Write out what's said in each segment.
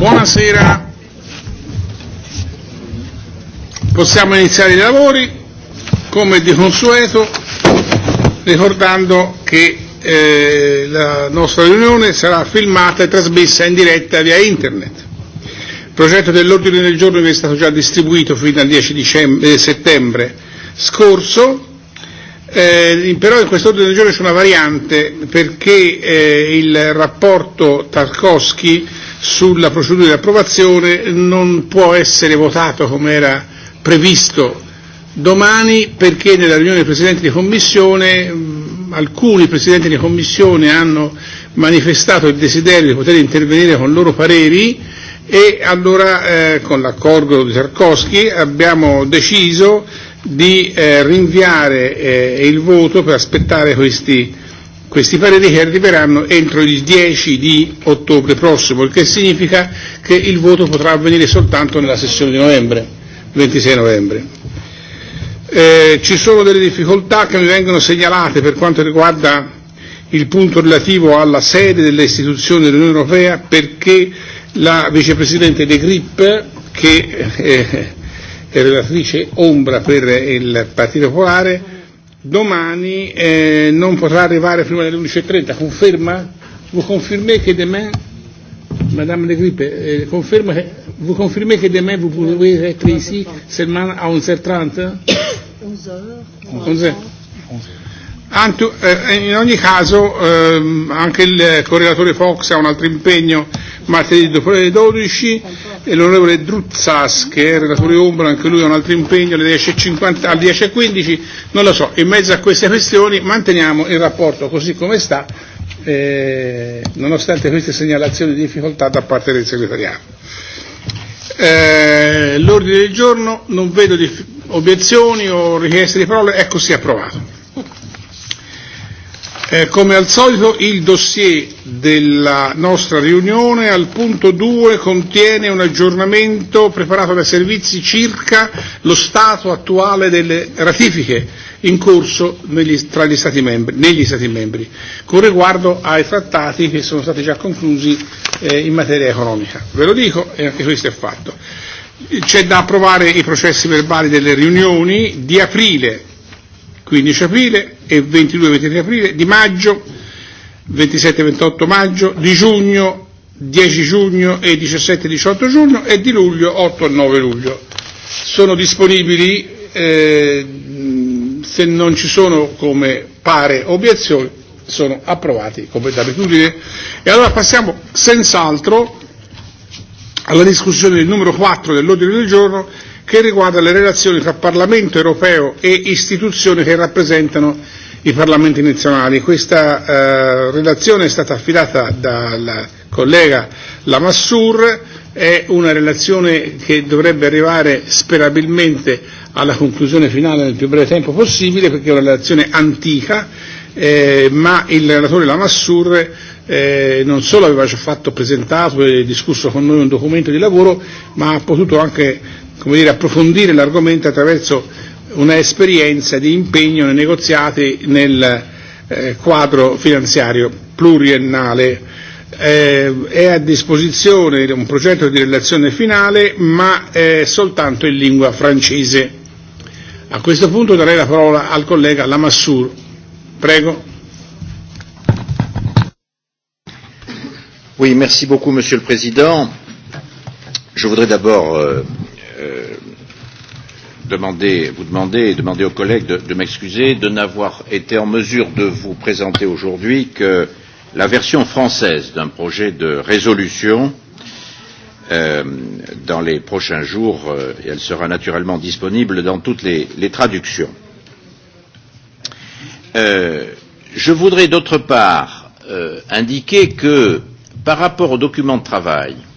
Buonasera, possiamo iniziare i lavori come di consueto ricordando che eh, la nostra riunione sarà filmata e trasmessa in diretta via internet. Il progetto dell'ordine del giorno vi è stato già distribuito fino al 10 dicembre, eh, settembre scorso Eh, però in quest'ordine del giorno c'è una variante perché eh, il rapporto Tarkovsky sulla procedura di approvazione non può essere votato come era previsto domani perché nella riunione dei Presidenti di Commissione mh, alcuni Presidenti di Commissione hanno manifestato il desiderio di poter intervenire con loro pareri e allora eh, con l'accordo di Tarkovsky abbiamo deciso di eh, rinviare eh, il voto per aspettare questi Questi pareri che arriveranno entro il 10 di ottobre prossimo, il che significa che il voto potrà avvenire soltanto nella sessione di novembre, 26 novembre. Eh, ci sono delle difficoltà che mi vengono segnalate per quanto riguarda il punto relativo alla sede delle istituzioni dell'Unione Europea perché la vicepresidente De Grip, che eh, è relatrice ombra per il Partito Popolare, domani eh, non potrà arrivare prima delle 11.30, conferma? Vous confirmez che demain, Madame Le Grippe, eh, conferma, vous confirmez che demain vous pouvez être ici seulement à 11h30? 11h. 11h. Anto, eh, in ogni caso eh, anche il correlatore Fox ha un altro impegno martedì alle 12 e l'onorevole Druzzas che è relatore ombra anche lui ha un altro impegno alle 10.50 e alle 10.15 e non lo so in mezzo a queste questioni manteniamo il rapporto così come sta eh, nonostante queste segnalazioni di difficoltà da parte del segretariato eh, l'ordine del giorno non vedo dif- obiezioni o richieste di parole è così approvato Eh, come al solito il dossier della nostra riunione al punto 2 contiene un aggiornamento preparato dai servizi circa lo stato attuale delle ratifiche in corso negli, tra gli stati membri, negli Stati membri, con riguardo ai trattati che sono stati già conclusi eh, in materia economica. Ve lo dico e anche questo è fatto. C'è da approvare i processi verbali delle riunioni di aprile, 15 aprile, e 22-23 aprile, di maggio 27-28 maggio, di giugno 10 giugno e 17-18 giugno e di luglio 8 al 9 luglio. Sono disponibili, eh, se non ci sono come pare obiezioni, sono approvati come d'abitudine. E allora passiamo senz'altro alla discussione del numero 4 dell'ordine del giorno che riguarda le relazioni tra Parlamento europeo e istituzioni che rappresentano i Parlamenti nazionali. Questa eh, relazione è stata affidata dal collega Lamassur, è una relazione che dovrebbe arrivare sperabilmente alla conclusione finale nel più breve tempo possibile perché è una relazione antica, eh, ma il relatore Lamassur eh, non solo aveva già fatto presentato e discusso con noi un documento di lavoro, ma ha potuto anche come dire, approfondire l'argomento attraverso una esperienza di impegno nei negoziati nel eh, quadro finanziario pluriennale. Eh, è a disposizione un progetto di relazione finale, ma eh, soltanto in lingua francese. A questo punto darei la parola al collega Lamassur. Prego. Oui, merci beaucoup, Monsieur le Président. Je voudrais d'abord euh, euh, demander, vous demander et demander aux collègues de, de m'excuser de n'avoir été en mesure de vous présenter aujourd'hui que la version française d'un projet de résolution euh, dans les prochains jours euh, et elle sera naturellement disponible dans toutes les, les traductions. Euh, je voudrais d'autre part euh, indiquer que par rapport au document de travail euh,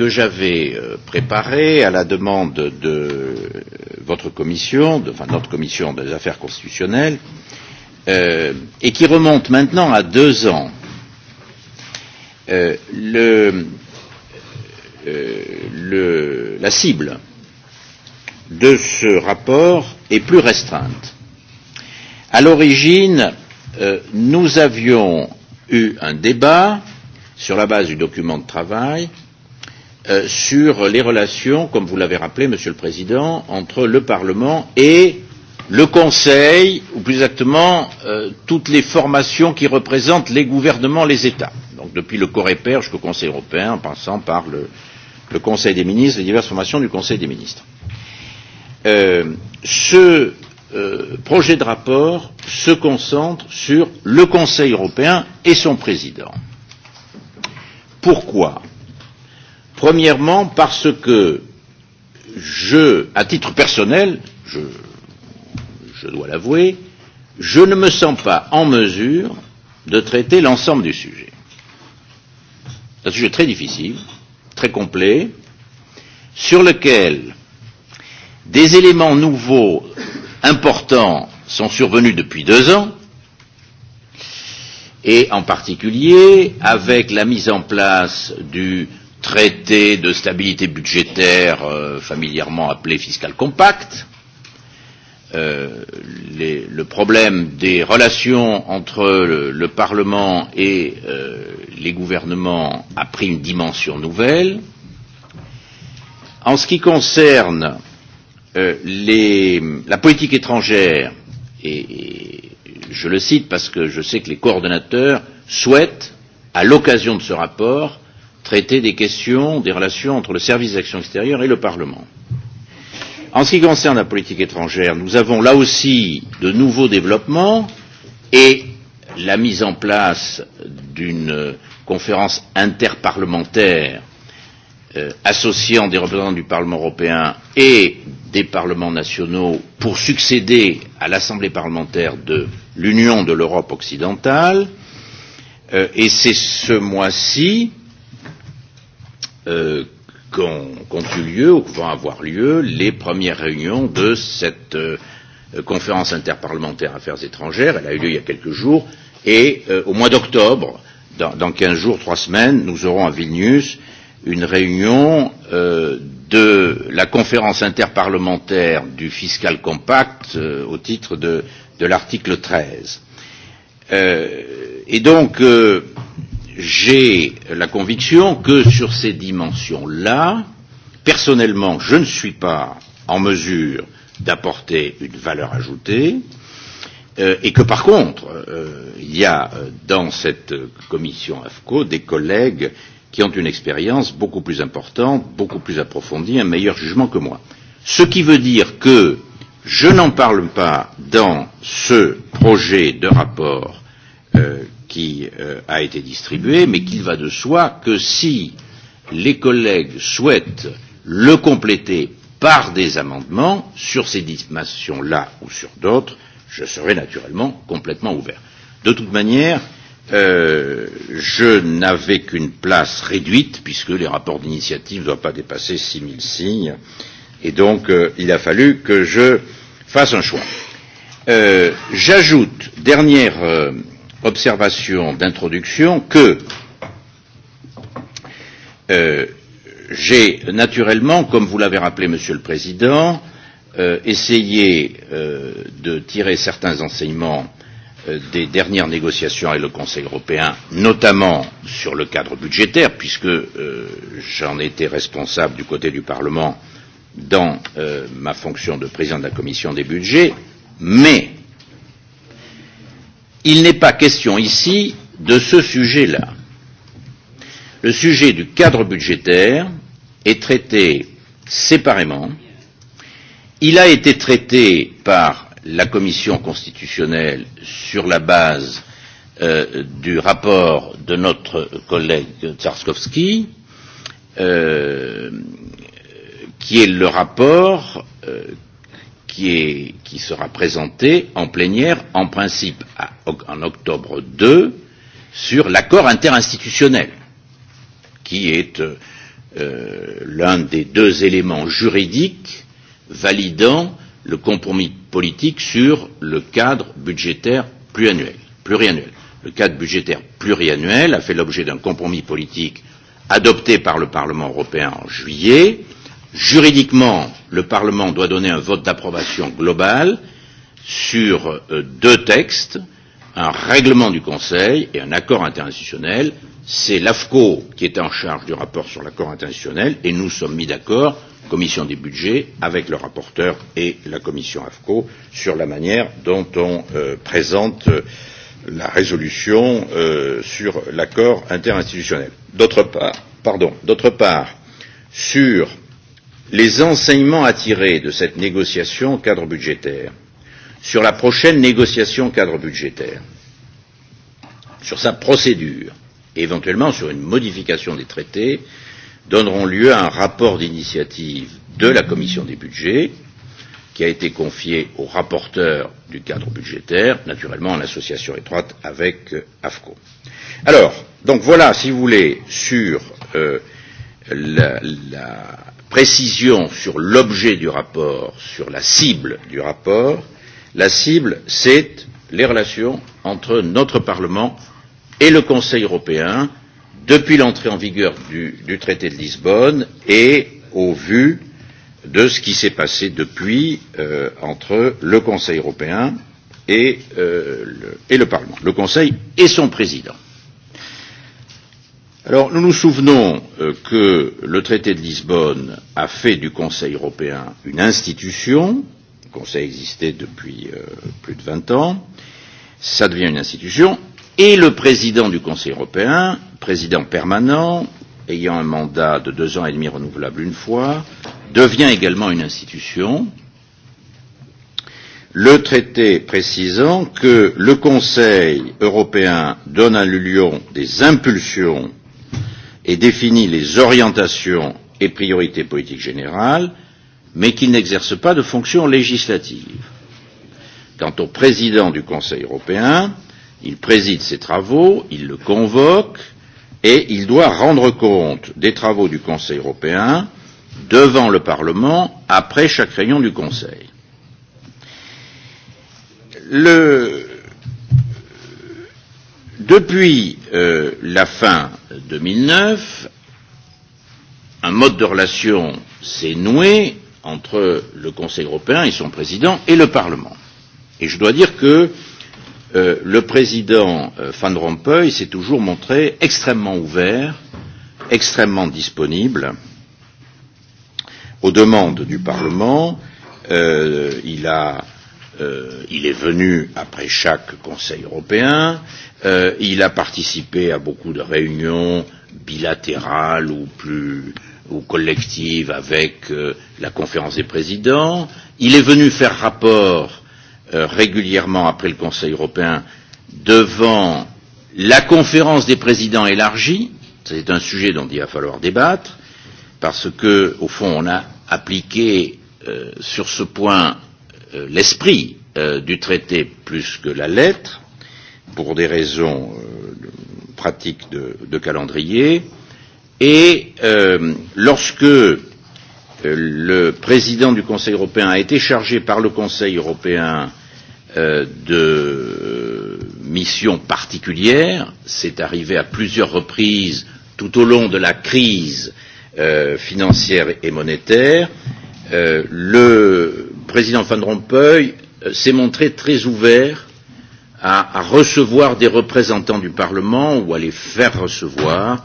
que j'avais euh, préparé à la demande de votre commission, de, enfin notre commission des affaires constitutionnelles, euh, et qui remonte maintenant à deux ans. Euh, le, euh, le, la cible de ce rapport est plus restreinte. À l'origine, euh, nous avions eu un débat sur la base du document de travail euh, euh, sur les relations, comme vous l'avez rappelé, Monsieur le Président, entre le Parlement et le Conseil, ou plus exactement euh, toutes les formations qui représentent les gouvernements, les États, donc depuis le Coreper jusqu'au Conseil européen, en passant par le, le Conseil des ministres, les diverses formations du Conseil des ministres. Euh, ce euh, projet de rapport se concentre sur le Conseil européen et son président. Pourquoi Premièrement, parce que je, à titre personnel, je, je dois l'avouer, je ne me sens pas en mesure de traiter l'ensemble du sujet. C'est un sujet très difficile, très complet, sur lequel des éléments nouveaux importants sont survenus depuis deux ans, et en particulier avec la mise en place du traité de stabilité budgétaire euh, familièrement appelé fiscal compact. Euh, les, le problème des relations entre le, le Parlement et euh, les gouvernements a pris une dimension nouvelle. En ce qui concerne euh, les, la politique étrangère, et, et je le cite parce que je sais que les coordonnateurs souhaitent, à l'occasion de ce rapport, traiter des questions des relations entre le service d'action extérieure et le Parlement. En ce qui concerne la politique étrangère, nous avons là aussi de nouveaux développements et la mise en place d'une conférence interparlementaire euh, associant des représentants du Parlement européen et des parlements nationaux pour succéder à l'Assemblée parlementaire de l'Union de l'Europe occidentale. Euh, et c'est ce mois-ci euh, qu'ont qu eu lieu ou que vont avoir lieu les premières réunions de cette euh, conférence interparlementaire affaires étrangères. Elle a eu lieu il y a quelques jours et euh, au mois d'octobre, dans, dans 15 jours, 3 semaines, nous aurons à Vilnius une réunion euh, de la conférence interparlementaire du fiscal compact euh, au titre de, de l'article 13. Euh, et donc, euh, j'ai la conviction que sur ces dimensions-là, personnellement, je ne suis pas en mesure d'apporter une valeur ajoutée euh, et que par contre, euh, il y a euh, dans cette commission AFCO des collègues qui ont une expérience beaucoup plus importante, beaucoup plus approfondie, un meilleur jugement que moi. Ce qui veut dire que je n'en parle pas dans ce projet de rapport euh, qui euh, a été distribué, mais qu'il va de soi que si les collègues souhaitent le compléter par des amendements sur ces dimensions-là ou sur d'autres, je serai naturellement complètement ouvert. De toute manière, euh, je n'avais qu'une place réduite, puisque les rapports d'initiative ne doivent pas dépasser 6000 signes, et donc euh, il a fallu que je fasse un choix. Euh, J'ajoute, dernière euh, observation d'introduction que euh, j'ai naturellement, comme vous l'avez rappelé, Monsieur le Président, euh, essayé euh, de tirer certains enseignements euh, des dernières négociations avec le Conseil européen, notamment sur le cadre budgétaire, puisque euh, j'en étais responsable du côté du Parlement dans euh, ma fonction de président de la Commission des budgets, mais Il n'est pas question ici de ce sujet-là. Le sujet du cadre budgétaire est traité séparément. Il a été traité par la Commission constitutionnelle sur la base euh, du rapport de notre collègue Tsarskovski, euh, qui est le rapport euh, qui, est, qui sera présenté en plénière, en principe, à, en octobre 2, sur l'accord interinstitutionnel, qui est euh, euh, l'un des deux éléments juridiques validant le compromis politique sur le cadre budgétaire pluriannuel. pluriannuel. Le cadre budgétaire pluriannuel a fait l'objet d'un compromis politique adopté par le Parlement européen en juillet, Juridiquement, le Parlement doit donner un vote d'approbation global sur euh, deux textes, un règlement du Conseil et un accord interinstitutionnel. C'est l'AFCO qui est en charge du rapport sur l'accord interinstitutionnel et nous sommes mis d'accord, Commission des budgets, avec le rapporteur et la Commission AFCO sur la manière dont on euh, présente euh, la résolution euh, sur l'accord interinstitutionnel. D'autre part, pardon, d'autre part, sur les enseignements à tirer de cette négociation cadre budgétaire sur la prochaine négociation cadre budgétaire, sur sa procédure et éventuellement sur une modification des traités donneront lieu à un rapport d'initiative de la commission des budgets qui a été confié au rapporteur du cadre budgétaire, naturellement en association étroite avec euh, AFCO. Alors, donc voilà, si vous voulez, sur euh, la, la, précision sur l'objet du rapport, sur la cible du rapport. La cible, c'est les relations entre notre Parlement et le Conseil européen depuis l'entrée en vigueur du, du traité de Lisbonne et au vu de ce qui s'est passé depuis euh, entre le Conseil européen et, euh, le, et le Parlement, le Conseil et son président. Alors, nous nous souvenons euh, que le traité de Lisbonne a fait du Conseil européen une institution. Le Conseil existait depuis euh, plus de 20 ans. Ça devient une institution. Et le président du Conseil européen, président permanent, ayant un mandat de deux ans et demi renouvelable une fois, devient également une institution, le traité précisant que le Conseil européen donne à l'Union des impulsions et définit les orientations et priorités politiques générales, mais qu'il n'exerce pas de fonction législative. Quant au président du Conseil européen, il préside ses travaux, il le convoque et il doit rendre compte des travaux du Conseil européen devant le Parlement après chaque réunion du Conseil. Le... Depuis euh, la fin 2009, un mode de relation s'est noué entre le Conseil européen et son président et le Parlement. Et je dois dire que euh, le président euh, Van Rompuy s'est toujours montré extrêmement ouvert, extrêmement disponible aux demandes du Parlement. Euh, il a euh, il est venu après chaque Conseil européen, euh, il a participé à beaucoup de réunions bilatérales ou plus ou collectives avec euh, la conférence des présidents, il est venu faire rapport euh, régulièrement après le Conseil européen devant la conférence des présidents élargie, c'est un sujet dont il va falloir débattre, parce que, au fond, on a appliqué euh, sur ce point euh, l'esprit euh, du traité plus que la lettre, pour des raisons euh, pratiques de, de calendrier, et euh, lorsque euh, le président du Conseil européen a été chargé par le Conseil européen euh, de euh, missions particulières. C'est arrivé à plusieurs reprises tout au long de la crise euh, financière et monétaire. Euh, le président Van Rompuy euh, s'est montré très ouvert à, à recevoir des représentants du Parlement ou à les faire recevoir.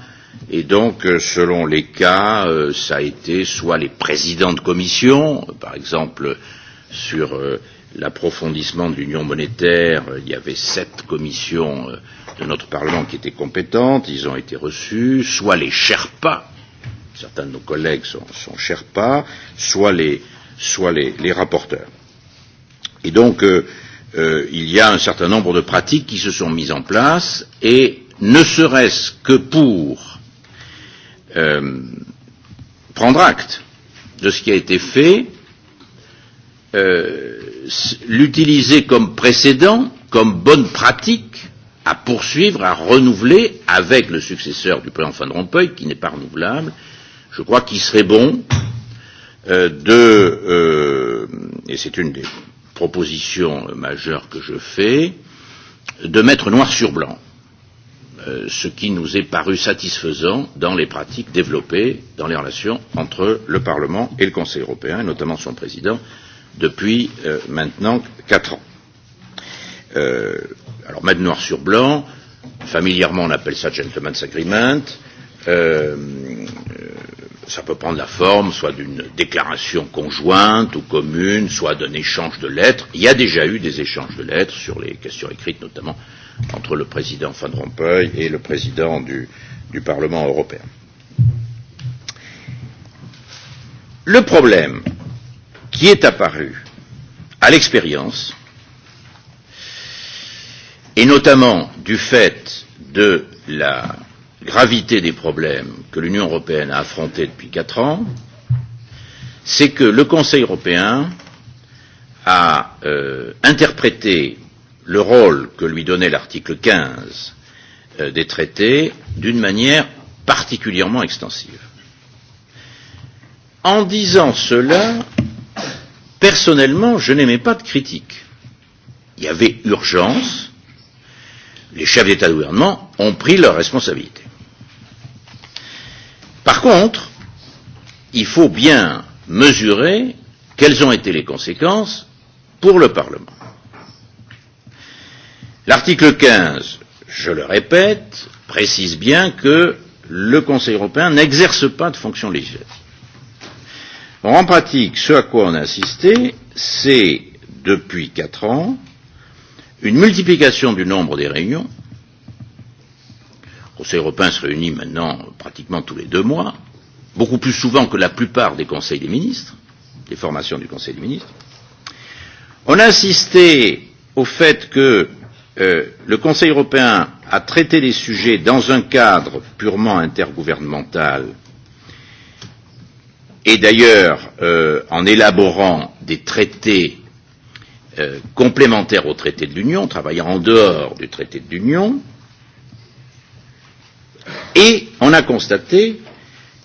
Et donc, euh, selon les cas, euh, ça a été soit les présidents de commission, euh, par exemple sur euh, l'approfondissement de l'union monétaire, il y avait sept commissions euh, de notre Parlement qui étaient compétentes, ils ont été reçus, soit les Sherpas, certains de nos collègues sont, sont Sherpas, soit les, euh, soient les, les rapporteurs. Et donc, euh, euh, il y a un certain nombre de pratiques qui se sont mises en place et ne serait-ce que pour euh, prendre acte de ce qui a été fait, euh, l'utiliser comme précédent, comme bonne pratique à poursuivre, à renouveler avec le successeur du président Van Rompuy, qui n'est pas renouvelable, je crois qu'il serait bon euh, euh, de euh, et c'est une des propositions majeures que je fais de mettre noir sur blanc euh, ce qui nous est paru satisfaisant dans les pratiques développées dans les relations entre le Parlement et le Conseil européen, et notamment son président, depuis euh, maintenant quatre ans. Euh, alors mettre noir sur blanc, familièrement on appelle ça gentleman's agreement, euh, euh ça peut prendre la forme soit d'une déclaration conjointe ou commune, soit d'un échange de lettres. Il y a déjà eu des échanges de lettres sur les questions écrites, notamment entre le président Van Rompuy et le président du, du Parlement européen. Le problème qui est apparu à l'expérience, et notamment du fait de la gravité des problèmes que l'Union européenne a affrontés depuis quatre ans, c'est que le Conseil européen a euh, interprété le rôle que lui donnait l'article 15 euh, des traités d'une manière particulièrement extensive. En disant cela, personnellement, je n'aimais pas de critique. Il y avait urgence. Les chefs d'État et de gouvernement ont pris leurs responsabilités. Par contre, il faut bien mesurer quelles ont été les conséquences pour le Parlement. L'article 15, je le répète, précise bien que le Conseil européen n'exerce pas de fonction législative. Or, en pratique, ce à quoi on a assisté, c'est, depuis quatre ans, une multiplication du nombre des réunions, Conseil européen se réunit maintenant euh, pratiquement tous les deux mois, beaucoup plus souvent que la plupart des conseils des ministres, des formations du Conseil des ministres. On a insisté au fait que euh, le Conseil européen a traité les sujets dans un cadre purement intergouvernemental et d'ailleurs euh, en élaborant des traités euh, complémentaires au traité de l'Union, travaillant en dehors du traité de l'Union, euh, Et on a constaté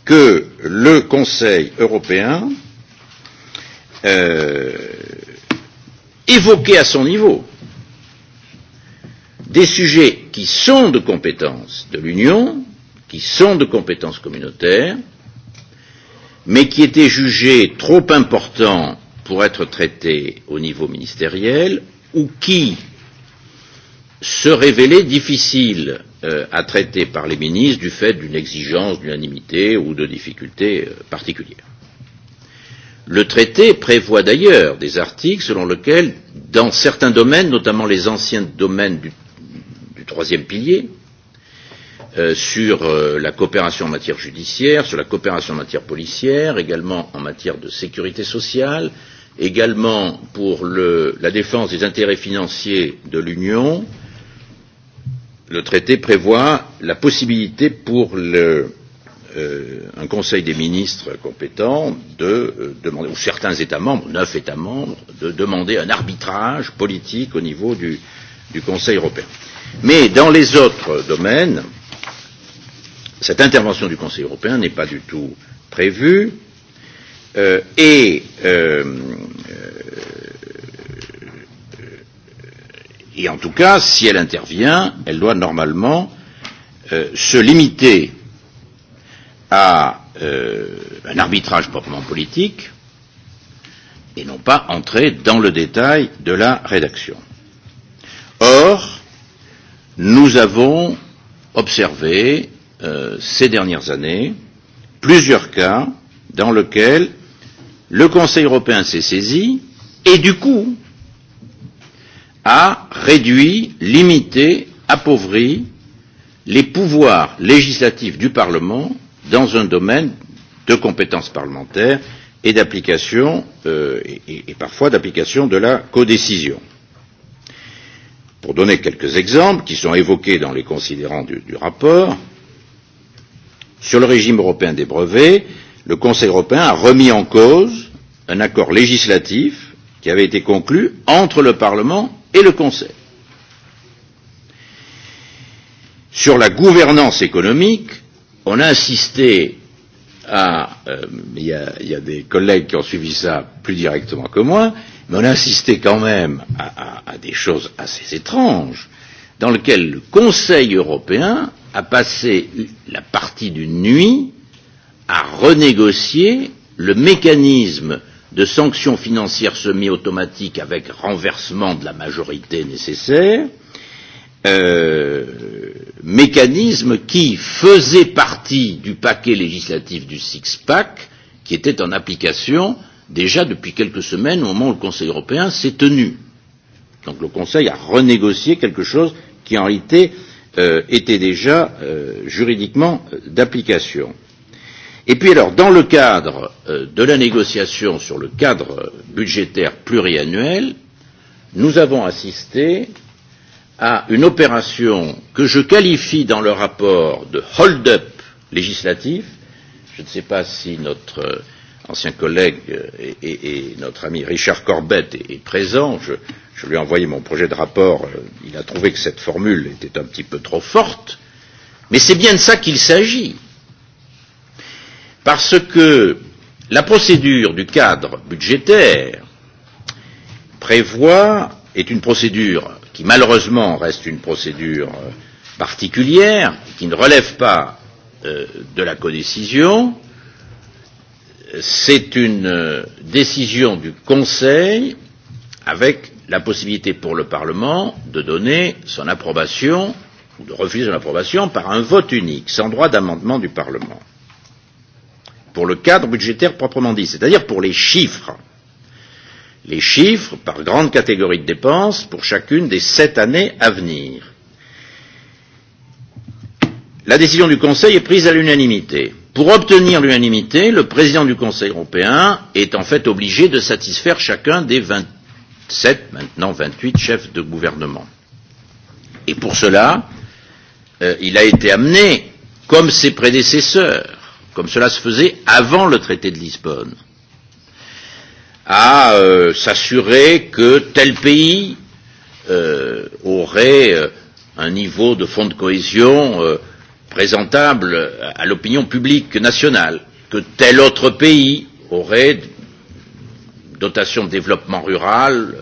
que le Conseil européen euh, évoquait à son niveau des sujets qui sont de compétence de l'Union, qui sont de compétence communautaire, mais qui étaient jugés trop importants pour être traités au niveau ministériel ou qui se révélaient difficiles euh, à traiter par les ministres du fait d'une exigence d'unanimité ou de difficultés euh, particulières. Le traité prévoit d'ailleurs des articles selon lesquels, dans certains domaines, notamment les anciens domaines du, du troisième pilier, euh, sur euh, la coopération en matière judiciaire, sur la coopération en matière policière, également en matière de sécurité sociale, également pour le, la défense des intérêts financiers de l'Union, euh, le traité prévoit la possibilité pour le, euh, un Conseil des ministres compétent de euh, demander, ou certains États membres, neuf États membres, de demander un arbitrage politique au niveau du, du Conseil européen. Mais dans les autres domaines, cette intervention du Conseil européen n'est pas du tout prévue euh, et euh, Et en tout cas, si elle intervient, elle doit normalement euh, se limiter à euh, un arbitrage proprement politique et non pas entrer dans le détail de la rédaction. Or, nous avons observé euh, ces dernières années plusieurs cas dans lesquels le Conseil européen s'est saisi et du coup, euh, a réduit, limité, appauvri les pouvoirs législatifs du Parlement dans un domaine de compétences parlementaires et d'application euh, et, et parfois d'application de la codécision. Pour donner quelques exemples qui sont évoqués dans les considérants du, du rapport, sur le régime européen des brevets, le Conseil européen a remis en cause un accord législatif qui avait été conclu entre le Parlement et le Conseil. Sur la gouvernance économique, on a insisté à euh, il, y a, il y a des collègues qui ont suivi ça plus directement que moi, mais on a insisté quand même à, à, à des choses assez étranges, dans lesquelles le Conseil européen a passé la partie d'une nuit à renégocier le mécanisme de sanctions financières semi-automatiques avec renversement de la majorité nécessaire, euh, mécanisme qui faisait partie du paquet législatif du six-pack, qui était en application déjà depuis quelques semaines au moment où le Conseil européen s'est tenu. Donc le Conseil a renégocié quelque chose qui en réalité euh, était déjà euh, juridiquement d'application. Euh, Et puis alors, dans le cadre euh, de la négociation sur le cadre budgétaire pluriannuel, nous avons assisté à une opération que je qualifie dans le rapport de hold-up législatif. Je ne sais pas si notre euh, ancien collègue euh, et, et, et notre ami Richard Corbett est, est présent. Je, je lui ai envoyé mon projet de rapport. Euh, il a trouvé que cette formule était un petit peu trop forte. Mais c'est bien de ça qu'il s'agit. Euh, parce que la procédure du cadre budgétaire prévoit est une procédure qui malheureusement reste une procédure euh, particulière, qui ne relève pas euh, de la codécision. C'est une euh, décision du Conseil avec la possibilité pour le Parlement de donner son approbation ou de refuser son approbation par un vote unique, sans droit d'amendement du Parlement pour le cadre budgétaire proprement dit, c'est-à-dire pour les chiffres. Les chiffres par grande catégorie de dépenses pour chacune des sept années à venir. La décision du Conseil est prise à l'unanimité. Pour obtenir l'unanimité, le président du Conseil européen est en fait obligé de satisfaire chacun des 27, maintenant 28 chefs de gouvernement. Et pour cela, euh, il a été amené, comme ses prédécesseurs, comme cela se faisait avant le traité de Lisbonne, à euh, s'assurer que tel pays euh, aurait euh, un niveau de fonds de cohésion euh, présentable à l'opinion publique nationale, que tel autre pays aurait dotation de développement rural euh,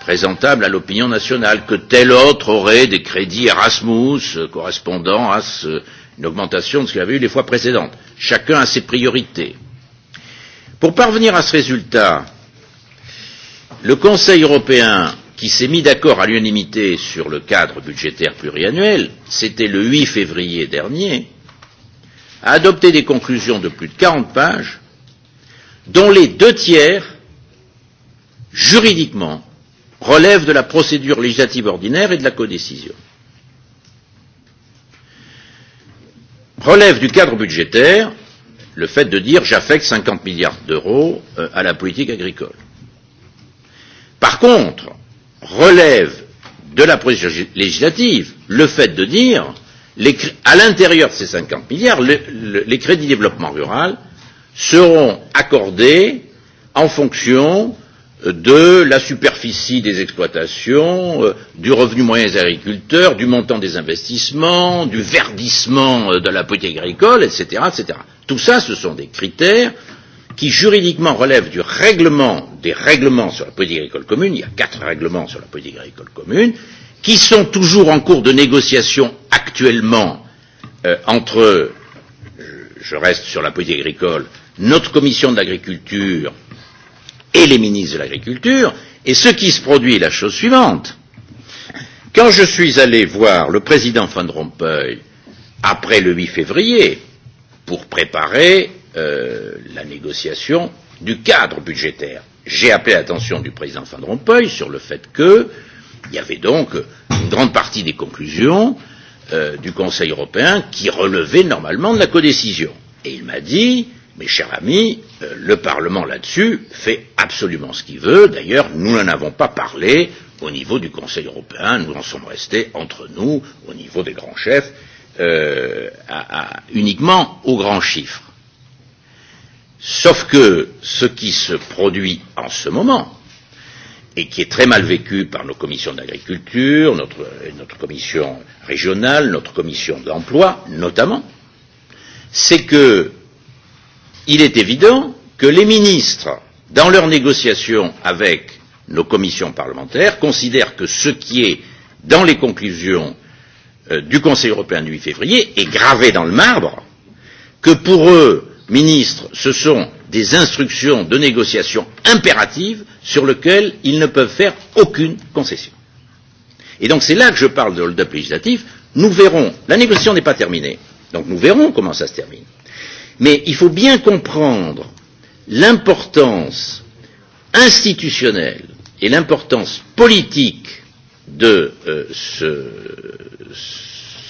présentable à l'opinion nationale, que tel autre aurait des crédits Erasmus euh, correspondant à ce une augmentation de ce qu'il y avait eu les fois précédentes. Chacun a ses priorités. Pour parvenir à ce résultat, le Conseil européen, qui s'est mis d'accord à l'unanimité sur le cadre budgétaire pluriannuel, c'était le 8 février dernier, a adopté des conclusions de plus de 40 pages, dont les deux tiers, juridiquement, relèvent de la procédure législative ordinaire et de la codécision. relève du cadre budgétaire le fait de dire j'affecte 50 milliards d'euros euh, à la politique agricole. Par contre, relève de la procédure législative le fait de dire les, à l'intérieur de ces 50 milliards, le, le, les crédits développement rural seront accordés en fonction euh, de la superficie des exploitations, euh, du revenu moyen des agriculteurs, du montant des investissements, du verdissement euh, de la politique agricole, etc., etc. Tout ça, ce sont des critères qui juridiquement relèvent du règlement, des règlements sur la politique agricole commune, il y a quatre règlements sur la politique agricole commune, qui sont toujours en cours de négociation actuellement euh, entre, je, je reste sur la politique agricole, notre commission de l'agriculture et les ministres de l'Agriculture. Et ce qui se produit est la chose suivante. Quand je suis allé voir le président Van Rompuy après le 8 février pour préparer euh, la négociation du cadre budgétaire, j'ai appelé l'attention du président Van Rompuy sur le fait qu'il y avait donc une grande partie des conclusions euh, du Conseil européen qui relevaient normalement de la codécision. Et il m'a dit Mes chers amis, euh, le Parlement là-dessus fait absolument ce qu'il veut. D'ailleurs, nous n'en avons pas parlé au niveau du Conseil européen. Nous en sommes restés entre nous, au niveau des grands chefs, euh, à, à, uniquement aux grands chiffres. Sauf que ce qui se produit en ce moment, et qui est très mal vécu par nos commissions d'agriculture, notre, notre commission régionale, notre commission d'emploi notamment, c'est que il est évident que les ministres, dans leurs négociations avec nos commissions parlementaires, considèrent que ce qui est dans les conclusions euh, du Conseil européen du 8 février est gravé dans le marbre, que pour eux, ministres, ce sont des instructions de négociation impératives sur lesquelles ils ne peuvent faire aucune concession. Et donc c'est là que je parle de hold-up législatif. Nous verrons. La négociation n'est pas terminée. Donc nous verrons comment ça se termine. Mais il faut bien comprendre l'importance institutionnelle et l'importance politique de euh, ce,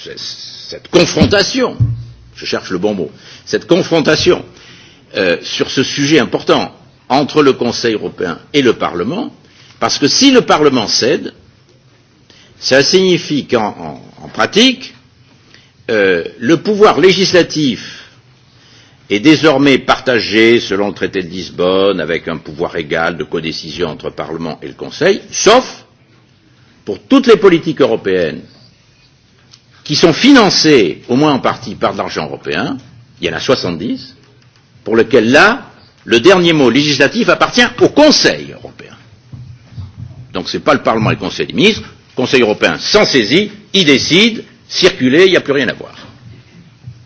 ce, cette confrontation je cherche le bon mot cette confrontation euh, sur ce sujet important entre le Conseil européen et le Parlement, parce que si le Parlement cède, ça signifie qu'en en, en pratique, euh, le pouvoir législatif est désormais partagée selon le traité de Lisbonne avec un pouvoir égal de codécision entre le Parlement et le Conseil, sauf pour toutes les politiques européennes qui sont financées au moins en partie par de l'argent européen, il y en a 70, pour lesquelles là, le dernier mot législatif appartient au Conseil européen. Donc ce n'est pas le Parlement et le Conseil des ministres. Le Conseil européen s'en saisit, il décide, circuler, il n'y a plus rien à voir.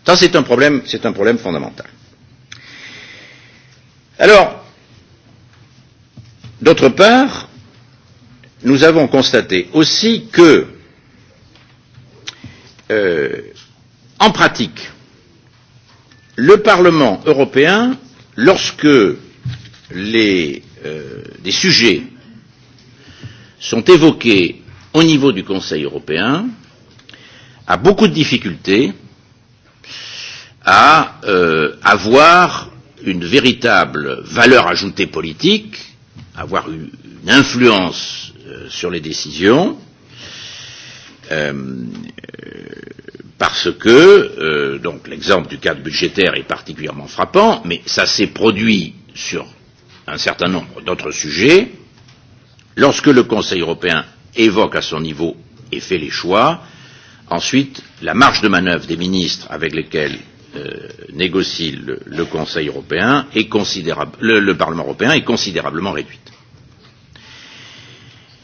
Ça, c'est un problème, c'est un problème fondamental. Alors, d'autre part, nous avons constaté aussi que, euh, en pratique, le Parlement européen, lorsque les, euh, des sujets sont évoqués au niveau du Conseil européen, a beaucoup de difficultés à euh, avoir une véritable valeur ajoutée politique, avoir une influence euh, sur les décisions, euh, parce que euh, donc l'exemple du cadre budgétaire est particulièrement frappant, mais ça s'est produit sur un certain nombre d'autres sujets. Lorsque le Conseil européen évoque à son niveau et fait les choix, ensuite la marge de manœuvre des ministres avec lesquels euh, négocie le, le Conseil européen est considérable, le, le Parlement européen est considérablement réduite.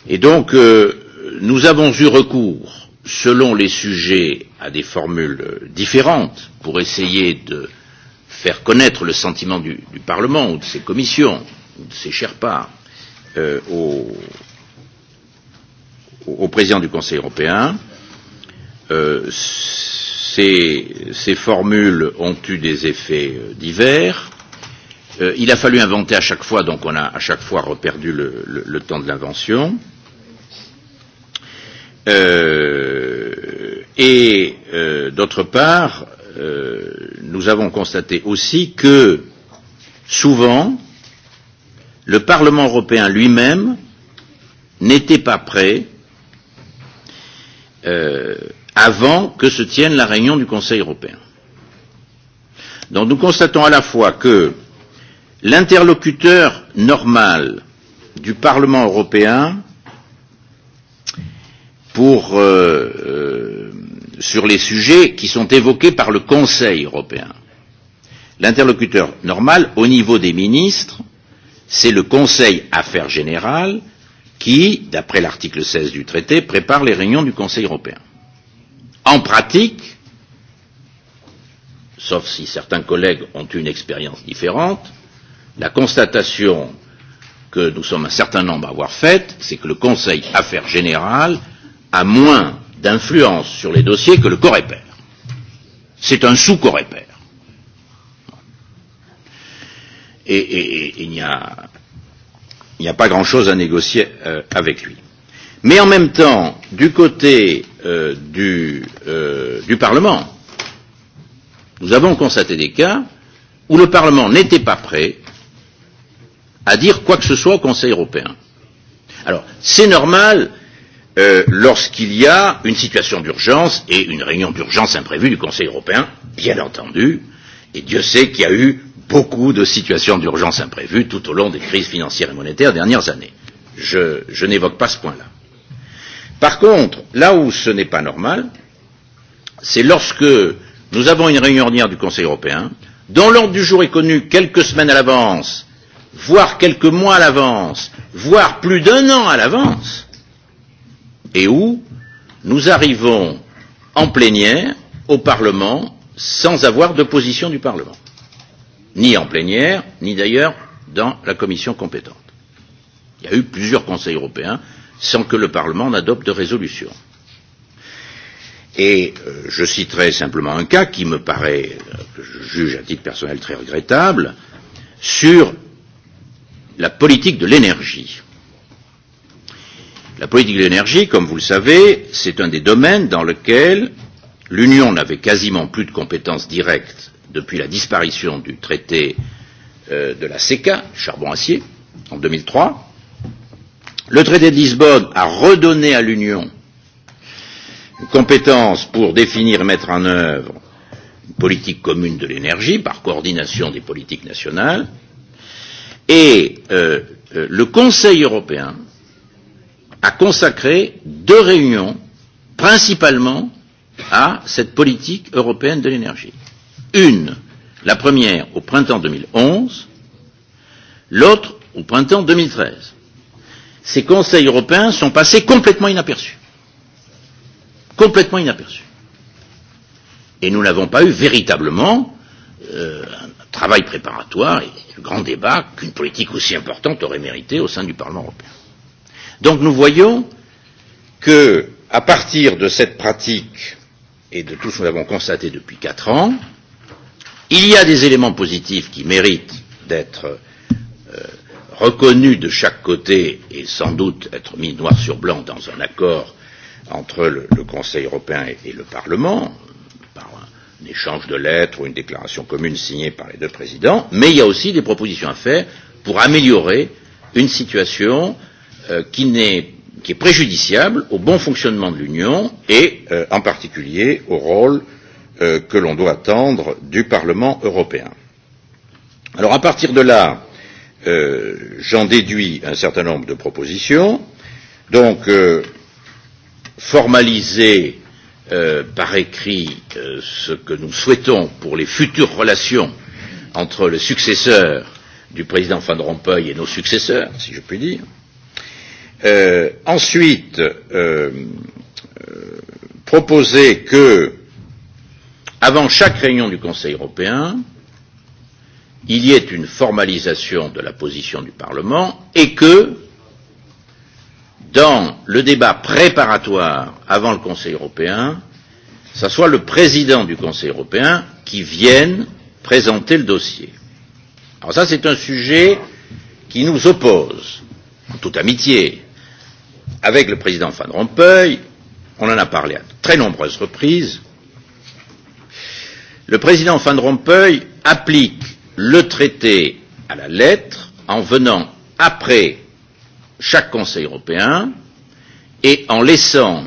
Et donc, euh, nous avons eu recours, selon les sujets, à des formules différentes pour essayer de faire connaître le sentiment du, du Parlement ou de ses commissions ou de ses Sherpas euh, au, au président du Conseil européen. Euh, ces, ces formules ont eu des effets euh, divers. Euh, il a fallu inventer à chaque fois, donc on a à chaque fois reperdu le, le, le temps de l'invention. Euh, et euh, d'autre part, euh, nous avons constaté aussi que souvent, le Parlement européen lui-même n'était pas prêt euh, avant que se tienne la réunion du Conseil européen. Donc nous constatons à la fois que l'interlocuteur normal du Parlement européen pour, euh, euh, sur les sujets qui sont évoqués par le Conseil européen, l'interlocuteur normal au niveau des ministres, c'est le Conseil Affaires Générales qui, d'après l'article 16 du traité, prépare les réunions du Conseil européen en pratique, sauf si certains collègues ont une expérience différente, la constatation que nous sommes un certain nombre à avoir faite, c'est que le Conseil Affaires Générales a moins d'influence sur les dossiers que le Corépère. C'est un sous-Corépère. Et, et, et il n'y a, il a pas grand-chose à négocier euh, avec lui. Mais en même temps, du côté euh, du, euh, du Parlement. Nous avons constaté des cas où le Parlement n'était pas prêt à dire quoi que ce soit au Conseil européen. Alors, c'est normal euh, lorsqu'il y a une situation d'urgence et une réunion d'urgence imprévue du Conseil européen, bien entendu, et Dieu sait qu'il y a eu beaucoup de situations d'urgence imprévues tout au long des crises financières et monétaires des dernières années. Je, je n'évoque pas ce point-là. Par contre, là où ce n'est pas normal, c'est lorsque nous avons une réunion ordinaire du Conseil européen, dont l'ordre du jour est connu quelques semaines à l'avance, voire quelques mois à l'avance, voire plus d'un an à l'avance, et où nous arrivons en plénière au Parlement sans avoir de position du Parlement, ni en plénière, ni d'ailleurs dans la commission compétente. Il y a eu plusieurs conseils européens sans que le Parlement n'adopte de résolution. Et euh, je citerai simplement un cas qui me paraît, euh, que je juge à titre personnel très regrettable, sur la politique de l'énergie. La politique de l'énergie, comme vous le savez, c'est un des domaines dans lequel l'Union n'avait quasiment plus de compétences directes depuis la disparition du traité euh, de la CECA, charbon-acier, en 2003, Le traité de Lisbonne a redonné à l'Union une compétence pour définir et mettre en œuvre une politique commune de l'énergie par coordination des politiques nationales. Et euh, euh, le Conseil européen a consacré deux réunions principalement à cette politique européenne de l'énergie. Une, la première au printemps 2011, l'autre au printemps 2013 ces conseils européens sont passés complètement inaperçus. Complètement inaperçus. Et nous n'avons pas eu véritablement euh, un travail préparatoire et le grand débat qu'une politique aussi importante aurait mérité au sein du Parlement européen. Donc nous voyons que, à partir de cette pratique et de tout ce que nous avons constaté depuis quatre ans, il y a des éléments positifs qui méritent d'être euh, reconnu de chaque côté et sans doute être mis noir sur blanc dans un accord entre le, le Conseil européen et, et le Parlement, par un, un échange de lettres ou une déclaration commune signée par les deux présidents, mais il y a aussi des propositions à faire pour améliorer une situation euh, qui, n'est, qui est préjudiciable au bon fonctionnement de l'Union et euh, en particulier au rôle euh, que l'on doit attendre du Parlement européen. Alors à partir de là, euh, j'en déduis un certain nombre de propositions. Donc, euh, formaliser euh, par écrit euh, ce que nous souhaitons pour les futures relations entre le successeur du président Van Rompuy et nos successeurs, si je puis dire. Euh, ensuite, euh, euh, proposer que, avant chaque réunion du Conseil européen, euh, il y ait une formalisation de la position du Parlement et que, dans le débat préparatoire avant le Conseil européen, ce soit le président du Conseil européen qui vienne présenter le dossier. Alors ça, c'est un sujet qui nous oppose, en toute amitié, avec le président Van Rompuy, on en a parlé à très nombreuses reprises. Le président Van Rompuy applique le traité à la lettre en venant après chaque Conseil européen et en laissant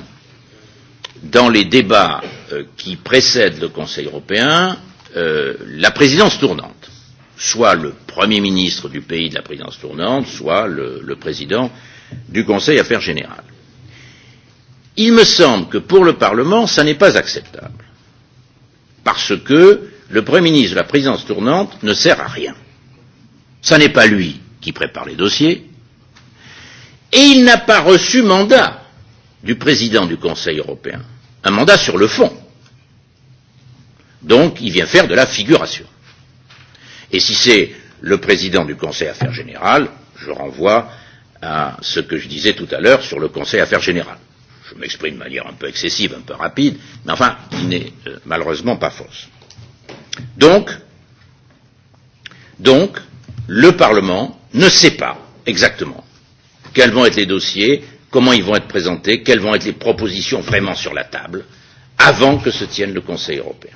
dans les débats euh, qui précèdent le Conseil européen euh, la présidence tournante, soit le Premier ministre du pays de la présidence tournante, soit le, le président du Conseil Affaires générales. Il me semble que pour le Parlement, ça n'est pas acceptable, parce que le Premier ministre de la présidence tournante ne sert à rien. Ce n'est pas lui qui prépare les dossiers, et il n'a pas reçu mandat du président du Conseil européen, un mandat sur le fond. Donc, il vient faire de la figuration. Et si c'est le président du Conseil Affaires Générales, je renvoie à ce que je disais tout à l'heure sur le Conseil Affaires Générales. Je m'exprime de manière un peu excessive, un peu rapide, mais enfin, il n'est euh, malheureusement pas fausse. Donc, donc, le Parlement ne sait pas exactement quels vont être les dossiers, comment ils vont être présentés, quelles vont être les propositions vraiment sur la table, avant que se tienne le Conseil européen.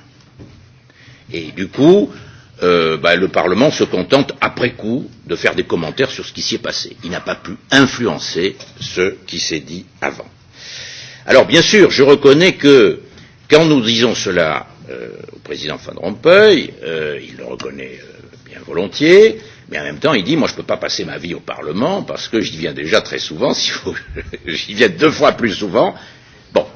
Et du coup, euh, bah, le Parlement se contente, après coup, de faire des commentaires sur ce qui s'y est passé. Il n'a pas pu influencer ce qui s'est dit avant. Alors, bien sûr, je reconnais que, quand nous disons cela, euh, au président Van Rompuy, euh, il le reconnaît euh, bien volontiers, mais en même temps il dit moi je ne peux pas passer ma vie au Parlement parce que j'y viens déjà très souvent, si vous... j'y viens deux fois plus souvent. Bon,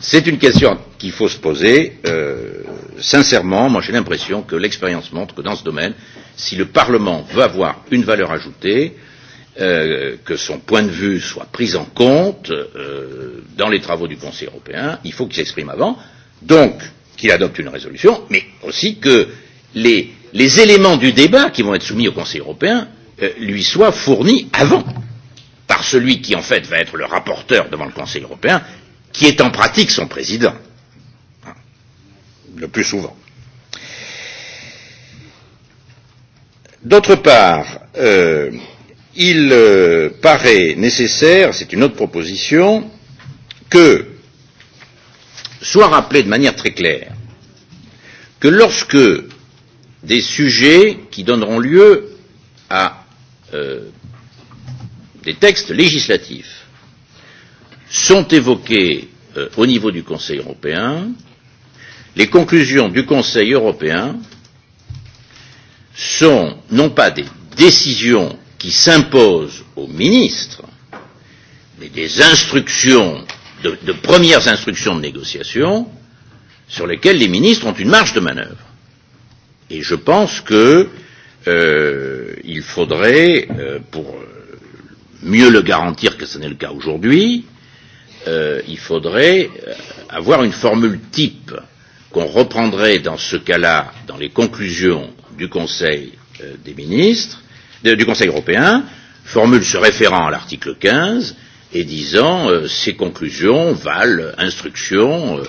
c'est une question qu'il faut se poser. Euh, sincèrement, moi j'ai l'impression que l'expérience montre que dans ce domaine, si le Parlement veut avoir une valeur ajoutée, euh, que son point de vue soit pris en compte euh, dans les travaux du Conseil européen, il faut qu'il s'exprime avant. Donc, euh, qu'il adopte une résolution, mais aussi que les, les éléments du débat qui vont être soumis au Conseil européen euh, lui soient fournis avant par celui qui, en fait, va être le rapporteur devant le Conseil européen, qui est en pratique son président, le plus souvent. D'autre part, euh, il euh, paraît nécessaire, c'est une autre proposition, que soit rappelé de manière très claire que lorsque des sujets qui donneront lieu à euh, des textes législatifs sont évoqués euh, au niveau du Conseil européen, les conclusions du Conseil européen sont non pas des décisions qui s'imposent aux ministres, mais des instructions de, de premières instructions de négociation sur lesquelles les ministres ont une marge de manœuvre. Et je pense qu'il euh, faudrait, euh, pour mieux le garantir que ce n'est le cas aujourd'hui, euh, il faudrait euh, avoir une formule type qu'on reprendrait dans ce cas-là dans les conclusions du Conseil euh, des ministres, de, du Conseil européen, formule se référant à l'article 15, et disant euh, ces conclusions valent instruction euh,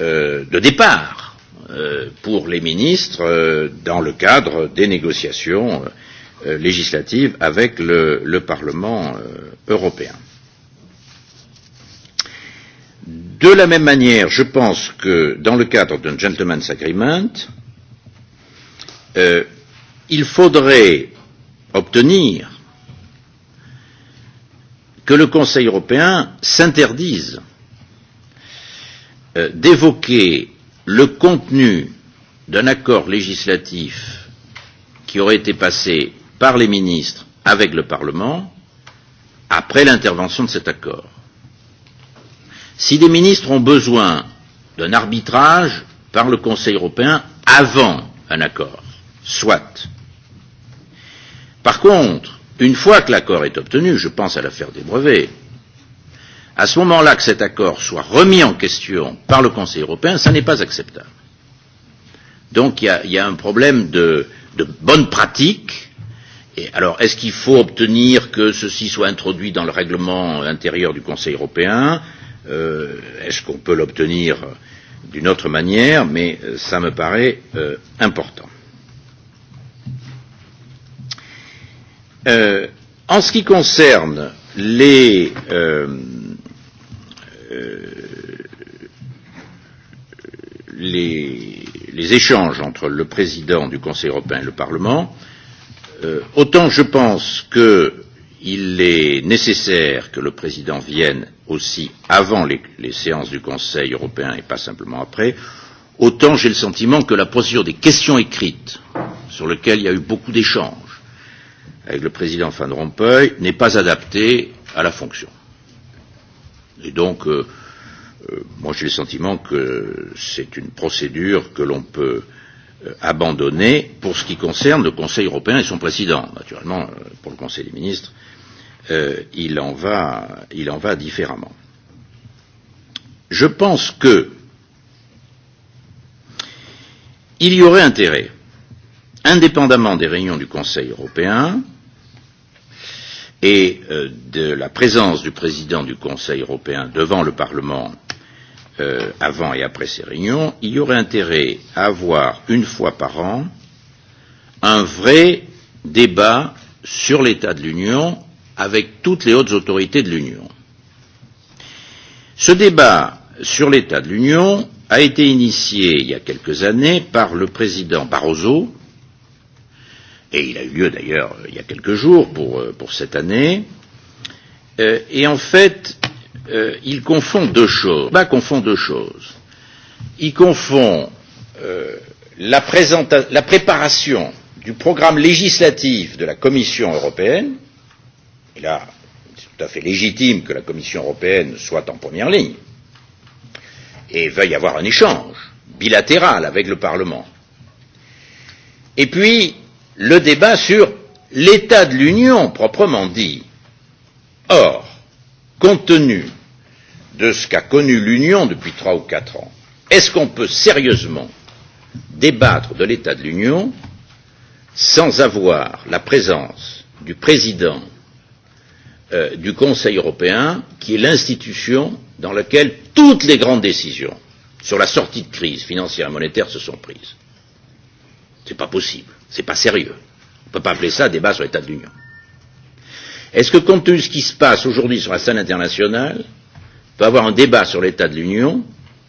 euh, de départ euh, pour les ministres euh, dans le cadre des négociations euh, législatives avec le, le Parlement euh, européen. De la même manière, je pense que dans le cadre d'un gentleman's agreement, euh, il faudrait obtenir que le Conseil européen s'interdise euh, d'évoquer le contenu d'un accord législatif qui aurait été passé par les ministres avec le Parlement après l'intervention de cet accord. Si les ministres ont besoin d'un arbitrage par le Conseil européen avant un accord, soit. Par contre, Une fois que l'accord est obtenu, je pense à l'affaire des brevets, à ce moment-là que cet accord soit remis en question par le Conseil européen, ça n'est pas acceptable. Donc il y a, y a un problème de, de bonne pratique. Et alors, est-ce qu'il faut obtenir que ceci soit introduit dans le règlement intérieur du Conseil européen euh, Est-ce qu'on peut l'obtenir d'une autre manière Mais euh, ça me paraît euh, important. Euh, en ce qui concerne les, euh, euh, les, les échanges entre le président du Conseil européen et le Parlement, euh, autant je pense qu'il est nécessaire que le président vienne aussi avant les, les séances du Conseil européen et pas simplement après, autant j'ai le sentiment que la procédure des questions écrites, sur laquelle il y a eu beaucoup d'échanges, avec le président Van Rompuy n'est pas adapté à la fonction. Et donc, euh, euh, moi j'ai le sentiment que c'est une procédure que l'on peut euh, abandonner pour ce qui concerne le Conseil européen et son président. Naturellement, euh, pour le Conseil des ministres, euh, il, en va, il en va différemment. Je pense que il y aurait intérêt, indépendamment des réunions du Conseil européen, euh, et euh, de la présence du président du Conseil européen devant le Parlement euh, avant et après ces réunions, il y aurait intérêt à avoir une fois par an un vrai débat sur l'état de l'Union avec toutes les hautes autorités de l'Union. Ce débat sur l'état de l'Union a été initié il y a quelques années par le président Barroso et il a eu lieu d'ailleurs il y a quelques jours pour, euh, pour cette année. Euh, et en fait, euh, il confond deux choses. Bas confond deux choses. Il confond euh, la, la préparation du programme législatif de la Commission européenne, et là, c'est tout à fait légitime que la Commission européenne soit en première ligne, et veuille avoir un échange bilatéral avec le Parlement. Et puis, le débat sur l'état de l'Union proprement dit. Or, compte tenu de ce qu'a connu l'Union depuis trois ou quatre ans, est-ce qu'on peut sérieusement débattre de l'état de l'Union sans avoir la présence du président euh, du Conseil européen, qui est l'institution dans laquelle toutes les grandes décisions sur la sortie de crise financière et monétaire se sont prises. Ce n'est pas possible. C'est pas sérieux. On ne peut pas appeler ça débat sur l'état de l'Union. Est-ce que compte tenu de ce qui se passe aujourd'hui sur la scène internationale, on peut avoir un débat sur l'état de l'Union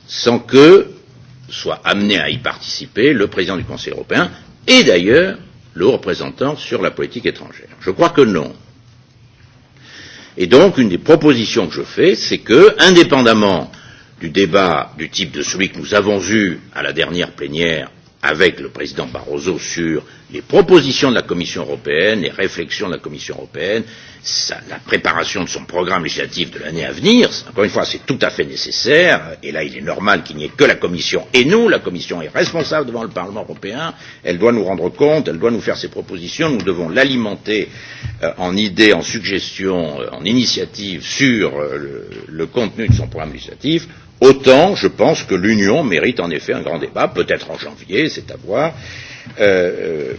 sans que soit amené à y participer le président du Conseil européen et d'ailleurs le représentant sur la politique étrangère Je crois que non. Et donc, une des propositions que je fais, c'est que, indépendamment du débat du type de celui que nous avons eu à la dernière plénière avec le président Barroso sur les propositions de la Commission européenne, les réflexions de la Commission européenne, sa, la préparation de son programme législatif de l'année à venir. Encore une fois, c'est tout à fait nécessaire. Et là, il est normal qu'il n'y ait que la Commission et nous. La Commission est responsable devant le Parlement européen. Elle doit nous rendre compte, elle doit nous faire ses propositions. Nous devons l'alimenter euh, en idées, en suggestions, euh, en initiatives sur euh, le, le contenu de son programme législatif. Autant, je pense que l'Union mérite en effet un grand débat, peut-être en janvier, c'est à voir, euh, euh,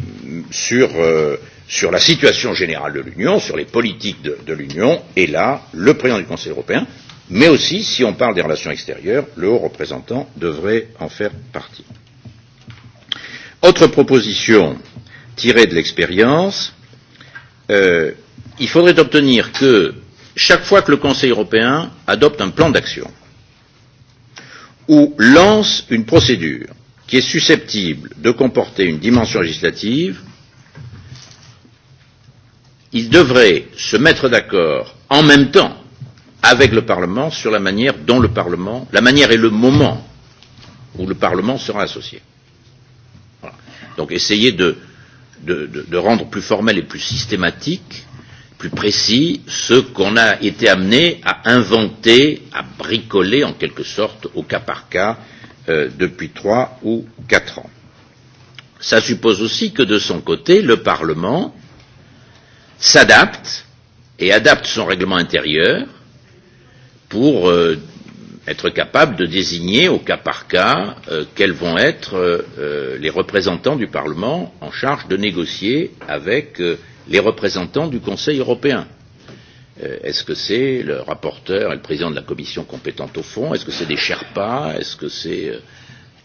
sur, euh, sur la situation générale de l'Union, sur les politiques de, de l'Union, et là, le président du Conseil européen, mais aussi, si on parle des relations extérieures, le haut représentant devrait en faire partie. Autre proposition tirée de l'expérience, euh, il faudrait obtenir que chaque fois que le Conseil européen adopte un plan d'action, ou lance une procédure qui est susceptible de comporter une dimension législative, il devrait se mettre d'accord en même temps avec le Parlement sur la manière dont le Parlement, la manière et le moment où le Parlement sera associé. Voilà. Donc essayer de, de, de, de rendre plus formel et plus systématique plus précis ce qu'on a été amené à inventer, à bricoler en quelque sorte au cas par cas euh, depuis trois ou quatre ans. Ça suppose aussi que de son côté, le Parlement s'adapte et adapte son règlement intérieur pour euh, être capable de désigner au cas par cas euh, quels vont être euh, euh les représentants du Parlement en charge de négocier avec euh, les représentants du Conseil européen. Euh, Est-ce que c'est le rapporteur et le président de la commission compétente au fond Est-ce que c'est des Sherpas Est-ce que c'est euh,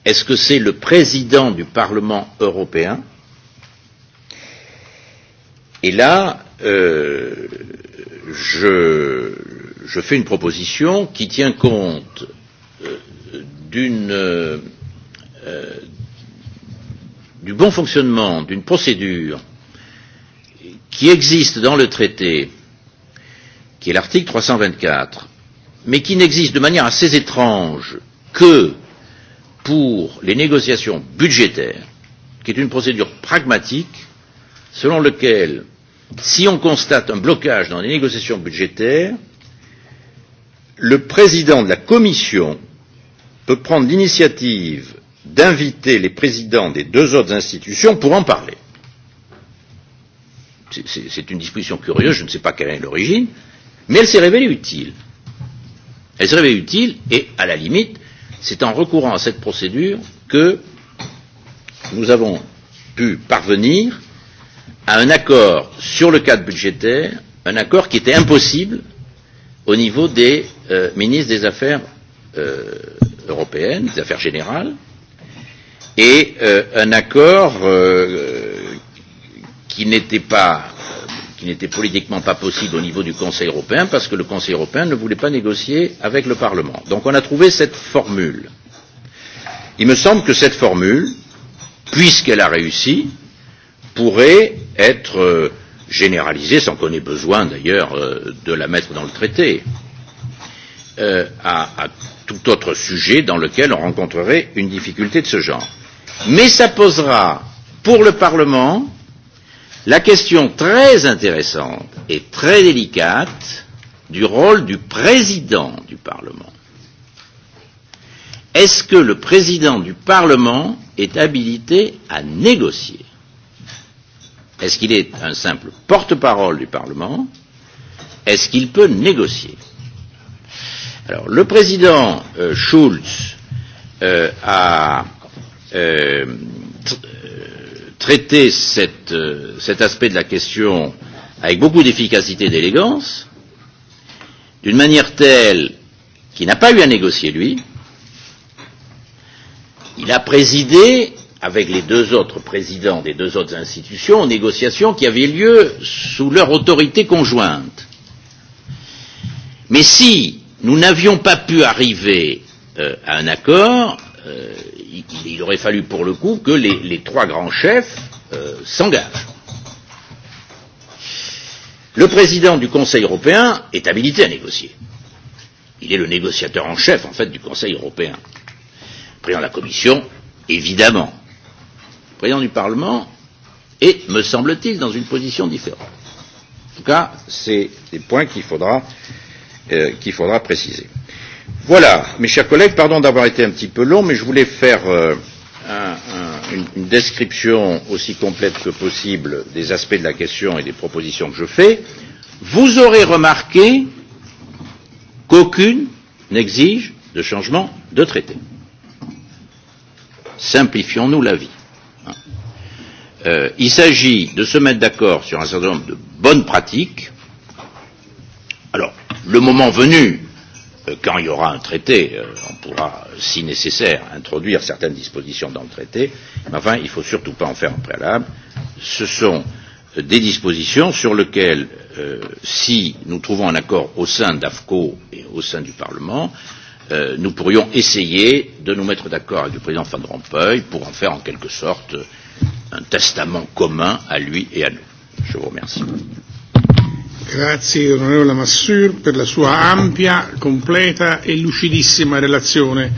est -ce que c'est le président du Parlement européen Et là, euh, je, je fais une proposition qui tient compte euh, d'une euh, euh du bon fonctionnement d'une procédure euh, qui existe dans le traité, qui est l'article 324, mais qui n'existe de manière assez étrange que pour les négociations budgétaires, qui est une procédure pragmatique selon laquelle, si on constate un blocage dans les négociations budgétaires, le président de la Commission peut prendre l'initiative d'inviter les présidents des deux autres institutions pour en parler c'est une disposition curieuse, je ne sais pas quelle est l'origine, mais elle s'est révélée utile. Elle s'est révélée utile et, à la limite, c'est en recourant à cette procédure que nous avons pu parvenir à un accord sur le cadre budgétaire, un accord qui était impossible au niveau des euh, ministres des Affaires euh, européennes, des Affaires générales, et euh, un accord euh, qui n'était pas qui n'était politiquement pas possible au niveau du Conseil européen parce que le Conseil européen ne voulait pas négocier avec le Parlement. Donc on a trouvé cette formule. Il me semble que cette formule, puisqu'elle a réussi, pourrait être euh, généralisée, sans qu'on ait besoin d'ailleurs euh, de la mettre dans le traité, euh, à, à tout autre sujet dans lequel on rencontrerait une difficulté de ce genre. Mais ça posera pour le Parlement la question très intéressante et très délicate du rôle du président du Parlement. Est-ce que le président du Parlement est habilité à négocier Est-ce qu'il est un simple porte-parole du Parlement Est-ce qu'il peut négocier Alors, le président euh, Schulz euh, a euh, traiter cette, euh, cet aspect de la question avec beaucoup d'efficacité et d'élégance, d'une manière telle qu'il n'a pas eu à négocier lui. Il a présidé, avec les deux autres présidents des deux autres institutions, aux négociations qui avaient lieu sous leur autorité conjointe. Mais si nous n'avions pas pu arriver euh, à un accord, euh, il, il aurait fallu pour le coup que les, les trois grands chefs euh, s'engagent. Le président du Conseil européen est habilité à négocier. Il est le négociateur en chef, en fait, du Conseil européen. Le président de la Commission, évidemment. Le président du Parlement est, me semble-t-il, dans une position différente. En tout cas, c'est des points qu'il faudra, euh, qu'il faudra préciser. Voilà, mes chers collègues, pardon d'avoir été un petit peu long, mais je voulais faire euh, un, un, une, une description aussi complète que possible des aspects de la question et des propositions que je fais. Vous aurez remarqué qu'aucune n'exige de changement de traité. Simplifions-nous la vie. Hein. Euh, il s'agit de se mettre d'accord sur un certain nombre de bonnes pratiques. Alors, le moment venu, Euh, quand il y aura un traité, euh, on pourra, euh, si nécessaire, introduire certaines dispositions dans le traité, mais enfin, il ne faut surtout pas en faire un préalable. Ce sont des dispositions sur lesquelles, euh, si nous trouvons un accord au sein d'AFCO et au sein du Parlement, euh, nous pourrions essayer de nous mettre d'accord avec le président Van Rompuy pour en faire en quelque sorte un testament commun à lui et à nous. Je vous remercie. Grazie onorevole Massur per la sua ampia, completa e lucidissima relazione,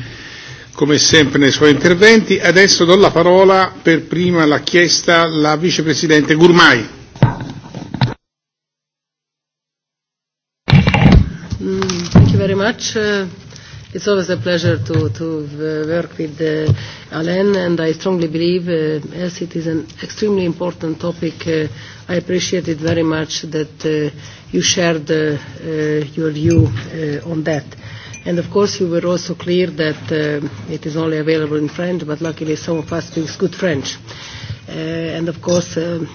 come sempre nei suoi interventi. Adesso do la parola per prima la chiesta alla vicepresidente Gurmai. Mm, thank you very much. Uh... It's always a pleasure to, to work with uh, Alain, and I strongly believe, uh, as it is an extremely important topic, uh, I appreciate it very much that uh, you shared uh, uh, your view uh, on that. And of course, you were also clear that uh, it is only available in French, but luckily some of us speak good French. Uh, and of course, uh,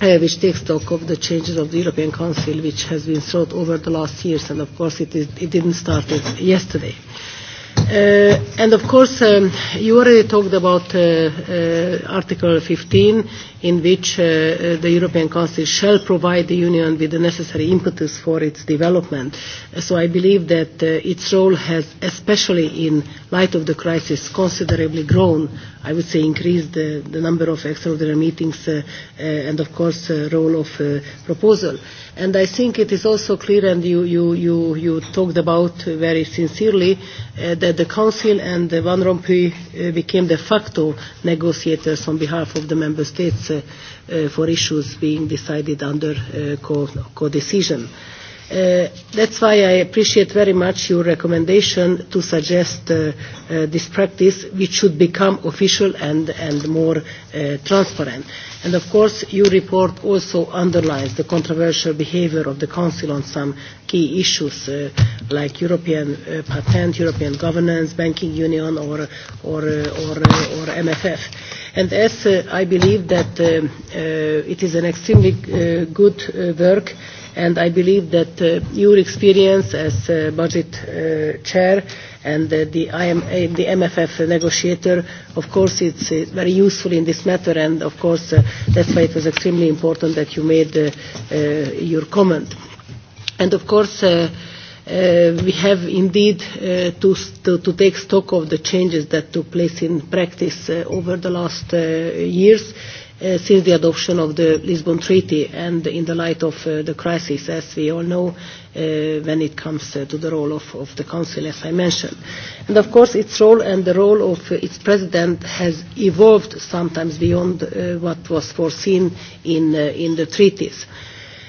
uh, which takes stock of the changes of the European Council, which has been sought over the last years, and of course it, is, it didn't start yesterday. Uh, Uh, and of course, um, you already talked about uh, uh, Article 15, in which uh, uh, the European Council shall provide the Union with the necessary impetus for its development. Uh, so I believe that uh, its role has, especially in light of the crisis, considerably grown. I would say increased the, uh, the number of extraordinary meetings uh, uh, and, of course, uh, role of uh, proposal. And I think it is also clear, and you, you, you, you talked about very sincerely, uh, that the Council and uh, Van Rompuy uh, became de facto negotiators on behalf of the Member States uh, uh, for issues being decided under uh, co-decision. Co, co Uh, that's why I appreciate very much your recommendation to suggest uh, uh, this practice, which should become official and, and more uh, transparent. Uh, And of course, your report also underlines the controversial behavior of the Council on some key issues uh, like European uh, patent, European governance, banking union, or, or, uh, or, uh, or MFF. And as uh, I believe that um, uh, it is an extremely uh, good uh, work, and I believe that uh, your experience as uh, budget uh, chair and uh, the, IMA, the MFF negotiator. Of course, it's uh, very useful in this matter, and of course, uh, that's why it was extremely important that you made uh, uh, your comment. And of course, uh, uh, we have indeed uh, to, to, to take stock of the changes that took place in practice uh, over the last uh, years uh, since the adoption of the Lisbon Treaty and in the light of uh, the crisis, as we all know, uh, when it comes uh, to the role of, of the Council, as I mentioned. And of course, its role and the role of uh, its President has evolved sometimes beyond uh, what was foreseen in, uh, in the treaties.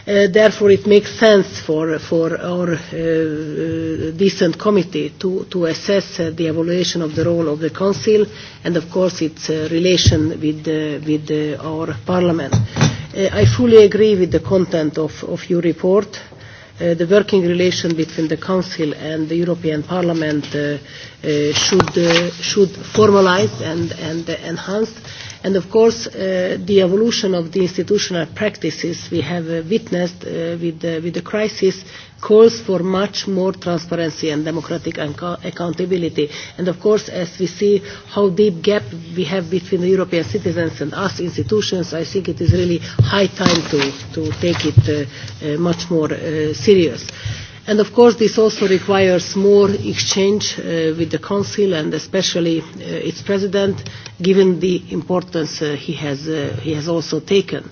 Uh, therefore, it makes sense for, for our uh, uh decent committee to, to assess uh, the evaluation of the role of the Council and, of course, its uh, relation with, uh, with uh, our Parliament. Uh, I fully agree with the content of, of your report. Uh, uh, the working relation between the Council and the European Parliament uh, uh, should, uh, should formalize and, and uh, enhance. Uh, And of course, uh, the evolution of the institutional practices we have uh, witnessed uh, with, the, uh, with the crisis calls for much more transparency and democratic unco- accountability. And of course, as we see how deep gap we have between the European citizens and us institutions, I think it is really high time to, to take it uh, uh, much more uh, serious. Uh, And of course, this also requires more exchange uh, with the Council and especially uh, its President, given the importance uh, he, has, uh, he has also taken.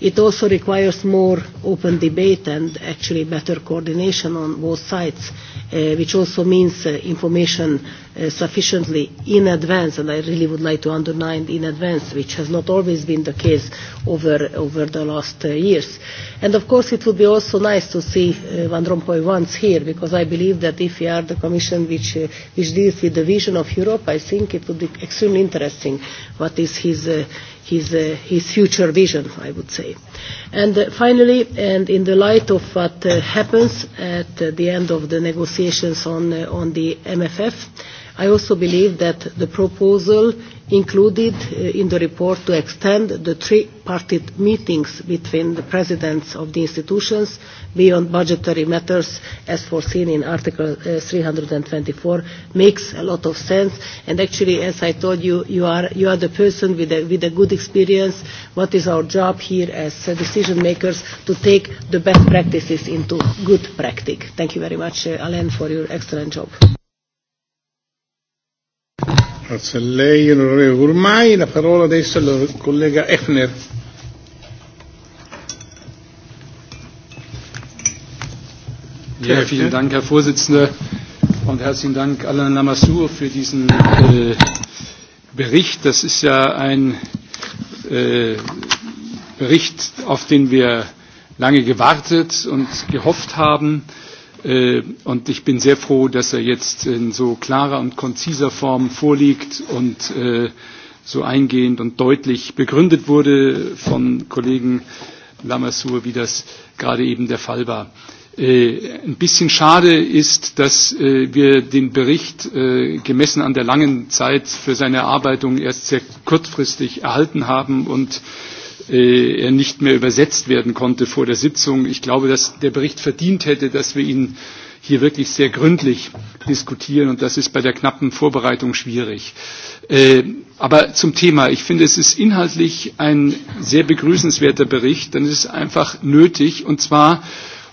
It also requires more open debate and actually better coordination on both sides. Uh, uh, which also means uh, information uh, sufficiently in advance, and I really would like to underline in advance, which has not always been the case over, over the last uh, years. And of course, it would be also nice to see uh, Van Rompuy once here, because I believe that if we are the Commission which, uh, which deals with the vision of Europe, I think it would be extremely interesting what is his. Uh, his, uh, his future vision, I would say. And uh, finally, and in the light of what uh, happens at uh, the end of the negotiations on, uh, on the MFF, I also believe that the proposal uh, included uh, in the report to extend the tripartite meetings between the presidents of the institutions beyond budgetary matters as foreseen in Article uh, 324 makes a lot of sense. And actually, as I told you, you are, you are the person with a, with a good experience. What is our job here as uh, decision makers to take the best practices into good practice. Thank you very much, uh, Alain, for your excellent job. Grazie a lei, onorevole Gurmai. La parola adesso al collega Efner. Ja, vielen Dank, Herr Vorsitzender, und herzlichen Dank Alain Lamassoure für diesen äh, Bericht. Das ist ja ein äh, Bericht, auf den wir lange gewartet und gehofft haben. Äh, Äh, und ich bin sehr froh, dass er jetzt in so klarer und konziser Form vorliegt und äh, so eingehend und deutlich begründet wurde von Kollegen Lamassoure, wie das gerade eben der Fall war. Äh, ein bisschen schade ist, dass äh, wir den Bericht äh, gemessen an der langen Zeit für seine Erarbeitung erst sehr kurzfristig erhalten haben und Äh, er nicht mehr übersetzt werden konnte vor der Sitzung. Ich glaube, dass der Bericht verdient hätte, dass wir ihn hier wirklich sehr gründlich diskutieren und das ist bei der knappen Vorbereitung schwierig. Äh, aber zum Thema, ich finde, es ist inhaltlich ein sehr begrüßenswerter Bericht, dann ist es einfach nötig und zwar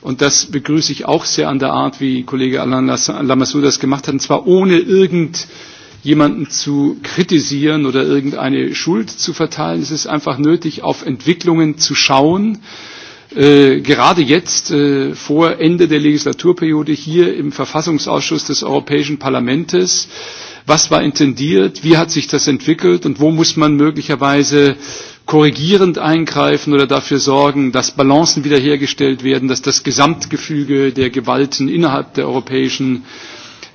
und das begrüße ich auch sehr an der Art, wie Kollege Alain Lamassou das gemacht hat, und zwar ohne irgendeine jemanden zu kritisieren oder irgendeine Schuld zu verteilen. Es ist einfach nötig, auf Entwicklungen zu schauen. Äh, gerade jetzt äh, vor Ende der Legislaturperiode hier im Verfassungsausschuss des Europäischen Parlaments, was war intendiert, wie hat sich das entwickelt und wo muss man möglicherweise korrigierend eingreifen oder dafür sorgen, dass Balancen wiederhergestellt werden, dass das Gesamtgefüge der Gewalten innerhalb der Europäischen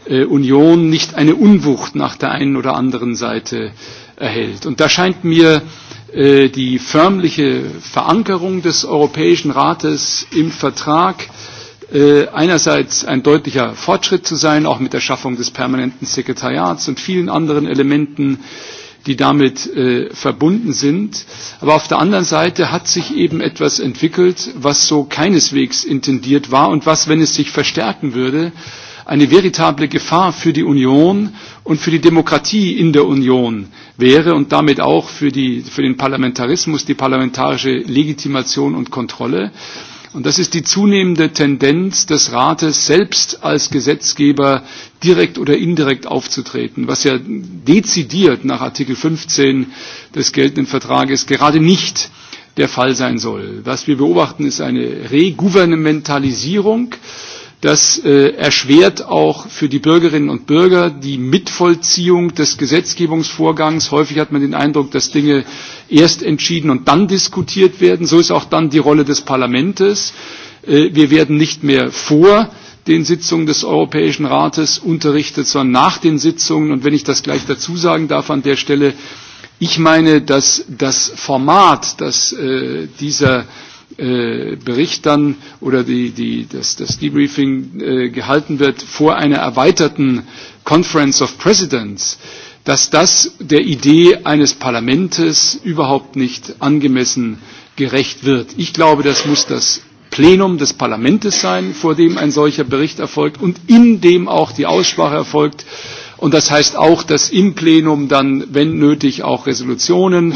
Äh, Union nicht eine Unwucht nach der einen oder anderen Seite erhält. Und da scheint mir äh, die förmliche Verankerung des Europäischen Rates im Vertrag äh, einerseits ein deutlicher Fortschritt zu sein, auch mit der Schaffung des permanenten Sekretariats und vielen anderen Elementen, die damit äh, verbunden sind. Aber auf der anderen Seite hat sich eben etwas entwickelt, was so keineswegs intendiert war und was, wenn es sich verstärken würde, äh, eine veritable Gefahr für die Union und für die Demokratie in der Union wäre und damit auch für, die, für den Parlamentarismus, die parlamentarische Legitimation und Kontrolle. Und das ist die zunehmende Tendenz des Rates, selbst als Gesetzgeber direkt oder indirekt aufzutreten, was ja dezidiert nach Artikel 15 des geltenden Vertrages gerade nicht der Fall sein soll. Was wir beobachten, ist eine Regouvernementalisierung äh, Das äh, erschwert auch für die Bürgerinnen und Bürger die Mitvollziehung des Gesetzgebungsvorgangs. Häufig hat man den Eindruck, dass Dinge erst entschieden und dann diskutiert werden. So ist auch dann die Rolle des Parlamentes. Äh, wir werden nicht mehr vor den Sitzungen des Europäischen Rates unterrichtet, sondern nach den Sitzungen. Und wenn ich das gleich dazu sagen darf an der Stelle, ich meine, dass das Format, das äh, dieser äh, Bericht dann oder die, die, das, das Debriefing äh, gehalten wird vor einer erweiterten Conference of Presidents, dass das der Idee eines Parlamentes überhaupt nicht angemessen gerecht wird. Ich glaube, das muss das Plenum des Parlaments sein, vor dem ein solcher Bericht erfolgt und in dem auch die Aussprache erfolgt. Und das heißt auch, dass im Plenum dann, wenn nötig, auch Resolutionen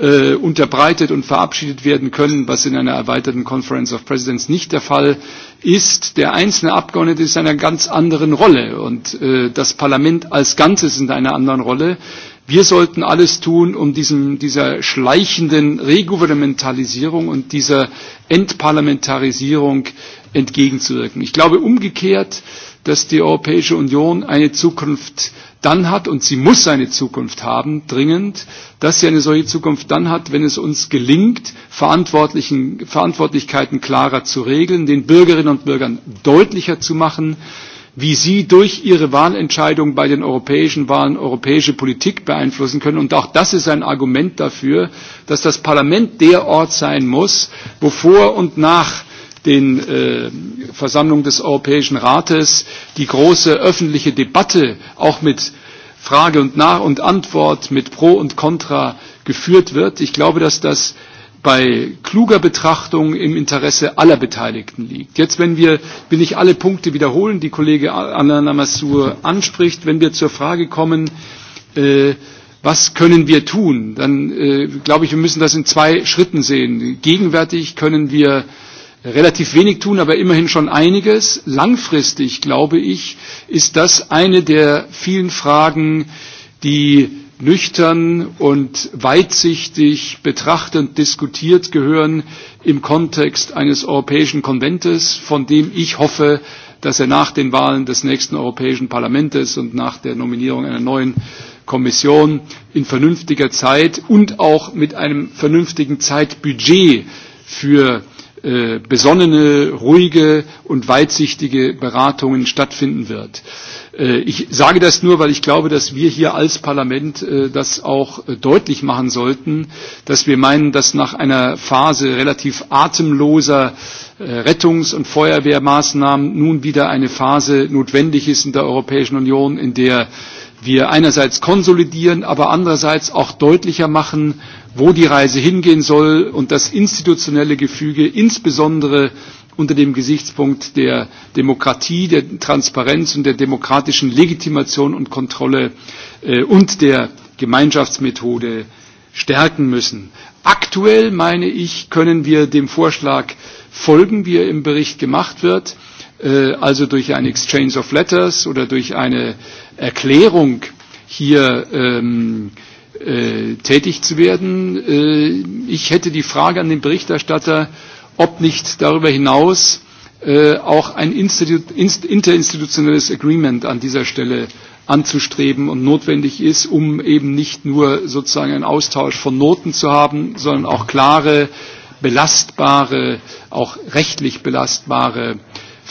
äh, unterbreitet und verabschiedet werden können, was in einer erweiterten Conference of Presidents nicht der Fall ist. Der einzelne Abgeordnete ist in einer ganz anderen Rolle und äh, das Parlament als Ganzes in einer anderen Rolle. Wir sollten alles tun, um diesem, dieser schleichenden Regouvernementalisierung und dieser Entparlamentarisierung entgegenzuwirken. Ich glaube umgekehrt, äh, dass die Europäische Union eine Zukunft dann hat, und sie muss eine Zukunft haben, dringend, dass sie eine solche Zukunft dann hat, wenn es uns gelingt, Verantwortlichen, Verantwortlichkeiten klarer zu regeln, den Bürgerinnen und Bürgern deutlicher zu machen, wie sie durch ihre Wahlentscheidung bei den europäischen Wahlen europäische Politik beeinflussen können. Und auch das ist ein Argument dafür, dass das Parlament der Ort sein muss, wo vor und nach den äh, Versammlungen des Europäischen Rates die große öffentliche Debatte auch mit Frage und Nach- und Antwort, mit Pro und Contra geführt wird. Ich glaube, dass das bei kluger Betrachtung im Interesse aller Beteiligten liegt. Jetzt, wenn wir, will ich alle Punkte wiederholen, die Kollege Alain Lamassoure anspricht, wenn wir zur Frage kommen, äh, was können wir tun, dann äh, glaube ich, wir müssen das in zwei Schritten sehen. Gegenwärtig können wir äh, relativ wenig tun, aber immerhin schon einiges. Langfristig, glaube ich, ist das eine der vielen Fragen, die nüchtern und weitsichtig betrachtend diskutiert gehören im Kontext eines Europäischen Konventes, von dem ich hoffe, dass er nach den Wahlen des nächsten Europäischen Parlaments und nach der Nominierung einer neuen Kommission in vernünftiger Zeit und auch mit einem vernünftigen Zeitbudget für äh, besonnene, ruhige und weitsichtige Beratungen stattfinden wird. Äh, ich sage das nur, weil ich glaube, dass wir hier als Parlament äh, das auch äh, deutlich machen sollten, dass wir meinen, dass nach einer Phase relativ atemloser äh, Rettungs- und Feuerwehrmaßnahmen nun wieder eine Phase notwendig ist in der Europäischen Union, in der äh, wir einerseits konsolidieren, aber andererseits auch deutlicher machen, wo die Reise hingehen soll und das institutionelle Gefüge insbesondere unter dem Gesichtspunkt der Demokratie, der Transparenz und der demokratischen Legitimation und Kontrolle äh, und der Gemeinschaftsmethode stärken müssen. Aktuell, meine ich, können wir dem Vorschlag folgen, wie er im Bericht gemacht wird. Äh, also durch ein Exchange of Letters oder durch eine Erklärung hier ähm, äh, tätig zu werden. Äh, ich hätte die Frage an den Berichterstatter, ob nicht darüber hinaus äh, auch ein Institut, inst, interinstitutionelles Agreement an dieser Stelle anzustreben und notwendig ist, um eben nicht nur sozusagen einen Austausch von Noten zu haben, sondern auch klare, belastbare, auch rechtlich belastbare äh,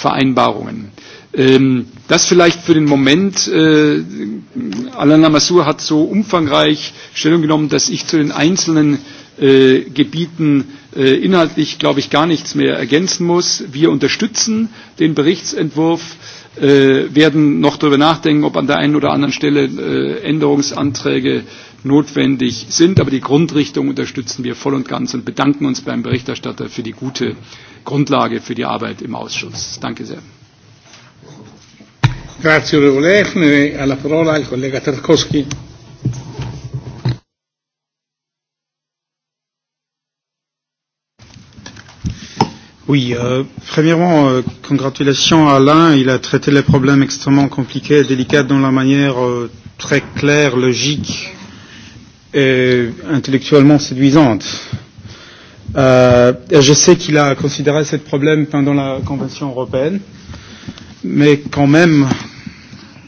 Vereinbarungen. Ähm, das vielleicht für den Moment. Äh, Alain Lamassoure hat so umfangreich Stellung genommen, dass ich zu den einzelnen äh, Gebieten äh, inhaltlich, glaube ich, gar nichts mehr ergänzen muss. Wir unterstützen den Berichtsentwurf, äh, werden noch darüber nachdenken, ob an der einen oder anderen Stelle äh, Änderungsanträge äh, notwendig sind. Aber die Grundrichtung unterstützen wir voll und ganz und bedanken uns beim Berichterstatter für die gute Grundlage für die Arbeit im Ausschuss. Danke sehr. Grazie onorevole Efner. E alla parola il collega Tarkovsky. Oui, euh, premièrement, euh, congratulations à Alain. Il a traité les problèmes extrêmement compliqués et délicats dans la manière euh, très claire, logique euh, intellectuellement séduisante. Euh, je sais qu'il a considéré ce problème pendant la Convention européenne, mais quand même,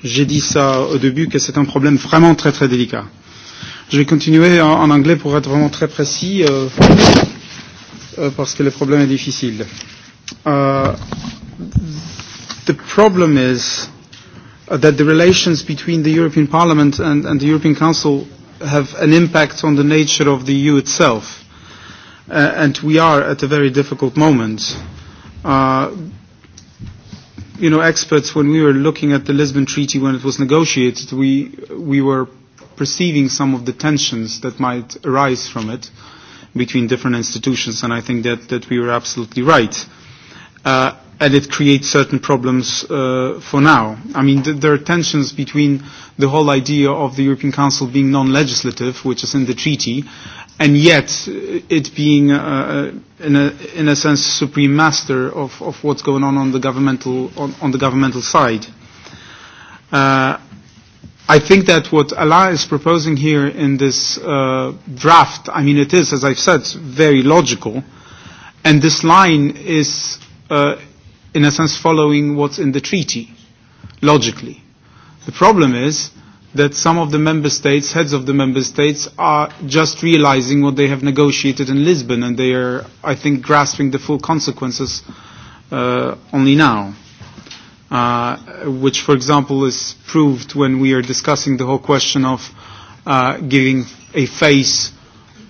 j'ai dit ça au début, que c'est un problème vraiment très très délicat. Je vais continuer en, en anglais pour être vraiment très précis, euh, euh, parce que le problème est difficile. Uh, the problem is that the relations between the European Parliament and, and the European Council have an impact on the nature of the EU itself. Uh, and we are at a very difficult moment. Uh, you know, experts, when we were looking at the Lisbon Treaty when it was negotiated, we, we were perceiving some of the tensions that might arise from it between different institutions, and I think that, that we were absolutely right. Uh, and it creates certain problems uh, for now. I mean, th- there are tensions between the whole idea of the European Council being non-legislative, which is in the treaty, and yet uh, it being, uh, uh, in, a, in a sense, supreme master of, of what's going on on the governmental, on, on the governmental side. Uh, I think that what Allah is proposing here in this uh, draft, I mean, it is, as I've said, very logical. And this line is uh, in a sense, following what's in the treaty, logically. The problem is that some of the member states, heads of the member states, are just realizing what they have negotiated in Lisbon, and they are, I think, grasping the full consequences uh, only now. Uh, which, for example, is proved when we are discussing the whole question of uh, giving a face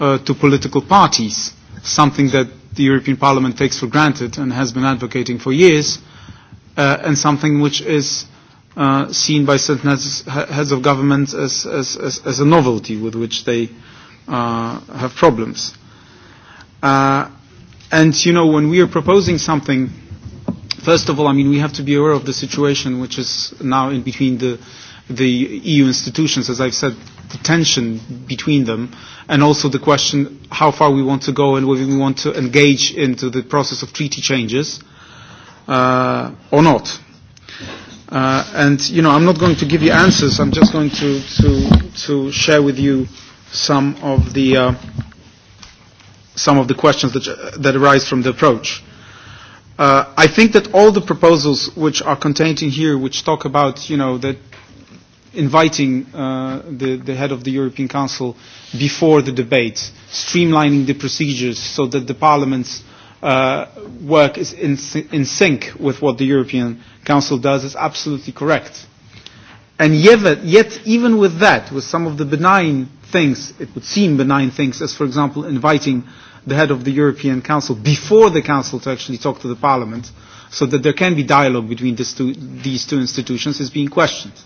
uh, to political parties, something that the European Parliament takes for granted and has been advocating for years, uh, and something which is uh, seen by certain heads, heads of government as, as, as, as a novelty with which they uh, have problems. Uh, and, you know, when we are proposing something, first of all, I mean, we have to be aware of the situation which is now in between the, the EU institutions, as I've said the tension between them, and also the question how far we want to go and whether we want to engage into the process of treaty changes uh, or not. Uh, and you know, I'm not going to give you answers. I'm just going to to, to share with you some of the uh, some of the questions that that arise from the approach. Uh, I think that all the proposals which are contained in here, which talk about you know that inviting uh, the, the head of the European Council before the debate, streamlining the procedures so that the Parliament's uh, work is in, in sync with what the European Council does is absolutely correct. And yet, yet, even with that, with some of the benign things, it would seem benign things, as for example, inviting the head of the European Council before the Council to actually talk to the Parliament, so that there can be dialogue between this two, these two institutions, is being questioned. Uh,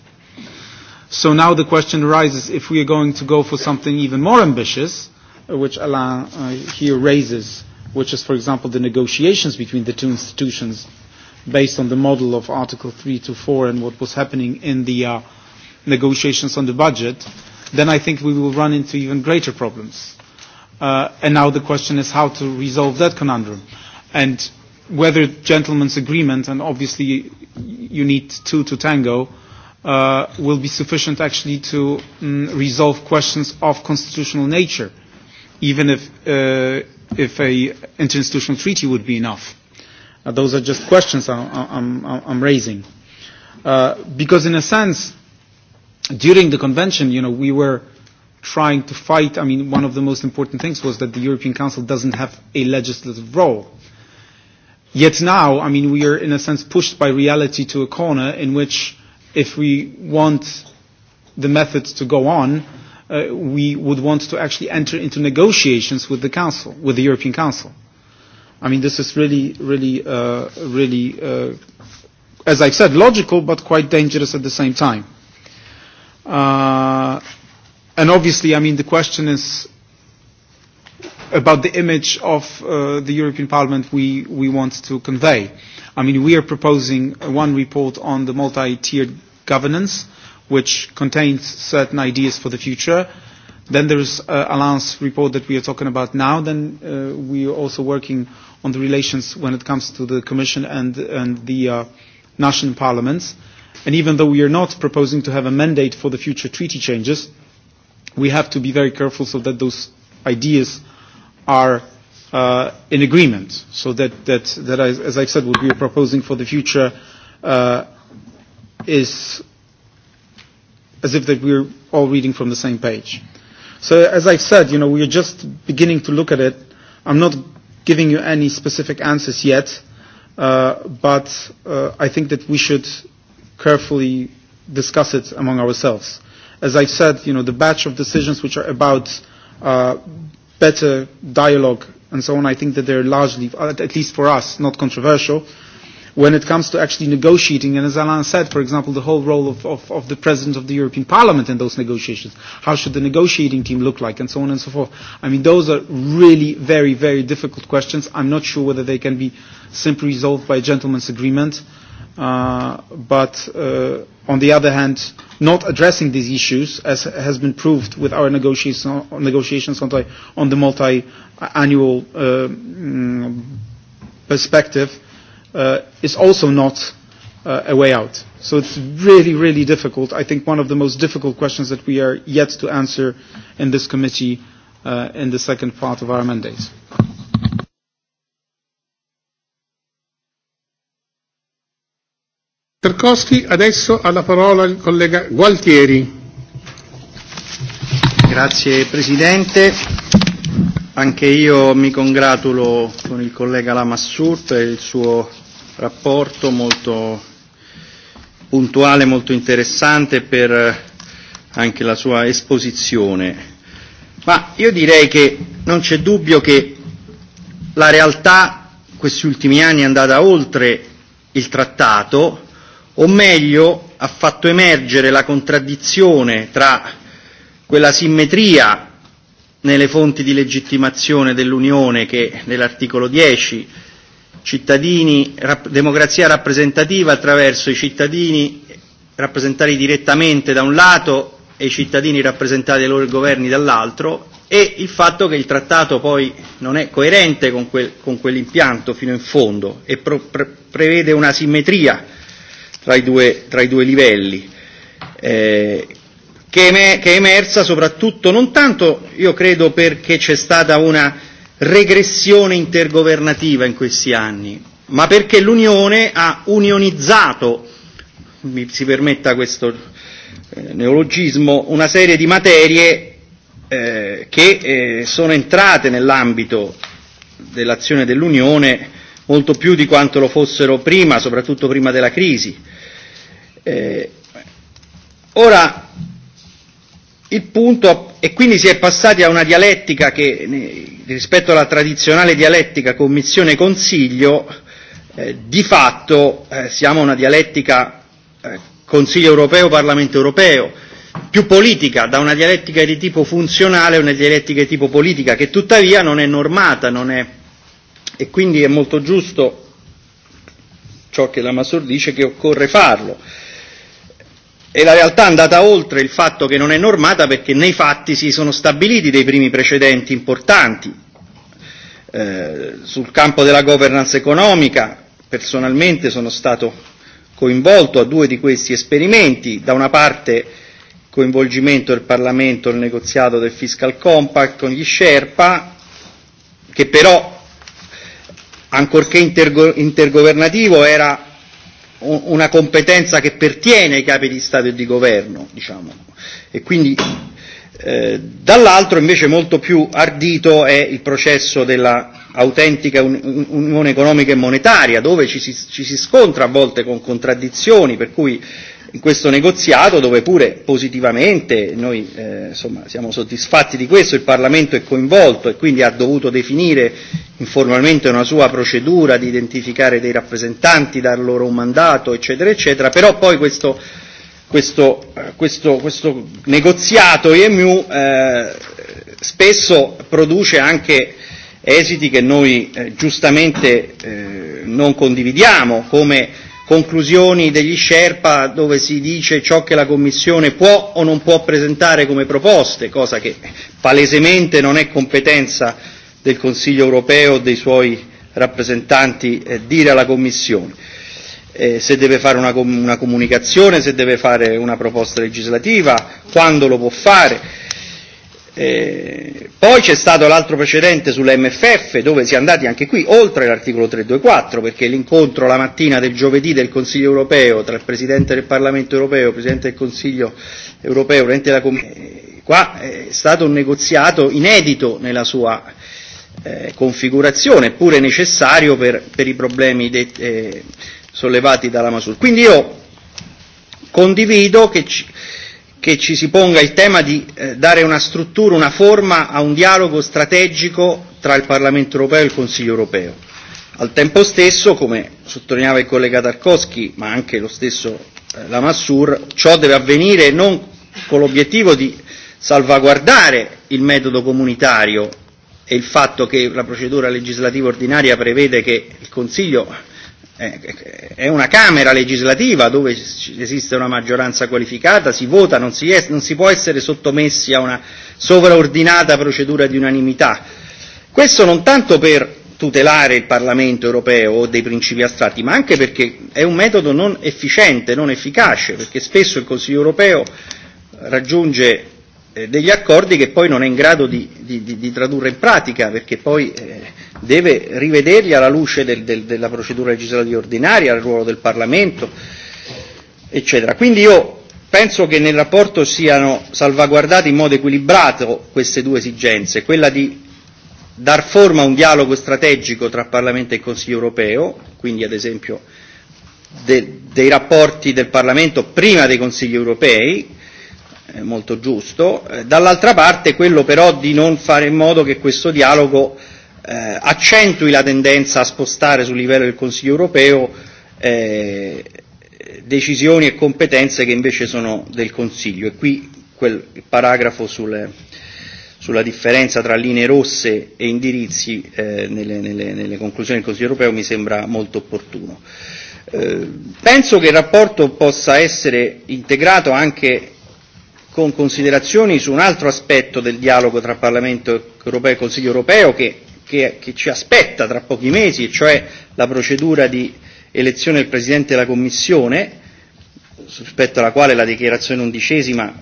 So now the question arises if we are going to go for something even more ambitious, uh, which Alain uh, here raises, which is, for example, the negotiations between the two institutions based on the model of Article 3 to 4 and what was happening in the uh, negotiations on the budget, then I think we will run into even greater problems. Uh, and now the question is how to resolve that conundrum. And whether gentlemen's agreement, and obviously you need two to tango, uh, uh, will be sufficient actually to um, resolve questions of constitutional nature, even if, uh, if a interinstitutional treaty would be enough. Uh, those are just questions I'm, I'm, I'm raising. Uh, because in a sense, during the convention, you know, we were trying to fight, I mean, one of the most important things was that the European Council doesn't have a legislative role. Yet now, I mean, we are in a sense pushed by reality to a corner in which if we want the methods to go on, uh, we would want to actually enter into negotiations with the Council, with the European Council. I mean, this is really, really, uh, really, uh, as I've said, logical, but quite dangerous at the same time. Uh, and obviously, I mean, the question is about the image of uh, the European Parliament we, we want to convey. I mean, we are proposing one report on the multi-tiered governance, which contains certain ideas for the future. Then there is uh, Alain's report that we are talking about now. Then uh, we are also working on the relations when it comes to the Commission and, and the uh, national parliaments. And even though we are not proposing to have a mandate for the future treaty changes, we have to be very careful so that those ideas are uh, in agreement. So that, that, that I, as I've said, we'll be proposing for the future uh, is as if that we're all reading from the same page. So as I've said, you know, we're just beginning to look at it. I'm not giving you any specific answers yet, uh, but uh, I think that we should carefully discuss it among ourselves. As I've said, you know, the batch of decisions which are about uh, better dialogue and so on, I think that they're largely, at least for us, not controversial. Uh, when it comes to actually negotiating, and as Alain said, for example, the whole role of, of, of the President of the European Parliament in those negotiations, how should the negotiating team look like, and so on and so forth. I mean, those are really very, very difficult questions. I'm not sure whether they can be simply resolved by a gentleman's agreement. Uh, but uh, on the other hand, not addressing these issues, as has been proved with our negotiation, negotiations on the, on the multi-annual uh, mm, perspective, uh, uh, is also not uh, a way out. So it's really, really difficult. I think one of the most difficult questions that we are yet to answer in this committee uh, in the second part of our mandate. Tarkovsky, adesso alla parola il collega Gualtieri. Grazie Presidente, anche io mi congratulo con il collega Lamassur per il suo rapporto molto puntuale, molto interessante per eh, anche la sua esposizione. Ma io direi che non c'è dubbio che la realtà questi ultimi anni è andata oltre il trattato, o meglio ha fatto emergere la contraddizione tra quella simmetria nelle fonti di legittimazione dell'Unione che nell'articolo 10 cittadini, rap, democrazia rappresentativa attraverso i cittadini rappresentati direttamente da un lato e i cittadini rappresentati dai loro governi dall'altro e il fatto che il trattato poi non è coerente con, quel, con quell'impianto fino in fondo e pro, pre, prevede una simmetria tra i due, tra i due livelli. Eh, che, eme, che è emersa soprattutto non tanto, io credo, perché c'è stata una regressione intergovernativa in questi anni, ma perché l'Unione ha unionizzato, mi si permetta questo eh, neologismo, una serie di materie eh, che eh, sono entrate nell'ambito dell'azione dell'Unione molto più di quanto lo fossero prima, soprattutto prima della crisi. Eh, ora, Il punto, e quindi si è passati a una dialettica che rispetto alla tradizionale dialettica Commissione-Consiglio, eh, di fatto eh, siamo una dialettica eh, Consiglio europeo-Parlamento europeo, più politica, da una dialettica di tipo funzionale a una dialettica di tipo politica, che tuttavia non è normata, non è... e quindi è molto giusto ciò che la Masur dice che occorre farlo. Eh, e la realtà è andata oltre il fatto che non è normata perché nei fatti si sono stabiliti dei primi precedenti importanti eh, sul campo della governance economica. Personalmente sono stato coinvolto a due di questi esperimenti, da una parte coinvolgimento del Parlamento nel negoziato del Fiscal Compact con gli Sherpa, che però, ancorché intergo- intergovernativo, era una competenza che pertiene ai capi di Stato e di governo, diciamo. E quindi eh, dall'altro invece molto più ardito è il processo della autentica unione economica e monetaria, dove ci si, ci si scontra a volte con contraddizioni, per cui in questo negoziato dove pure positivamente noi eh, insomma, siamo soddisfatti di questo, il Parlamento è coinvolto e quindi ha dovuto definire informalmente una sua procedura di identificare dei rappresentanti, dar loro un mandato, eccetera, eccetera, però poi questo, questo, questo, questo negoziato IMU eh, spesso produce anche esiti che noi eh, giustamente eh, non condividiamo, come conclusioni degli Sherpa dove si dice ciò che la Commissione può o non può presentare come proposte, cosa che palesemente non è competenza del Consiglio europeo o dei suoi rappresentanti eh, dire alla Commissione. Eh, se deve fare una, com- una comunicazione, se deve fare una proposta legislativa, quando lo può fare Eh, poi c'è stato l'altro precedente sull'MFF dove si è andati anche qui oltre l'articolo 324 perché l'incontro la mattina del giovedì del Consiglio europeo tra il Presidente del Parlamento europeo, il Presidente del Consiglio europeo, Presidente della Commissione, eh, qua eh, è stato un negoziato inedito nella sua eh, configurazione eppure necessario per, per i problemi de, eh, sollevati dalla Masur. Quindi io condivido che ci, che ci si ponga il tema di eh, dare una struttura, una forma a un dialogo strategico tra il Parlamento europeo e il Consiglio europeo. Al tempo stesso, come sottolineava il collega Tarkovsky, ma anche lo stesso eh, Lamassur, ciò deve avvenire non con l'obiettivo di salvaguardare il metodo comunitario e il fatto che la procedura legislativa ordinaria prevede che il Consiglio Eh, eh, è una Camera legislativa dove esiste una maggioranza qualificata, si vota, non si, es- non si può essere sottomessi a una sovraordinata procedura di unanimità. Questo non tanto per tutelare il Parlamento europeo o dei principi astratti, ma anche perché è un metodo non efficiente, non efficace, perché spesso il Consiglio europeo raggiunge eh, degli accordi che poi non è in grado di, di, di, di tradurre in pratica, perché poi eh, deve rivederli alla luce del, del, della procedura legislativa ordinaria, al ruolo del Parlamento, eccetera. Quindi io penso che nel rapporto siano salvaguardate in modo equilibrato queste due esigenze, quella di dar forma a un dialogo strategico tra Parlamento e Consiglio europeo, quindi ad esempio de, dei rapporti del Parlamento prima dei Consigli europei, eh, molto giusto, eh, dall'altra parte quello però di non fare in modo che questo dialogo eh, eh, accentui la tendenza a spostare sul livello del Consiglio europeo eh, decisioni e competenze che invece sono del Consiglio. E qui quel paragrafo sulle, sulla differenza tra linee rosse e indirizzi eh, nelle, nelle, nelle conclusioni del Consiglio europeo mi sembra molto opportuno. Eh, penso che il rapporto possa essere integrato anche con considerazioni su un altro aspetto del dialogo tra Parlamento e europeo e Consiglio europeo che che, che ci aspetta tra pochi mesi, e cioè la procedura di elezione del Presidente della Commissione, rispetto alla quale la dichiarazione undicesima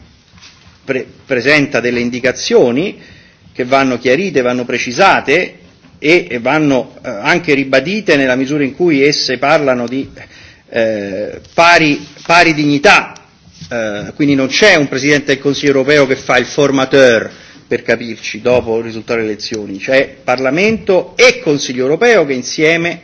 pre- presenta delle indicazioni che vanno chiarite, vanno precisate e, e vanno eh, anche ribadite nella misura in cui esse parlano di eh, pari, pari dignità. Eh, quindi non c'è un Presidente del Consiglio europeo che fa il formateur, eh, per capirci, dopo il risultato delle elezioni, cioè Parlamento e Consiglio europeo che insieme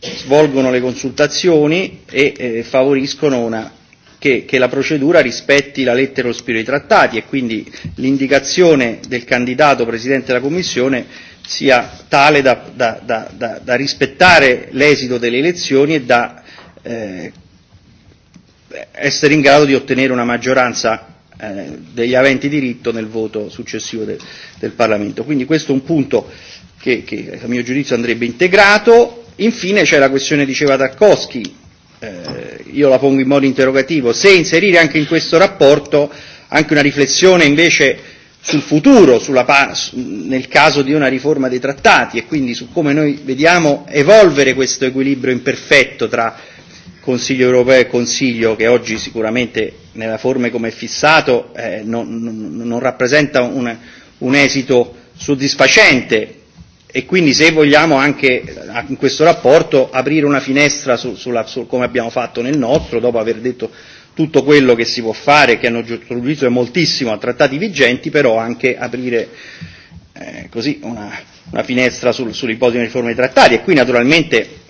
svolgono le consultazioni e eh, favoriscono una, che, che la procedura rispetti la lettera e lo spirito dei trattati e quindi l'indicazione del candidato Presidente della Commissione sia tale da, da, da, da, da rispettare l'esito delle elezioni e da eh, essere in grado di ottenere una maggioranza eh, degli aventi diritto nel voto successivo de, del Parlamento. Quindi questo è un punto che, che a mio giudizio andrebbe integrato. Infine c'è la questione, diceva Tarkovsky, eh, io la pongo in modo interrogativo, se inserire anche in questo rapporto anche una riflessione invece sul futuro, sulla, nel caso di una riforma dei trattati e quindi su come noi vediamo evolvere questo equilibrio imperfetto tra Consiglio europeo e Consiglio che oggi sicuramente nella forma come è fissato eh, non, non, non rappresenta un, un esito soddisfacente e quindi se vogliamo anche eh, in questo rapporto aprire una finestra su, sulla, su, come abbiamo fatto nel nostro dopo aver detto tutto quello che si può fare, che hanno contribuito moltissimo a trattati vigenti, però anche aprire eh, così una, una finestra sul, sull'ipotesi di riforma dei trattati e qui naturalmente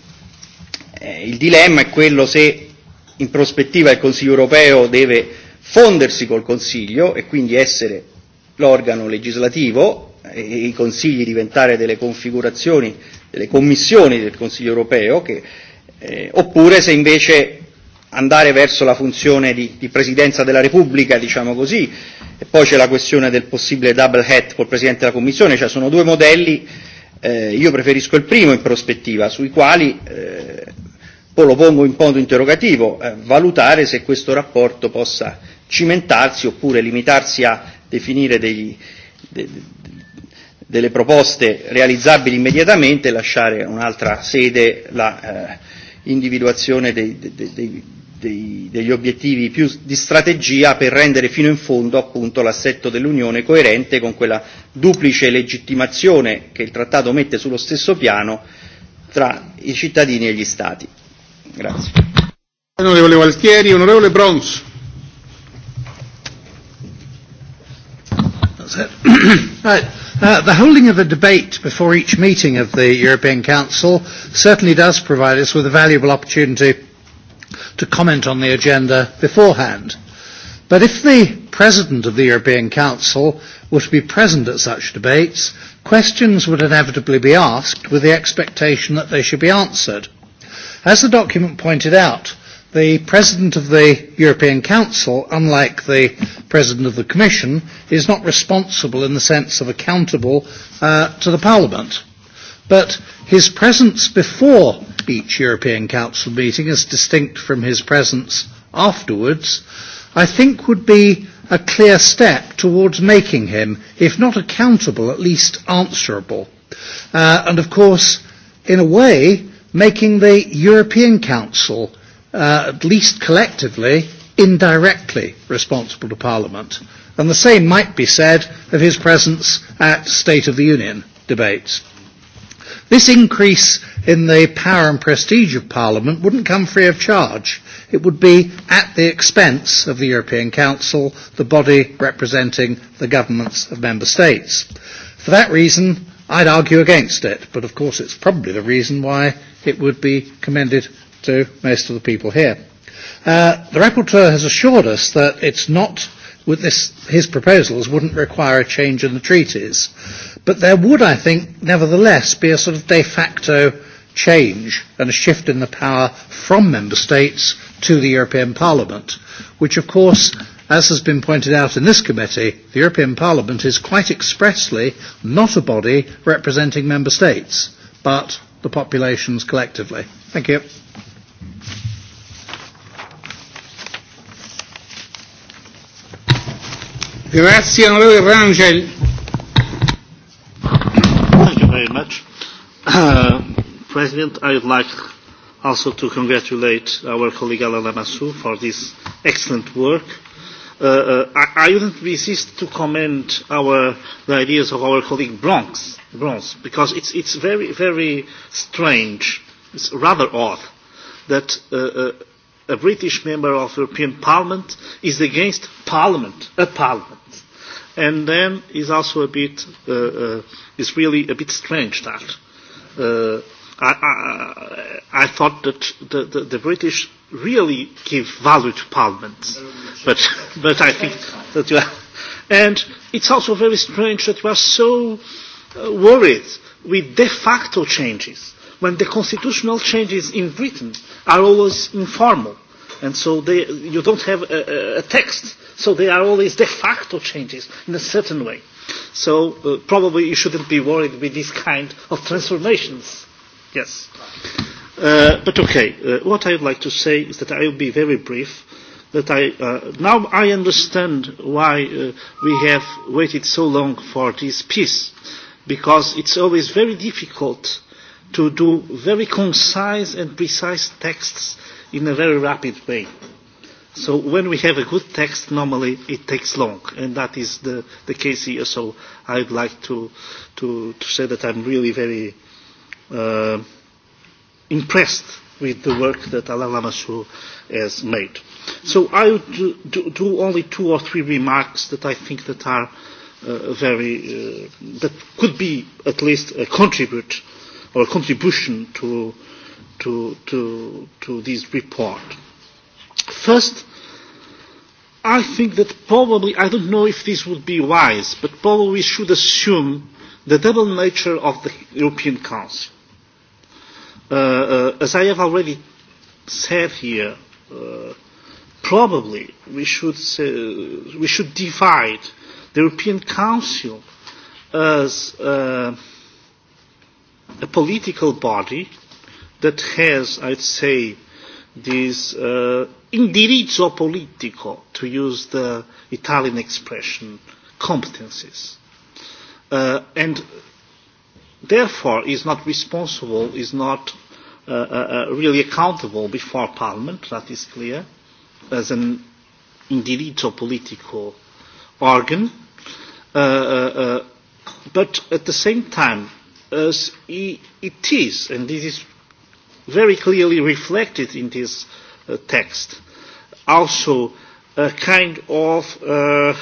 Eh, il dilemma è quello se in prospettiva il Consiglio europeo deve fondersi col Consiglio e quindi essere l'organo legislativo e i consigli diventare delle configurazioni, delle commissioni del Consiglio europeo, che, eh, oppure se invece andare verso la funzione di, di Presidenza della Repubblica, diciamo così, e poi c'è la questione del possibile double hat col Presidente della Commissione, cioè sono due modelli, eh, io preferisco il primo in prospettiva, sui quali eh, poi lo pongo in modo interrogativo, eh, valutare se questo rapporto possa cimentarsi oppure limitarsi a definire dei, de, delle proposte realizzabili immediatamente e lasciare un'altra sede la eh, individuazione dei, dei, dei, dei, degli obiettivi più di strategia per rendere fino in fondo appunto l'assetto dell'Unione coerente con quella duplice legittimazione che il Trattato mette sullo stesso piano tra i cittadini e gli Stati. Grazie. Onorevole Valtieri, onorevole Brons. That's it. right. Uh, the holding of a debate before each meeting of the European Council certainly does provide us with a valuable opportunity to comment on the agenda beforehand. But if the President of the European Council were to be present at such debates, questions would inevitably be asked with the expectation that they should be answered. As the document pointed out, the President of the European Council, unlike the President of the Commission, is not responsible in the sense of accountable uh, to the Parliament. But his presence before each European Council meeting, as distinct from his presence afterwards, I think would be a clear step towards making him, if not accountable, at least answerable. Uh, and of course, in a way, making the European Council, uh, at least collectively, indirectly responsible to Parliament. And the same might be said of his presence at State of the Union debates. This increase in the power and prestige of Parliament wouldn't come free of charge. It would be at the expense of the European Council, the body representing the governments of Member States. For that reason, I'd argue against it, but of course it's probably the reason why it would be commended to most of the people here. Uh, the rapporteur has assured us that it's not with this, his proposals wouldn't require a change in the treaties, but there would, I think, nevertheless be a sort of de facto change and a shift in the power from member states to the European Parliament, which of course As has been pointed out in this committee, the European Parliament is quite expressly not a body representing member states, but the populations collectively. Thank you. Grazie, onorevole Rangel. Thank you very much. Uh, President, I would like also to congratulate our colleague Alain Lamassou for this excellent work Uh, uh, I, I wouldn't resist to comment our the ideas of our colleague Bronx, Bronx because it's it's very very strange, it's rather odd that uh, uh, a British member of European Parliament is against Parliament, a Parliament. And then is also a bit, uh, uh, is really a bit strange that. Uh, I, I, I thought that the, the, the British really give value to parliaments. Um but, but I think that you are. And it's also very strange that we are so uh, worried with de facto changes when the constitutional changes in Britain are always informal. And so they, you don't have a, a text, so they are always de facto changes in a certain way. So uh, probably you shouldn't be worried with this kind of transformations. Yes. Uh, but okay, uh, what I would like to say is that I will be very brief that I, uh, now I understand why uh, we have waited so long for this peace, because it's always very difficult to do very concise and precise texts in a very rapid way. So when we have a good text, normally it takes long, and that is the, the case here. So I'd like to, to, to say that I'm really very uh, impressed with the work that Alain Lamassoure has made. So I would do, do, do only two or three remarks that I think that are uh, very, uh, that could be at least a contribute or a contribution to, to, to, to this report. First, I think that probably, I don't know if this would be wise, but probably we should assume the double nature of the European Council. Uh, uh, as I have already said here, uh, probably we should, say, we should divide the European Council as uh, a political body that has, I'd say, this uh, indirizzo politico, to use the Italian expression, competencies. Uh, and therefore is not responsible, is not uh, uh, uh really accountable before Parliament, that is clear. Uh, as an indirizzo political organ, uh, uh, uh, but at the same time, as it is, and this is very clearly reflected in this uh, text, also a kind of, uh,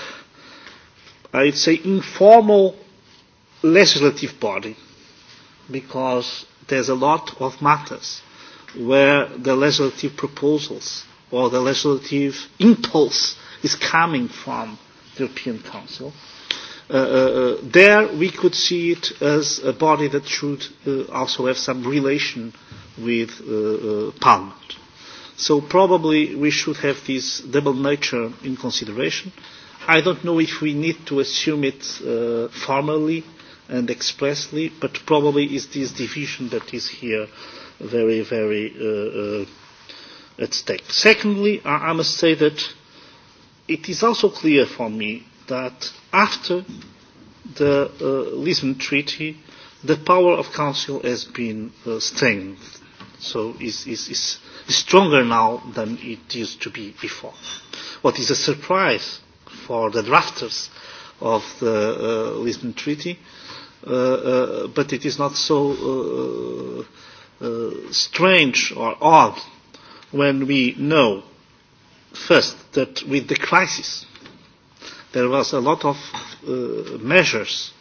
I'd say, informal legislative body, because there's a lot of matters where the legislative proposals or the legislative impulse is coming from the European Council. Uh, uh, uh, there we could see it as a body that should uh, also have some relation with uh, uh, Parliament. So probably we should have this double nature in consideration. I don't know if we need to assume it uh, formally and expressly, but probably is this division that is here very, very uh, uh, at stake. Secondly, I, I must say that it is also clear for me that after the uh, Lisbon Treaty, the power of Council has been uh, strengthened, so is, is, is, is stronger now than it used to be before. What is a surprise for the drafters of the uh, Lisbon Treaty, uh, uh, but it is not so uh, uh, strange or odd when we know first that with the crisis there was a lot of uh, measures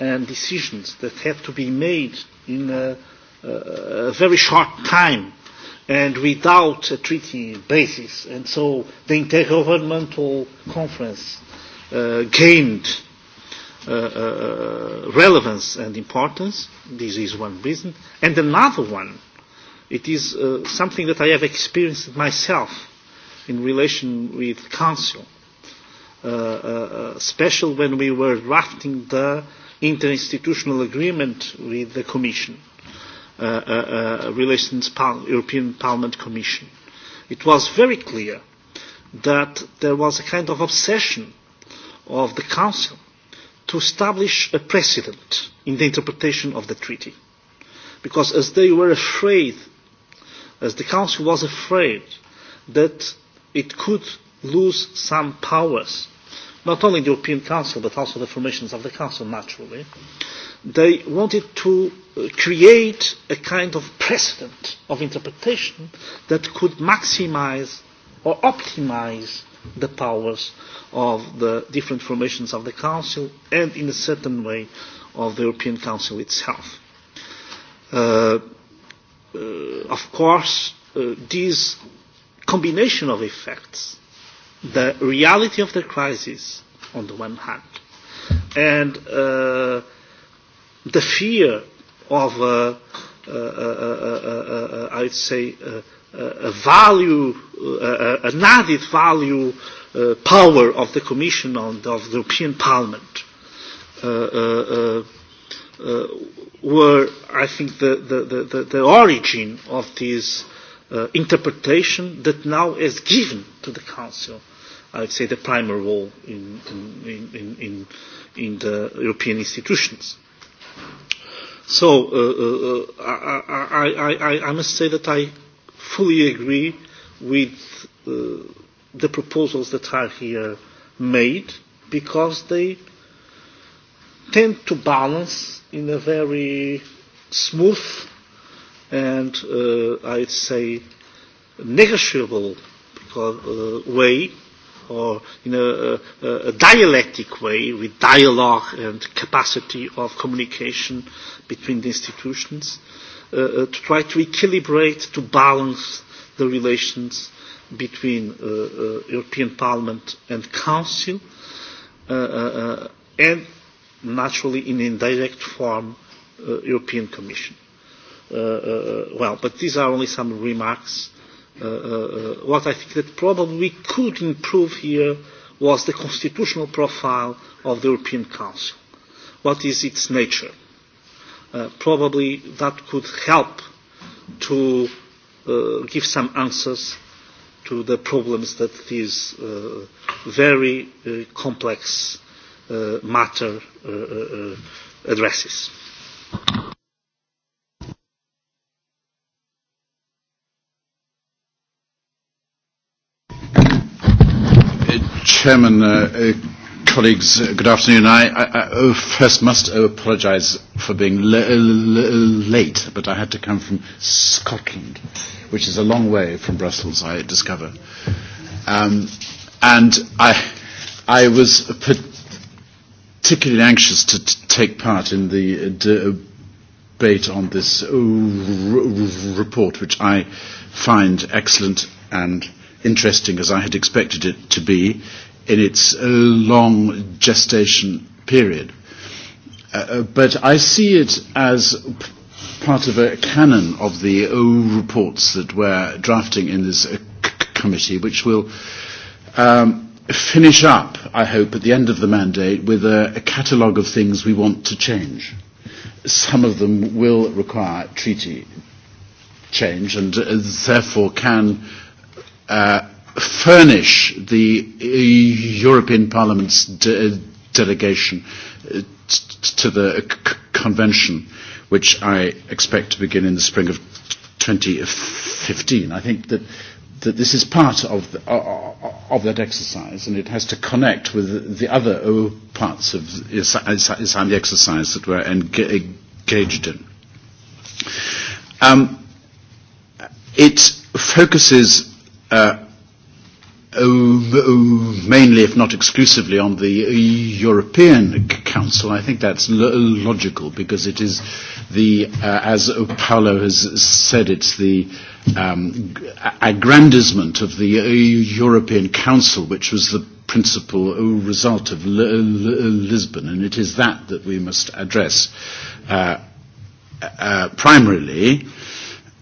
and decisions that had to be made in a, a very short time and without a treaty basis. And so the intergovernmental conference uh, gained uh, uh, relevance and importance. This is one reason. And another one It is uh, something that I have experienced myself in relation with Council, uh, uh, especially uh, when we were drafting the interinstitutional agreement with the Commission, uh, uh, uh, Relations Pal- European Parliament Commission. It was very clear that there was a kind of obsession of the Council to establish a precedent in the interpretation of the treaty. Because as they were afraid as the Council was afraid that it could lose some powers, not only the European Council but also the formations of the Council naturally, they wanted to uh, create a kind of precedent of interpretation that could maximize or optimize the powers of the different formations of the Council and in a certain way of the European Council itself. Uh, uh, of course, uh, this combination of effects, the reality of the crisis on the one hand, and uh, the fear of, uh, uh, uh, uh, uh, uh, uh I would say, uh, uh a value, uh, an added value uh, power of the Commission and of the European Parliament. Uh, uh, uh, uh, were, I think, the, the, the, the origin of this uh, interpretation that now is given to the Council, I would say, the primary role in, in, in, in, in the European institutions. So uh, uh, uh I, I, I, I must say that I fully agree with uh, the proposals that are here made because they uh, tend to balance in a very smooth and, uh, I'd say, negotiable because, uh, way or in a, a, a dialectic way with dialogue and capacity of communication between the institutions uh, uh to try to equilibrate, to balance the relations between uh, uh, European Parliament and Council uh, uh, uh and naturally in indirect form uh, European Commission. Uh, uh, well, but these are only some remarks. Uh, uh, uh, what I think that probably we could improve here was the constitutional profile of the European Council. What is its nature? Uh, probably that could help to uh, give some answers to the problems that this uh, very uh, complex uh, uh, matter uh, uh, addresses. Uh, Chairman, uh, uh, colleagues, uh, good afternoon. I, I, I oh, first must uh, apologise for being l- uh, l- late, but I had to come from Scotland, which is a long way from Brussels, I discover. Um, and I, I was put particularly anxious to t- take part in the de- uh, debate on this uh, r- r- report, which I find excellent and interesting as I had expected it to be in its long gestation period. Uh, uh but I see it as p- part of a canon of the uh, reports that we're drafting in this uh, c- committee, which will um, finish up, I hope, at the end of the mandate with a, a catalogue of things we want to change. Some of them will require treaty change and uh, therefore can uh, furnish the uh, European Parliament's de- uh, delegation uh, t- to the uh, c- convention, which I expect to begin in the spring of 2015. I think that that this is part of, the, of that exercise and it has to connect with the other parts of Islam exercise that we're engaged in. Um, it focuses uh, mainly, if not exclusively, on the European Council. I think that's lo- logical because it is the, uh, as Paolo has said, it's the uh, um, aggrandizement of the uh, European Council, which was the principal result of L- L- Lisbon, and it is that that we must address uh, uh, primarily.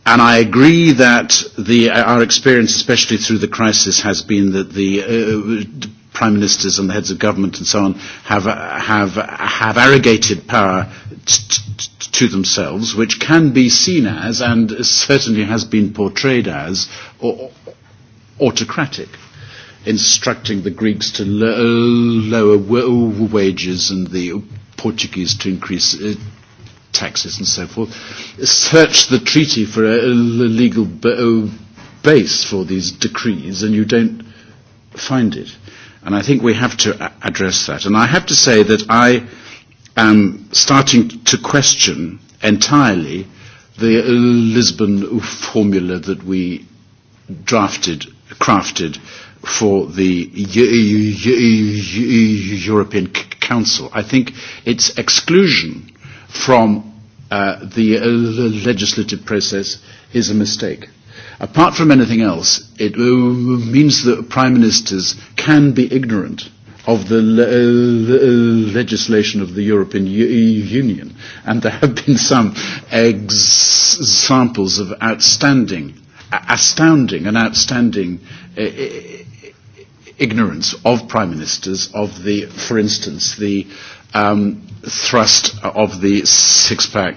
And I agree that the, our experience, especially through the crisis, has been that the uh, prime ministers and the heads of government and so on have, uh, have, uh, have arrogated power t- t- to themselves, which can be seen as, and certainly has been portrayed as, or, autocratic, instructing the Greeks to lo- lower w- wages and the Portuguese to increase uh, taxes and so forth. Search the treaty for a, a legal b- base for these decrees, and you don't find it. And I think we have to address that. And I have to say that I am starting to question entirely the Lisbon formula that we drafted, crafted for the European Council. I think its exclusion from uh, the uh, legislative process is a mistake. Apart from anything else, it uh, means that prime ministers can be ignorant of the le- uh, le- uh, legislation of the European U- Union. And there have been some ex- examples of outstanding, astounding and outstanding uh, uh, ignorance of prime ministers of the, for instance, the um, thrust of the six-pack,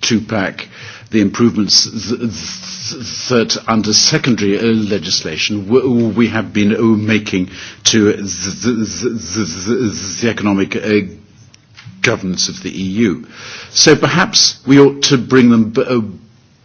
two-pack, uh, the improvements th- th- that under secondary uh, legislation w- we have been uh, making to the, the, the, the, the economic uh, governance of the EU. So perhaps we ought to bring them b- uh,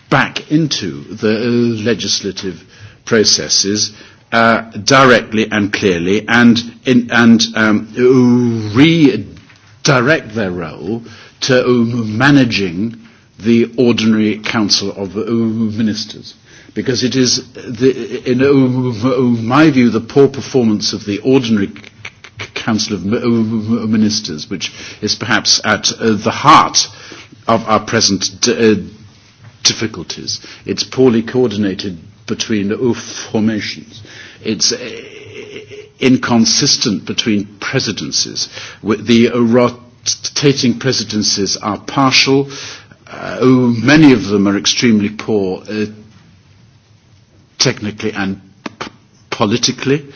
back into the uh, legislative processes uh, directly and clearly and, in, and um, redirect their role to um, managing the ordinary council of ministers because it is, the, in my view, the poor performance of the ordinary council of ministers, which is perhaps at uh, the heart of our present uh, difficulties. It's poorly coordinated between formations. It's uh, inconsistent between presidencies. The rotating presidencies are partial uh, oh, many of them are extremely poor uh, technically and p- politically,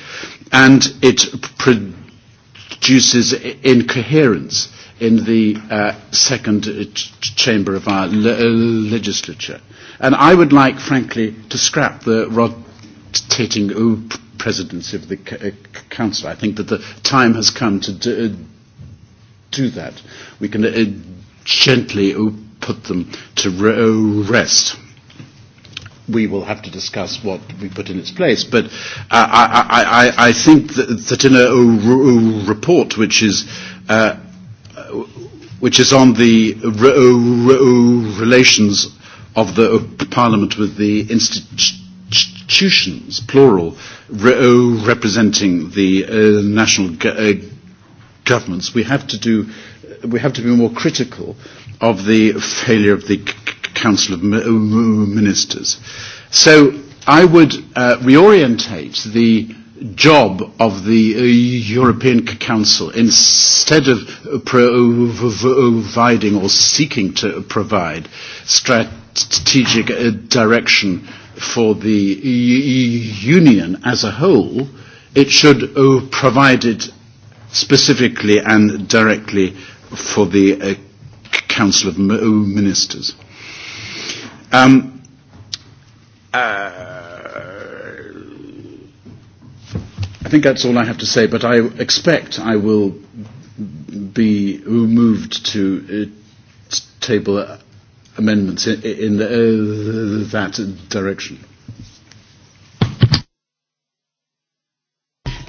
and it produces incoherence in the uh, second uh, ch- chamber of our le- uh, legislature. And I would like, frankly, to scrap the rotating oh, p- presidency of the c- uh, council. I think that the time has come to d- uh, do that. We can uh, gently. Oh, put them to oh, rest. We will have to discuss what we put in its place, but uh, I, I, I think that, that in a, a oh, oh, report which is uh, which is on the relations of the Parliament with the institutions, plural, representing the uh, national go- uh, governments, we have to do we have to be more critical of the failure of the Council of Ministers. So I would uh, reorientate the job of the uh, European Council instead of providing or seeking to provide strategic uh, direction for the uh, Union as a whole, it should uh, provide it specifically and directly for the uh, Council of oh, Ministers. Um, uh, I think that's all I have to say, but I expect I will be moved to uh, table uh, amendments in, in uh, that direction.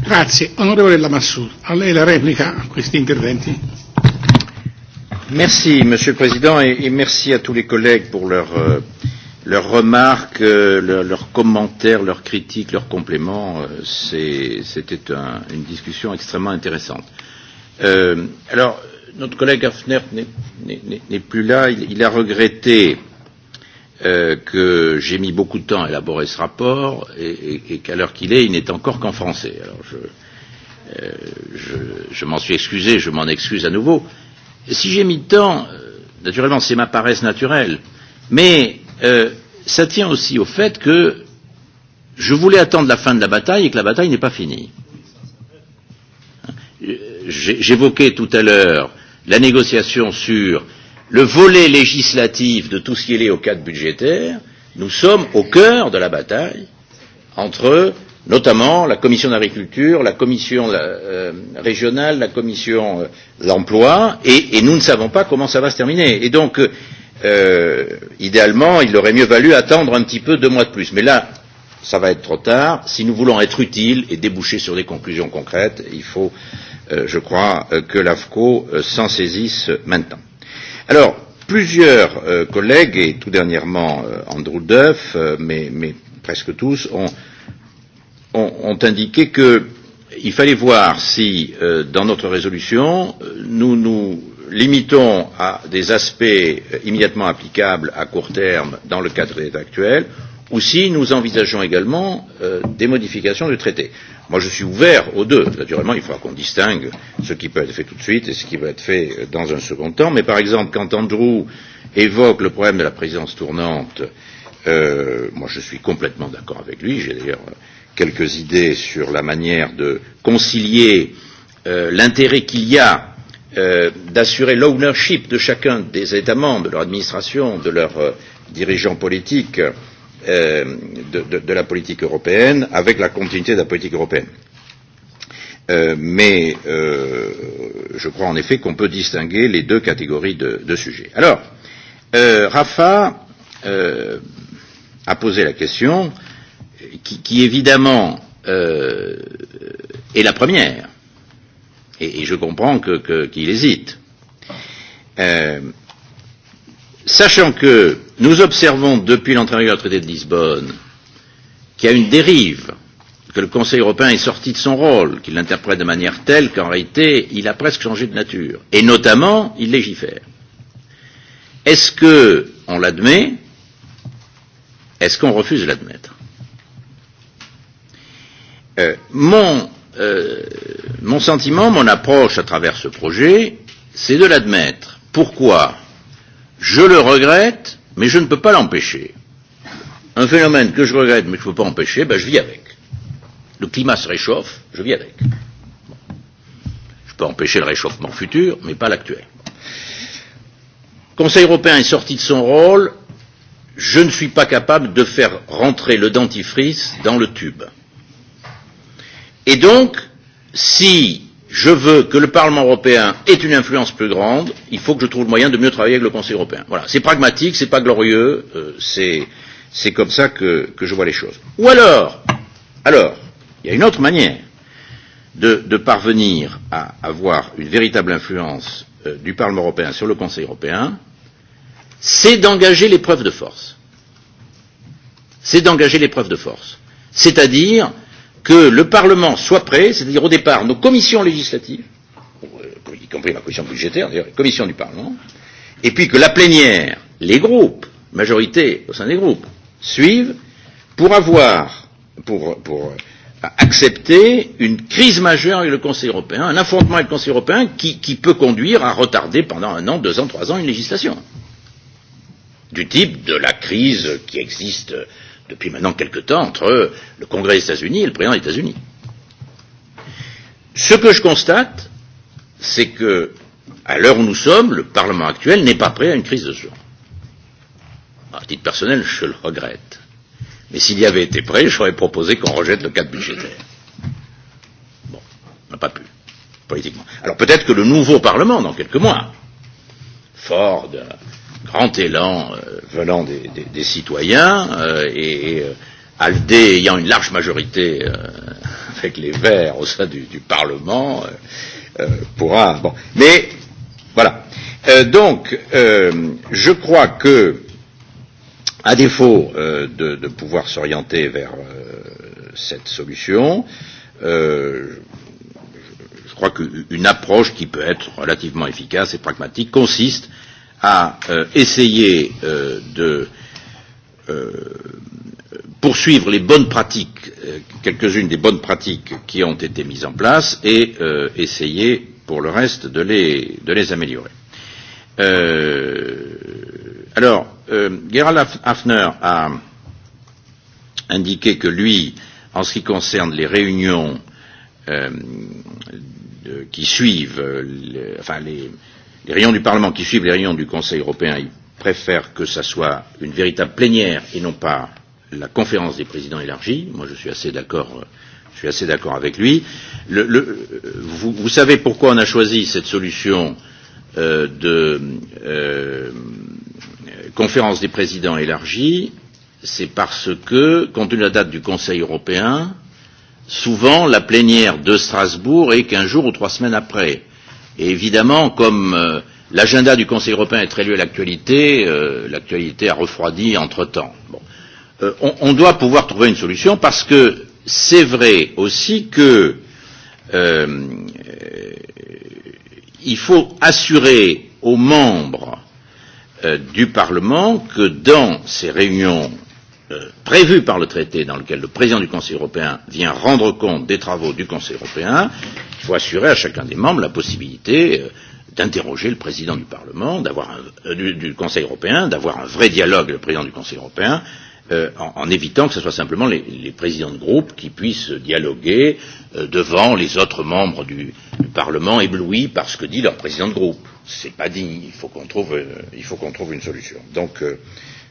Grazie. Onorevole Lamassur, a lei la replica a questi interventi. Merci, Monsieur le Président, et, et merci à tous les collègues pour leurs euh, leur remarques, euh, leurs leur commentaires, leurs critiques, leurs compléments. Euh, C'était un, une discussion extrêmement intéressante. Euh, alors, notre collègue Hafner n'est plus là. Il, il a regretté euh, que j'ai mis beaucoup de temps à élaborer ce rapport et, et, et qu'à l'heure qu'il est, il n'est encore qu'en français. Alors, je, euh, je, je m'en suis excusé, je m'en excuse à nouveau. Euh, Si j'ai mis dedans, euh, naturellement, c'est ma paresse naturelle, mais euh, ça tient aussi au fait que je voulais attendre la fin de la bataille et que la bataille n'est pas finie. J'évoquais tout à l'heure la négociation sur le volet législatif de tout ce qui est lié au cadre budgétaire. Nous sommes au cœur de la bataille entre notamment la commission de l'agriculture, la commission euh, régionale, la commission euh, de l'emploi, et, et nous ne savons pas comment ça va se terminer. Et donc, euh, euh, idéalement, il aurait mieux valu attendre un petit peu deux mois de plus. Mais là, ça va être trop tard. Si nous voulons être utiles et déboucher sur des conclusions concrètes, il faut, euh, je crois, euh, que l'AFCO euh, s'en saisisse maintenant. Alors, plusieurs euh, collègues, et tout dernièrement euh, Andrew Duff, euh, mais, mais presque tous, ont euh, ont, ont indiqué qu'il fallait voir si, euh, dans notre résolution, euh, nous nous limitons à des aspects euh, immédiatement applicables à court terme dans le cadre actuel, ou si nous envisageons également euh, des modifications du traité. Moi, je suis ouvert aux deux. Naturellement, il faudra qu'on distingue ce qui peut être fait tout de suite et ce qui va être fait euh, dans un second temps. Mais par exemple, quand Andrew évoque le problème de la présidence tournante, euh, moi, je suis complètement d'accord avec lui. J'ai d'ailleurs euh, quelques idées sur la manière de concilier euh, l'intérêt qu'il y a euh, d'assurer l'ownership de chacun des États membres, de leur administration, de leurs euh, dirigeants politiques, euh, de, de, de la politique européenne, avec la continuité de la politique européenne. Euh, mais euh, je crois en effet qu'on peut distinguer les deux catégories de, de sujets. Alors, euh, Rafa euh, a posé la question euh, qui, qui évidemment euh, est la première, et, et je comprends qu'il que, qu'il qu hésite, euh, sachant que nous observons depuis l'entrée en vigueur du traité de Lisbonne qu'il y a une dérive, que le Conseil européen est sorti de son rôle, qu'il l'interprète de manière telle qu'en réalité, il a presque changé de nature, et notamment, il légifère. Est-ce que on l'admet Est-ce qu'on refuse de l'admettre Euh, mon, euh, mon sentiment, mon approche à travers ce projet, c'est de l'admettre. Pourquoi Je le regrette, mais je ne peux pas l'empêcher. Un phénomène que je regrette, mais que je ne peux pas empêcher, ben, je vis avec. Le climat se réchauffe, je vis avec. Bon. Je peux empêcher le réchauffement futur, mais pas l'actuel. Le Conseil européen est sorti de son rôle. Je ne suis pas capable de faire rentrer le dentifrice dans le tube. Euh, Et donc, si je veux que le Parlement européen ait une influence plus grande, il faut que je trouve le moyen de mieux travailler avec le Conseil européen. Voilà, c'est pragmatique, c'est pas glorieux, euh, c'est comme ça que, que je vois les choses. Ou alors, alors, il y a une autre manière de, de parvenir à avoir une véritable influence euh, du Parlement européen sur le Conseil européen, c'est d'engager l'épreuve de force. C'est d'engager l'épreuve de force. C'est-à-dire, euh, que le Parlement soit prêt, c'est-à-dire au départ nos commissions législatives, euh, y compris la commission budgétaire, d'ailleurs, la commission du Parlement, et puis que la plénière, les groupes, majorité au sein des groupes, suivent pour avoir, pour, pour euh, accepter une crise majeure avec le Conseil européen, un affrontement avec le Conseil européen qui, qui peut conduire à retarder pendant un an, deux ans, trois ans une législation. Du type de la crise qui existe depuis maintenant quelque temps entre le Congrès des États-Unis et le président des États-Unis. Ce que je constate, c'est que, à l'heure où nous sommes, le Parlement actuel n'est pas prêt à une crise de ce genre. À titre personnel, je le regrette. Mais s'il y avait été prêt, j'aurais proposé qu'on rejette le cadre budgétaire. Bon, on n'a pas pu, politiquement. Alors peut-être que le nouveau Parlement, dans quelques mois, fort d'un grand élan euh, venant des, des, des citoyens euh, et, et euh, ALDE ayant une large majorité euh, avec les Verts au sein du, du Parlement euh, euh, pourra. Bon, mais voilà. Euh, donc, euh, je crois que, à défaut euh, de, de pouvoir s'orienter vers euh, cette solution, euh, je, je crois qu'une approche qui peut être relativement efficace et pragmatique consiste euh, à euh, essayer euh, de euh, poursuivre les bonnes pratiques, euh, quelques-unes des bonnes pratiques qui ont été mises en place et euh, essayer pour le reste de les, de les améliorer. Euh, alors, euh, Gerald Hafner a indiqué que lui, en ce qui concerne les réunions euh, de, qui suivent, euh, les, enfin les, Les réunions du Parlement qui suivent les réunions du Conseil européen, ils préfèrent que ça soit une véritable plénière et non pas la conférence des présidents élargie. Moi, je suis assez d'accord. Euh, je suis assez d'accord avec lui. Le, le, euh, vous, vous savez pourquoi on a choisi cette solution euh, de euh, conférence des présidents élargie C'est parce que, compte tenu de la date du Conseil européen, souvent la plénière de Strasbourg est quinze jours ou trois semaines après. Et évidemment, comme euh, l'agenda du Conseil européen est très lié à l'actualité, euh, l'actualité a refroidi entre-temps. Bon. Euh, on, on doit pouvoir trouver une solution parce que c'est vrai aussi que euh, il faut assurer aux membres euh, du Parlement que dans ces réunions euh, prévu par le traité dans lequel le président du Conseil européen vient rendre compte des travaux du Conseil européen, il faut assurer à chacun des membres la possibilité euh, d'interroger le président du Parlement, d'avoir un, euh, du, du Conseil européen, d'avoir un vrai dialogue avec le président du Conseil européen, euh, en, en évitant que ce soit simplement les, les présidents de groupe qui puissent dialoguer euh, devant les autres membres du, du Parlement éblouis par ce que dit leur président de groupe. C'est pas digne. Il faut qu'on trouve, euh, il faut qu'on trouve une solution. Donc, euh,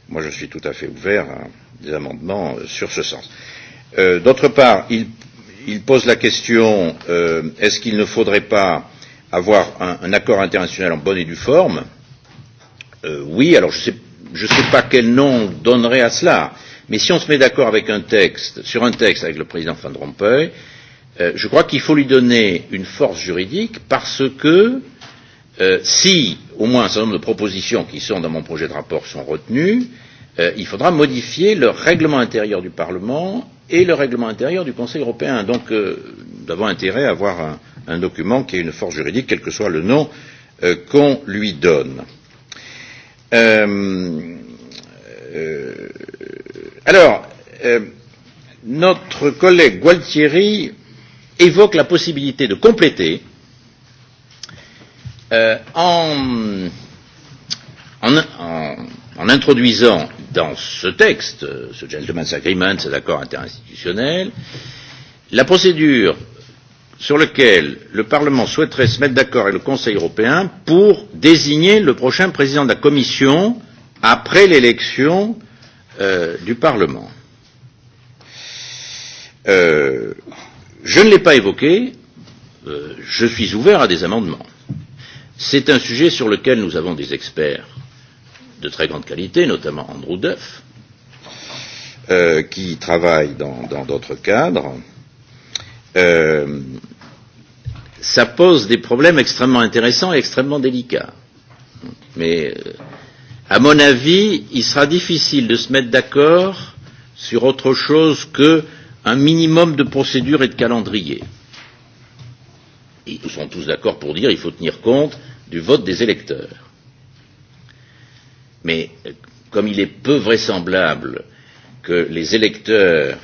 moi je suis tout à fait ouvert à des amendements euh, sur ce sens. Euh, D'autre part, il, il pose la question euh, est-ce qu'il ne faudrait pas avoir un, un accord international en bonne et due forme euh, Oui, alors je ne sais, je sais pas quel nom on donnerait à cela, mais si on se met d'accord avec un texte, sur un texte avec le président Van Rompuy, euh, je crois qu'il faut lui donner une force juridique parce que euh, euh, si au moins un certain nombre de propositions qui sont dans mon projet de rapport sont retenues, euh, il faudra modifier le règlement intérieur du Parlement et le règlement intérieur du Conseil européen. Donc euh, nous avons intérêt à avoir un, un document qui ait une force juridique, quel que soit le nom euh, qu'on lui donne. Euh, euh, alors, euh, notre collègue Gualtieri évoque la possibilité de compléter euh, euh, en, en, en, en introduisant dans ce texte, ce gentleman's agreement, cet accord interinstitutionnel, la procédure sur laquelle le Parlement souhaiterait se mettre d'accord avec le Conseil européen pour désigner le prochain président de la Commission après l'élection euh, du Parlement. Euh, je ne l'ai pas évoqué, euh, je suis ouvert à des amendements C'est un sujet sur lequel nous avons des experts de très grande qualité, notamment Andrew Duff, euh, qui travaille dans d'autres cadres. Euh, ça pose des problèmes extrêmement intéressants et extrêmement délicats. Mais, euh, à mon avis, il sera difficile de se mettre d'accord sur autre chose qu'un minimum de procédure et de calendrier. Ils sont tous d'accord pour dire qu'il faut tenir compte du vote des électeurs. Mais euh, comme il est peu vraisemblable que les électeurs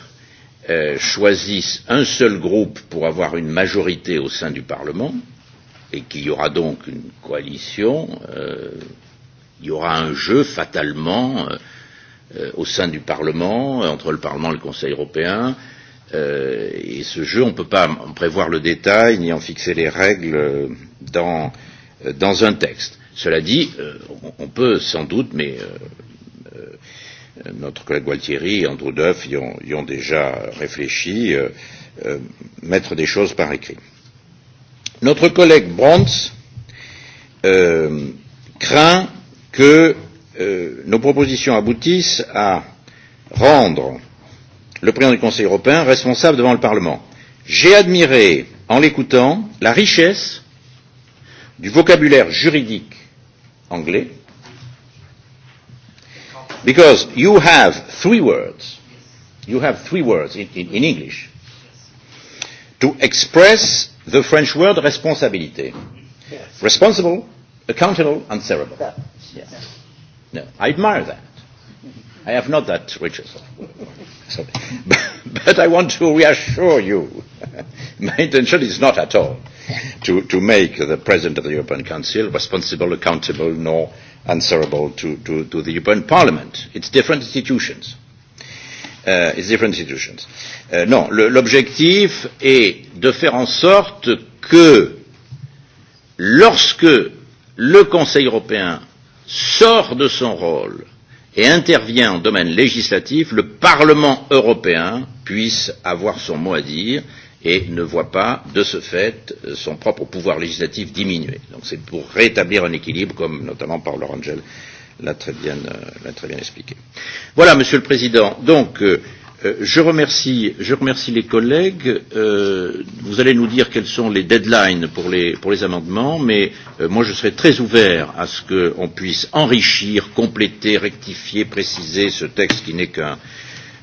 euh, choisissent un seul groupe pour avoir une majorité au sein du Parlement, et qu'il y aura donc une coalition, euh, il y aura un jeu fatalement euh, euh au sein du Parlement, entre le Parlement et le Conseil européen, euh, et ce jeu, on ne peut pas en prévoir le détail ni en fixer les règles euh, dans euh, Euh, dans un texte. Cela dit, euh, on, on peut sans doute, mais euh, euh, notre collègue Gualtieri et Andrew Duff y ont, y ont déjà réfléchi, euh, euh, mettre des choses par écrit. Notre collègue Brons euh, craint que euh, nos propositions aboutissent à rendre le président du Conseil européen responsable devant le Parlement. J'ai admiré, en l'écoutant, la richesse du vocabulaire juridique anglais, because you have three words, you have three words in, in, in English to express the French word responsabilité. Yes. Responsible, accountable, and cerebral. Yeah. Yeah. No, I admire that. I have not that riches. Sorry. but I want to reassure you, my intention is not at all to, to make the President of the European Council responsible, accountable, nor answerable to, to, to the European Parliament. It's different institutions. Uh, it's different institutions. Uh, non, l'objectif est de faire en sorte que lorsque le Conseil européen sort de son rôle et intervient en domaine législatif, le Parlement européen puisse avoir son mot à dire et ne voit pas, de ce fait, son propre pouvoir législatif diminuer. Donc c'est pour rétablir un équilibre, comme notamment Paolo Rangel l'a très, bien, euh, l'a très bien expliqué. Voilà, Monsieur le Président. Donc, euh, Euh, je remercie, je remercie les collègues. Euh, vous allez nous dire quels sont les deadlines pour les, pour les amendements, mais euh, moi je serai très ouvert à ce qu'on puisse enrichir, compléter, rectifier, préciser ce texte qui n'est qu'un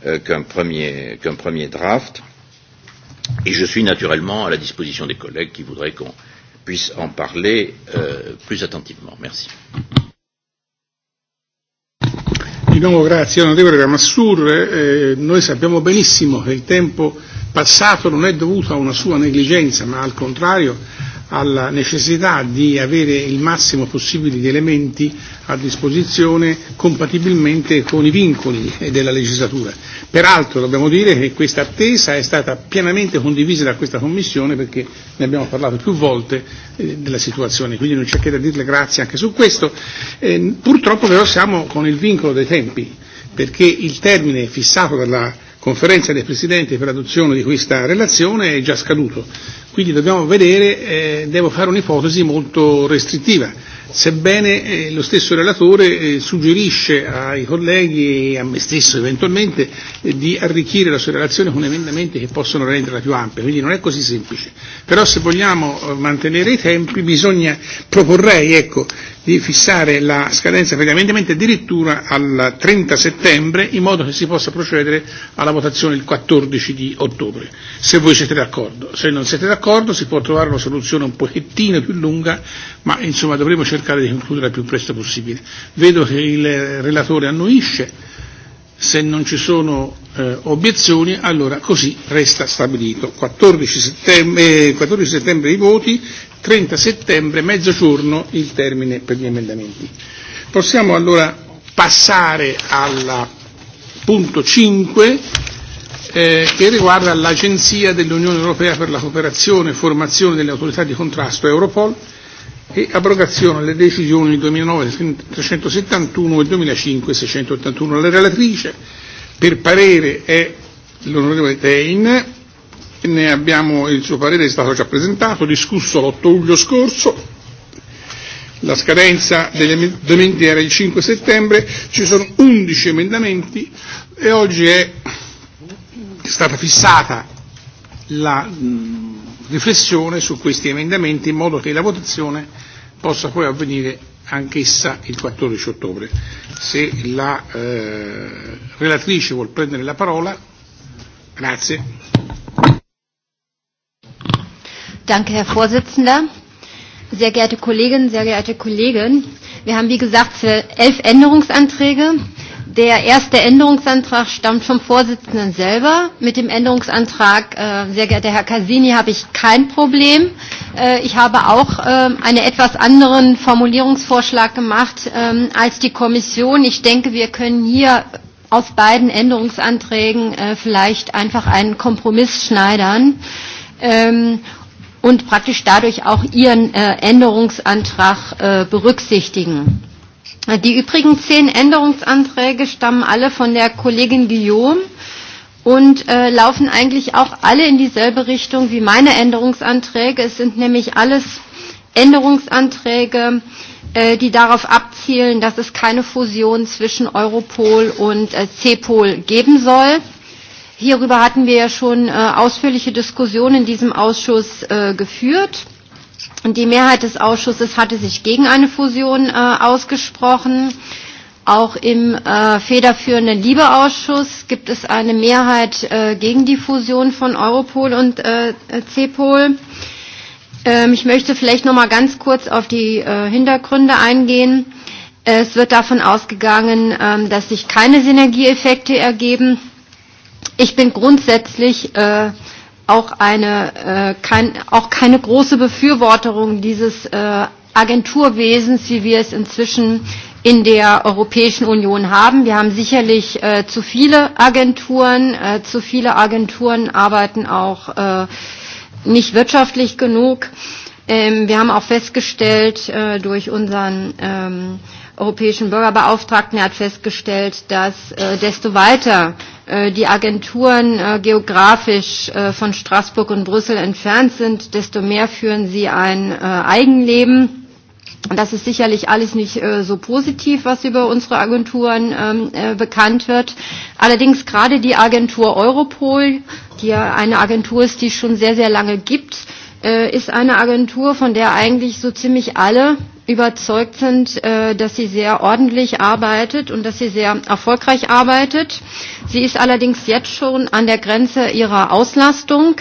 euh, qu premier, qu premier draft. Et je suis naturellement à la disposition des collègues qui voudraient qu'on puisse en parler euh, plus attentivement. Merci. Euh, Di nuovo grazie, onorevole Ramassur, eh, noi sappiamo benissimo che il tempo passato non è dovuto a una sua negligenza, ma al contrario alla necessità di avere il massimo possibile di elementi a disposizione compatibilmente con i vincoli della legislatura. Peraltro dobbiamo dire che questa attesa è stata pienamente condivisa da questa Commissione perché ne abbiamo parlato più volte eh, della situazione, quindi non c'è che da dirle grazie anche su questo. Eh, purtroppo però siamo con il vincolo dei tempi perché il termine fissato dalla conferenza dei presidenti per l'adozione di questa relazione è già scaduto, quindi dobbiamo vedere, eh, devo fare un'ipotesi molto restrittiva sebbene eh, lo stesso relatore eh, suggerisce ai colleghi e a me stesso eventualmente eh, di arricchire la sua relazione con emendamenti che possono renderla più ampia, quindi non è così semplice. Però se vogliamo eh, mantenere i tempi bisogna, proporrei ecco, di fissare la scadenza per gli emendamenti addirittura al 30 settembre in modo che si possa procedere alla votazione il 14 di ottobre, se voi siete d'accordo. Se non siete d'accordo si può trovare una soluzione un pochettino più lunga, ma insomma dovremo cercare cercare di concludere il più presto possibile. Vedo che il relatore annuisce. Se non ci sono eh, obiezioni, allora così resta stabilito. 14 settembre, eh, 14 settembre i voti, 30 settembre, mezzogiorno, il termine per gli emendamenti. Possiamo allora passare al punto 5 eh, che riguarda l'Agenzia dell'Unione Europea per la cooperazione e formazione delle autorità di contrasto Europol e abrogazione delle decisioni 2009-371 e 2005-681. La relatrice per parere è l'onorevole Tein, ne abbiamo, il suo parere è stato già presentato, discusso l'8 luglio scorso, la scadenza degli emendamenti era il 5 settembre, ci sono 11 emendamenti e oggi è stata fissata la mh, riflessione su questi emendamenti in modo che la votazione possa poi avvenire anch'essa il 14 ottobre. Se la eh, relatrice vuol prendere la parola, grazie. Danke, Herr Vorsitzender. Sehr geehrte Kolleginnen, sehr geehrte Kollegen, wir haben wie gesagt elf Änderungsanträge. Der erste Änderungsantrag stammt vom Vorsitzenden selber. Mit dem Änderungsantrag, äh, sehr geehrter Herr Casini, habe ich kein Problem. Äh, ich habe auch äh, einen etwas anderen Formulierungsvorschlag gemacht äh, als die Kommission. Ich denke, wir können hier aus beiden Änderungsanträgen äh, vielleicht einfach einen Kompromiss schneidern. Ähm, und praktisch dadurch auch Ihren äh, Änderungsantrag äh, berücksichtigen. Die übrigen zehn Änderungsanträge stammen alle von der Kollegin Guillaume und äh, laufen eigentlich auch alle in dieselbe Richtung wie meine Änderungsanträge. Es sind nämlich alles Änderungsanträge, äh, die darauf abzielen, dass es keine Fusion zwischen Europol und äh, CEPOL geben soll. Hierüber hatten wir ja schon äh, ausführliche Diskussionen in diesem Ausschuss äh, geführt. Äh, Und die Mehrheit des Ausschusses hatte sich gegen eine Fusion äh, ausgesprochen. Auch im äh, federführenden Liebeausschuss gibt es eine Mehrheit äh, gegen die Fusion von Europol und äh, CEPOL. Ähm, ich möchte vielleicht noch mal ganz kurz auf die äh, Hintergründe eingehen. Es wird davon ausgegangen, äh, dass sich keine Synergieeffekte ergeben. Ich bin grundsätzlich äh, auch, eine, äh, kein, auch keine große Befürworterung dieses äh, Agenturwesens, wie wir es inzwischen in der Europäischen Union haben. Wir haben sicherlich äh, zu viele Agenturen. Äh, zu viele Agenturen arbeiten auch äh, nicht wirtschaftlich genug. Ähm, wir haben auch festgestellt äh, durch unseren ähm, europäischen Bürgerbeauftragten, er hat festgestellt, dass äh, desto weiter äh, Äh, die Agenturen äh, geografisch äh, von Straßburg und Brüssel entfernt sind, desto mehr führen sie ein Eigenleben. Und das ist sicherlich alles nicht äh, so positiv, was über unsere Agenturen ähm, äh, bekannt wird. Allerdings gerade die Agentur Europol, die ja eine Agentur ist, die es schon sehr, sehr lange gibt, äh, ist eine Agentur, von der eigentlich so ziemlich alle überzeugt sind, äh, dass sie sehr ordentlich arbeitet und dass sie sehr erfolgreich arbeitet. Sie ist allerdings jetzt schon an der Grenze ihrer Auslastung.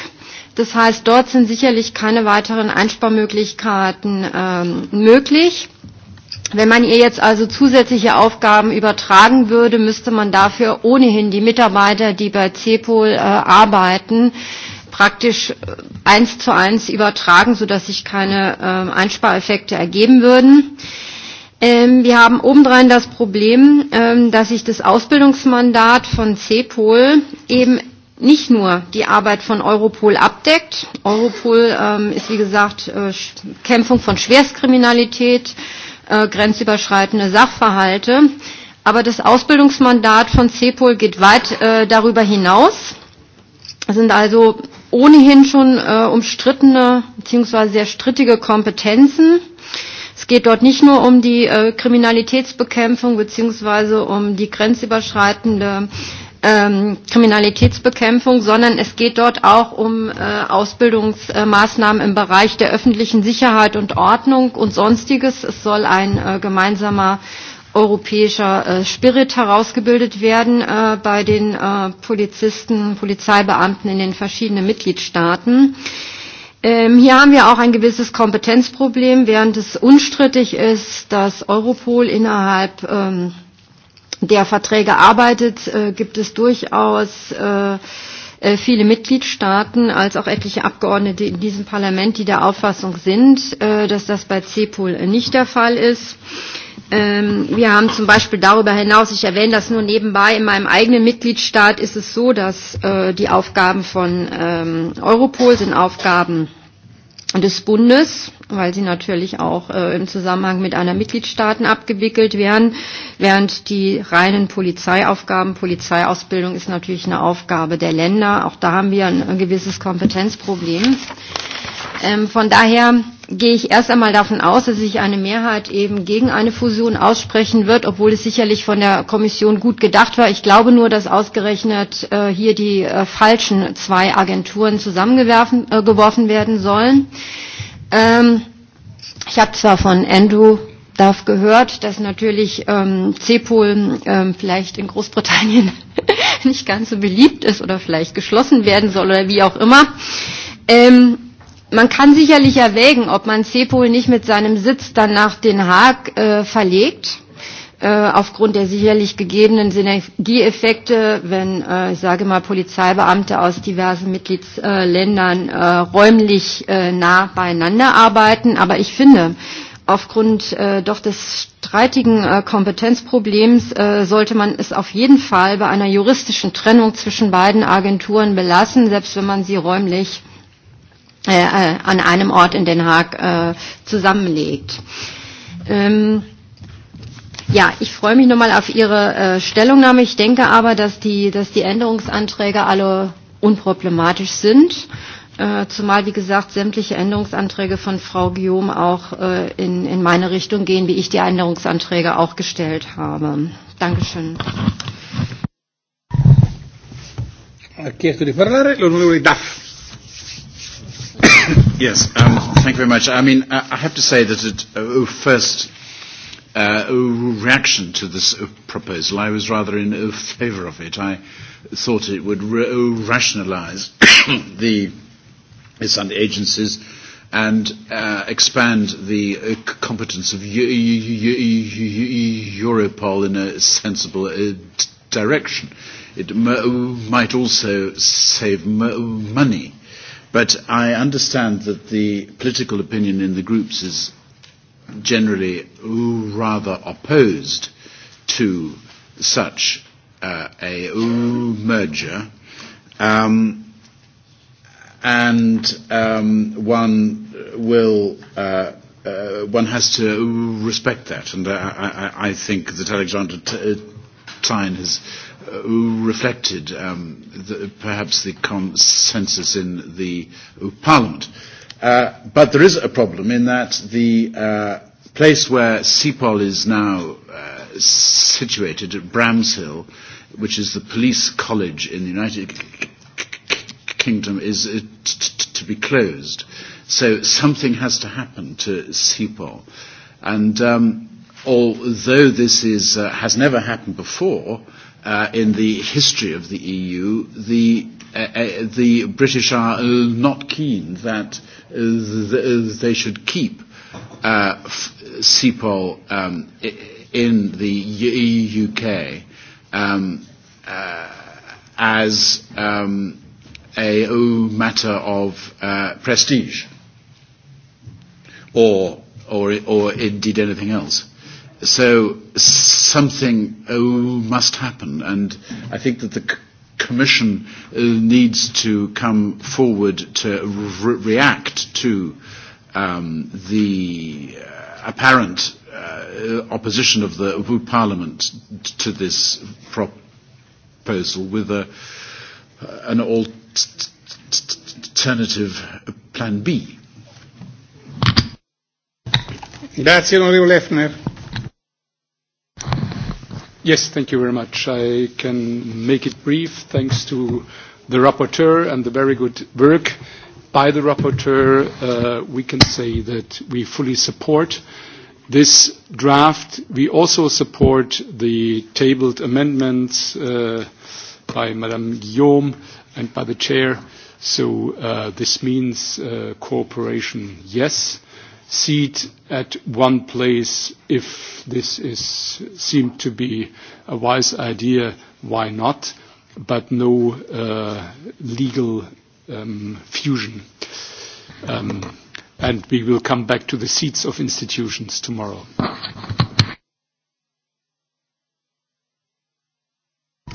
Das heißt, dort sind sicherlich keine weiteren Einsparmöglichkeiten ähm, möglich. Wenn man ihr jetzt also zusätzliche Aufgaben übertragen würde, müsste man dafür ohnehin die Mitarbeiter, die bei CEPOL äh, arbeiten, praktisch äh, eins zu eins übertragen, sodass sich keine äh, Einspareffekte ergeben würden. Ähm, wir haben obendrein das Problem, ähm, dass sich das Ausbildungsmandat von CEPOL eben nicht nur die Arbeit von Europol abdeckt. Europol ähm, ist, wie gesagt, äh, Kämpfung von Schwerstkriminalität, äh, grenzüberschreitende Sachverhalte. Aber das Ausbildungsmandat von CEPOL geht weit äh, darüber hinaus. Es sind also ohnehin schon äh, umstrittene bzw. sehr strittige Kompetenzen. Es geht dort nicht nur um die äh, Kriminalitätsbekämpfung bzw. um die grenzüberschreitende ähm, Kriminalitätsbekämpfung, sondern es geht dort auch um äh, Ausbildungsmaßnahmen äh, im Bereich der öffentlichen Sicherheit und Ordnung und Sonstiges. Es soll ein äh, gemeinsamer europäischer äh, Spirit herausgebildet werden äh, bei den äh, Polizisten, Polizeibeamten in den verschiedenen Mitgliedstaaten. Ähm, hier haben wir auch ein gewisses Kompetenzproblem, während es unstrittig ist, dass Europol innerhalb ähm, der Verträge arbeitet, äh, gibt es durchaus äh, äh viele Mitgliedstaaten als auch etliche Abgeordnete in diesem Parlament, die der Auffassung sind, äh, dass das bei CEPOL nicht der Fall ist. Äh, Ähm, wir haben zum Beispiel darüber hinaus, ich erwähne das nur nebenbei, in meinem eigenen Mitgliedstaat ist es so, dass äh, die Aufgaben von ähm, Europol sind Aufgaben des Bundes, weil sie natürlich auch äh, im Zusammenhang mit einer Mitgliedstaaten abgewickelt werden, während die reinen Polizeiaufgaben, Polizeiausbildung ist natürlich eine Aufgabe der Länder. Auch da haben wir ein, ein gewisses Kompetenzproblem. Ähm, von daher gehe ich erst einmal davon aus, dass sich eine Mehrheit eben gegen eine Fusion aussprechen wird, obwohl es sicherlich von der Kommission gut gedacht war. Ich glaube nur, dass ausgerechnet äh, hier die äh, falschen zwei Agenturen zusammengeworfen äh, geworfen werden sollen. Ähm, ich habe zwar von Andrew Duff gehört, dass natürlich ähm, CEPOL ähm, vielleicht in Großbritannien nicht ganz so beliebt ist oder vielleicht geschlossen werden soll oder wie auch immer. Ähm, man kann sicherlich erwägen, ob man CEPOL nicht mit seinem Sitz dann nach Den Haag äh, verlegt, äh, aufgrund der sicherlich gegebenen Synergieeffekte, wenn, äh, ich sage mal, Polizeibeamte aus diversen Mitgliedsländern äh, äh, räumlich äh, nah beieinander arbeiten. Aber ich finde, aufgrund äh, doch des streitigen äh, Kompetenzproblems äh, sollte man es auf jeden Fall bei einer juristischen Trennung zwischen beiden Agenturen belassen, selbst wenn man sie räumlich Äh, äh, an einem Ort in Den Haag äh, zusammenlegt. Ähm, ja, ich freue mich nochmal auf Ihre äh, Stellungnahme. Ich denke aber, dass die, dass die Änderungsanträge alle unproblematisch sind, äh, zumal, wie gesagt, sämtliche Änderungsanträge von Frau Guillaume auch äh, in, in meine Richtung gehen, wie ich die Änderungsanträge auch gestellt habe. Dankeschön. Ha chiesto di parlare l'onorevole Daff. Yes, um, thank you very much. I mean, I have to say that at uh, oh, first uh, oh, reaction to this uh, proposal, I was rather in uh, favour of it. I thought it would ra- oh, rationalise the Sunday agencies and uh, expand the uh, competence of U- U- U- U- Europol in a sensible uh, d- direction. It m- might also save m- money But I understand that the political opinion in the groups is generally ooh, rather opposed to such uh, a ooh, merger. Um, and um, one will, uh, uh, one has to respect that. And I, I, I think that Alexander t- Klein has uh, reflected um, the, perhaps the consensus in the uh, Parliament. Uh, but there is a problem in that the uh, place where CEPOL is now uh, situated at Bramshill, which is the police college in the United K- K- Kingdom, is uh, t- t- to be closed. So something has to happen to CEPOL. And um, although this is, uh, has never happened before uh, in the history of the EU, the, uh, uh, the British are uh, not keen that uh, th- uh, they should keep uh, f- CEPOL um, I- in the e U- UK um, uh, as um, a uh, matter of uh, prestige or, or, or indeed anything else. So something oh, must happen, and I think that the c- Commission uh, needs to come forward to re- react to um, the uh, apparent uh, opposition of the of Parliament to this proposal with a, uh, an alternative plan B. Grazie onorevole Efner. Yes, thank you very much. I can make it brief, thanks to the rapporteur and the very good work by the rapporteur. Uh, we can say that we fully support this draft. We also support the tabled amendments uh, by Madame Guillaume and by the chair. So, uh, this means uh, cooperation, yes seat at one place if this is seemed to be a wise idea why not but no uh, legal um, fusion um, and we will come back to the seats of institutions tomorrow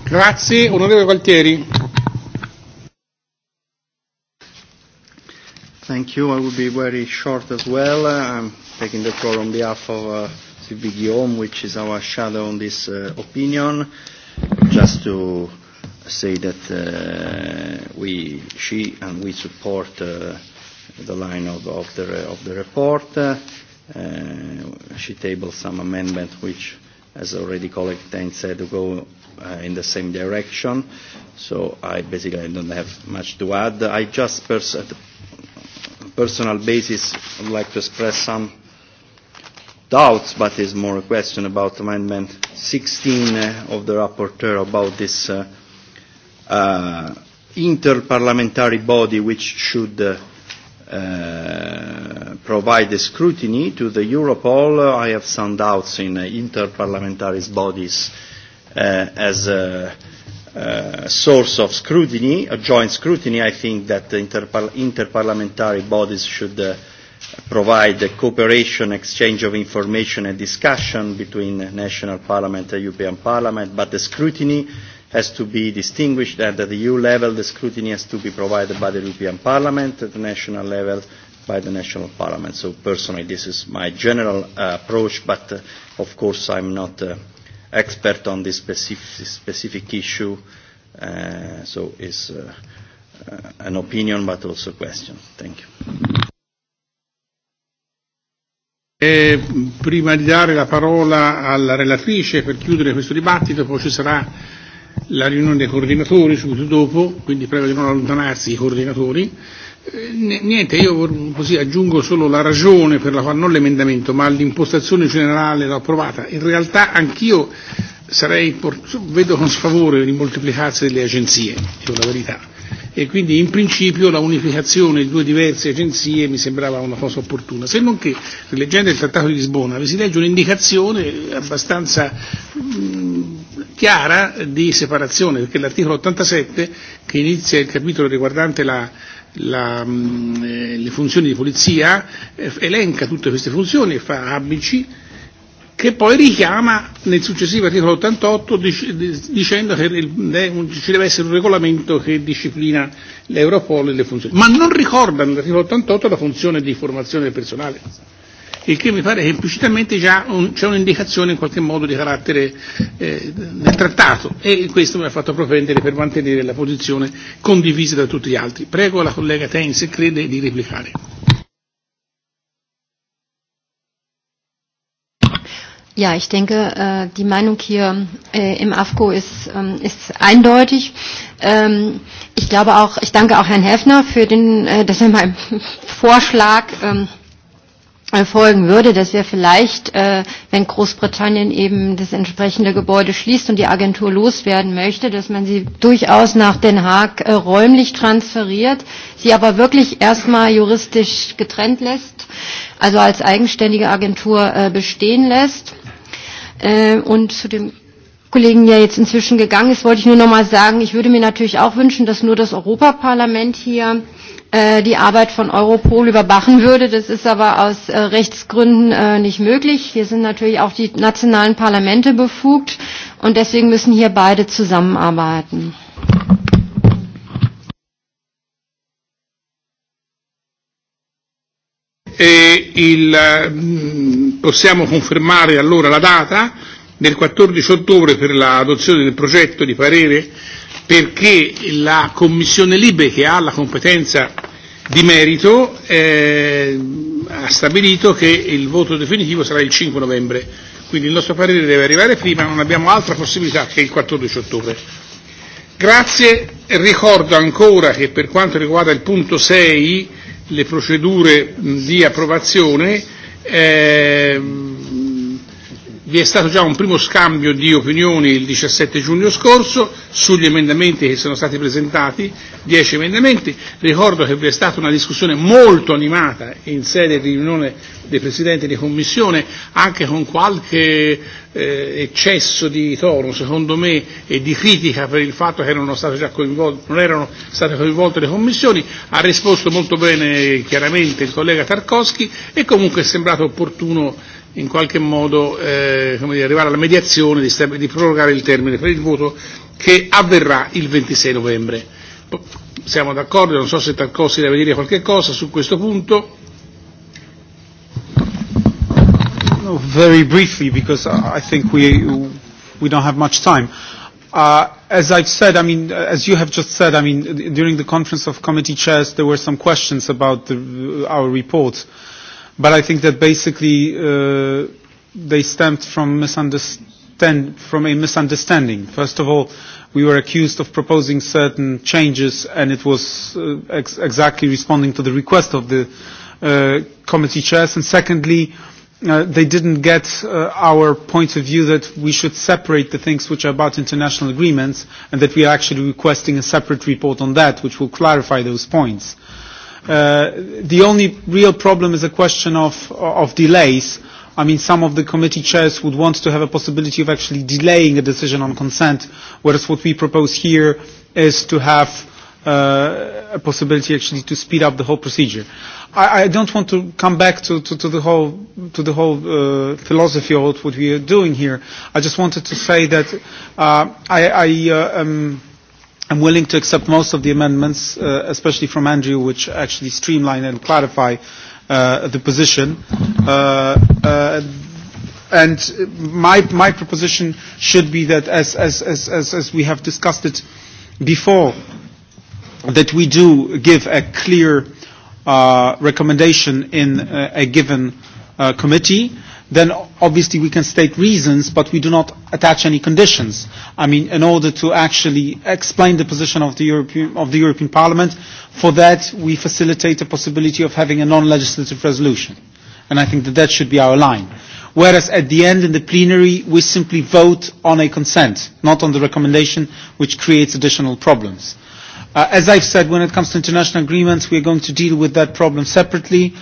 grazie onorevole Gualtieri Thank you. I will be very short as well. I'm taking the floor on behalf of uh, Sylvie Guillaume, which is our shadow on this uh, opinion. Just to say that uh, we, she and we support uh, the line of, of, the, of the report. Uh, she tabled some amendments which, as already colleague Tain said, go uh, in the same direction. So I basically don't have much to add. I just pers- personal basis, I would like to express some doubts, but it's more a question about Amendment 16 uh, of the rapporteur about this uh, uh, interparliamentary body which should uh, uh, provide the scrutiny to the Europol. Uh, I have some doubts in uh, interparliamentary bodies uh, as uh, uh, source of scrutiny, a joint scrutiny, I think that the interpar interparliamentary bodies should uh, provide the cooperation, exchange of information and discussion between national parliament and European parliament, but the scrutiny has to be distinguished at the EU level, the scrutiny has to be provided by the European Parliament, at the national level by the national parliament. So personally, this is my general uh, approach, but uh, of course I'm not uh, expert on this specific, specific issue. Uh, so it's uh, uh, an opinion, but also a question. Thank you. Eh, prima di dare la parola alla relatrice per chiudere questo dibattito, poi ci sarà la riunione dei coordinatori subito dopo, quindi prego di non allontanarsi i coordinatori. Eh, niente, io così aggiungo solo la ragione per la quale non l'emendamento ma l'impostazione generale l'ho approvata. In realtà anch'io sarei, vedo con sfavore il moltiplicarsi delle agenzie, dico la verità, e quindi in principio la unificazione di due diverse agenzie mi sembrava una cosa opportuna, se non che rileggendo il Trattato di Lisbona vi si legge un'indicazione abbastanza mh, chiara di separazione, perché l'articolo 87 che inizia il capitolo riguardante la la, mh, mm, eh, le funzioni di polizia, eh, elenca tutte queste funzioni e fa ABC, che poi richiama nel successivo articolo 88 dic- dicendo che il, ci deve essere un regolamento che disciplina l'Europol e le funzioni, ma non ricorda nell'articolo 88 la funzione di formazione del personale il che mi pare che implicitamente già un, c'è un'indicazione in qualche modo di carattere eh, nel trattato e questo mi ha fatto propendere per mantenere la posizione condivisa da tutti gli altri. Prego la collega Ten se crede di replicare. Ja, ich denke, äh, die Meinung hier äh, im AFCO ist, ähm, ist eindeutig. Ähm, ich glaube auch, ich danke auch Herrn Hefner für den, äh, dass er meinen Vorschlag ähm, folgen würde, dass wir vielleicht, äh, wenn Großbritannien eben das entsprechende Gebäude schließt und die Agentur loswerden möchte, dass man sie durchaus nach Den Haag äh, räumlich transferiert, sie aber wirklich erstmal juristisch getrennt lässt, also als eigenständige Agentur äh, bestehen lässt. Äh, und zu dem Kollegen ja jetzt inzwischen gegangen ist, wollte ich nur noch mal sagen, ich würde mir natürlich auch wünschen, dass nur das Europaparlament hier äh, die Arbeit von Europol überwachen würde. Das ist aber aus äh, Rechtsgründen äh, nicht möglich. Hier sind natürlich auch die nationalen Parlamente befugt und deswegen müssen hier beide zusammenarbeiten. E il, mm, possiamo confermare allora la data del 14 ottobre per l'adozione del progetto di parere perché la Commissione Libe, che ha la competenza di merito, eh, ha stabilito che il voto definitivo sarà il 5 novembre. Quindi il nostro parere deve arrivare prima, non abbiamo altra possibilità che il 14 ottobre. Grazie, ricordo ancora che per quanto riguarda il punto 6, le procedure di approvazione, eh, vi è stato già un primo scambio di opinioni il 17 giugno scorso sugli emendamenti che sono stati presentati, 10 emendamenti. Ricordo che vi è stata una discussione molto animata in sede di riunione dei Presidenti di Commissione, anche con qualche eh, eccesso di tono, secondo me, e di critica per il fatto che erano state già coinvolte, non erano state coinvolte le commissioni, ha risposto molto bene chiaramente il collega Tarkovsky e comunque è sembrato opportuno in qualche modo eh, come dire, arrivare alla mediazione di, di prorogare il termine per il voto che avverrà il 26 novembre. Siamo d'accordo, non so se Tarkovsky deve dire qualche cosa su questo punto. very briefly because I think we, we don't have much time. Uh, as I've said, I mean, as you have just said, I mean, during the conference of committee chairs, there were some questions about the, our report. But I think that basically uh, they stemmed from, misunderstand, from a misunderstanding. First of all, we were accused of proposing certain changes, and it was uh, ex exactly responding to the request of the uh, committee chairs. And secondly, uh, uh, they didn't get uh, our point of view that we should separate the things which are about international agreements and that we are actually requesting a separate report on that which will clarify those points. Uh, the only real problem is a question of, of delays. I mean, some of the committee chairs would want to have a possibility of actually delaying a decision on consent, whereas what we propose here is to have uh, a possibility actually to speed up the whole procedure. I, I don't want to come back to, to, to the whole, to the whole uh, philosophy of what we are doing here. I just wanted to say that uh, I, I uh, um, I'm willing to accept most of the amendments, uh, especially from Andrew, which actually streamline and clarify uh, the position. Uh, uh, and my, my proposition should be that as, as, as, as, as we have discussed it before, uh, that we do give a clear uh, recommendation in uh, a given uh, committee, then obviously we can state reasons, but we do not attach any conditions. I mean, in order to actually explain the position of the European, of the European Parliament, for that we facilitate the possibility of having a non-legislative resolution. And I think that that should be our line. Whereas at the end in the plenary, we simply vote on a consent, not on the recommendation, which creates additional problems. Uh, as I've said, when it comes to international agreements, we are going to deal with that problem separately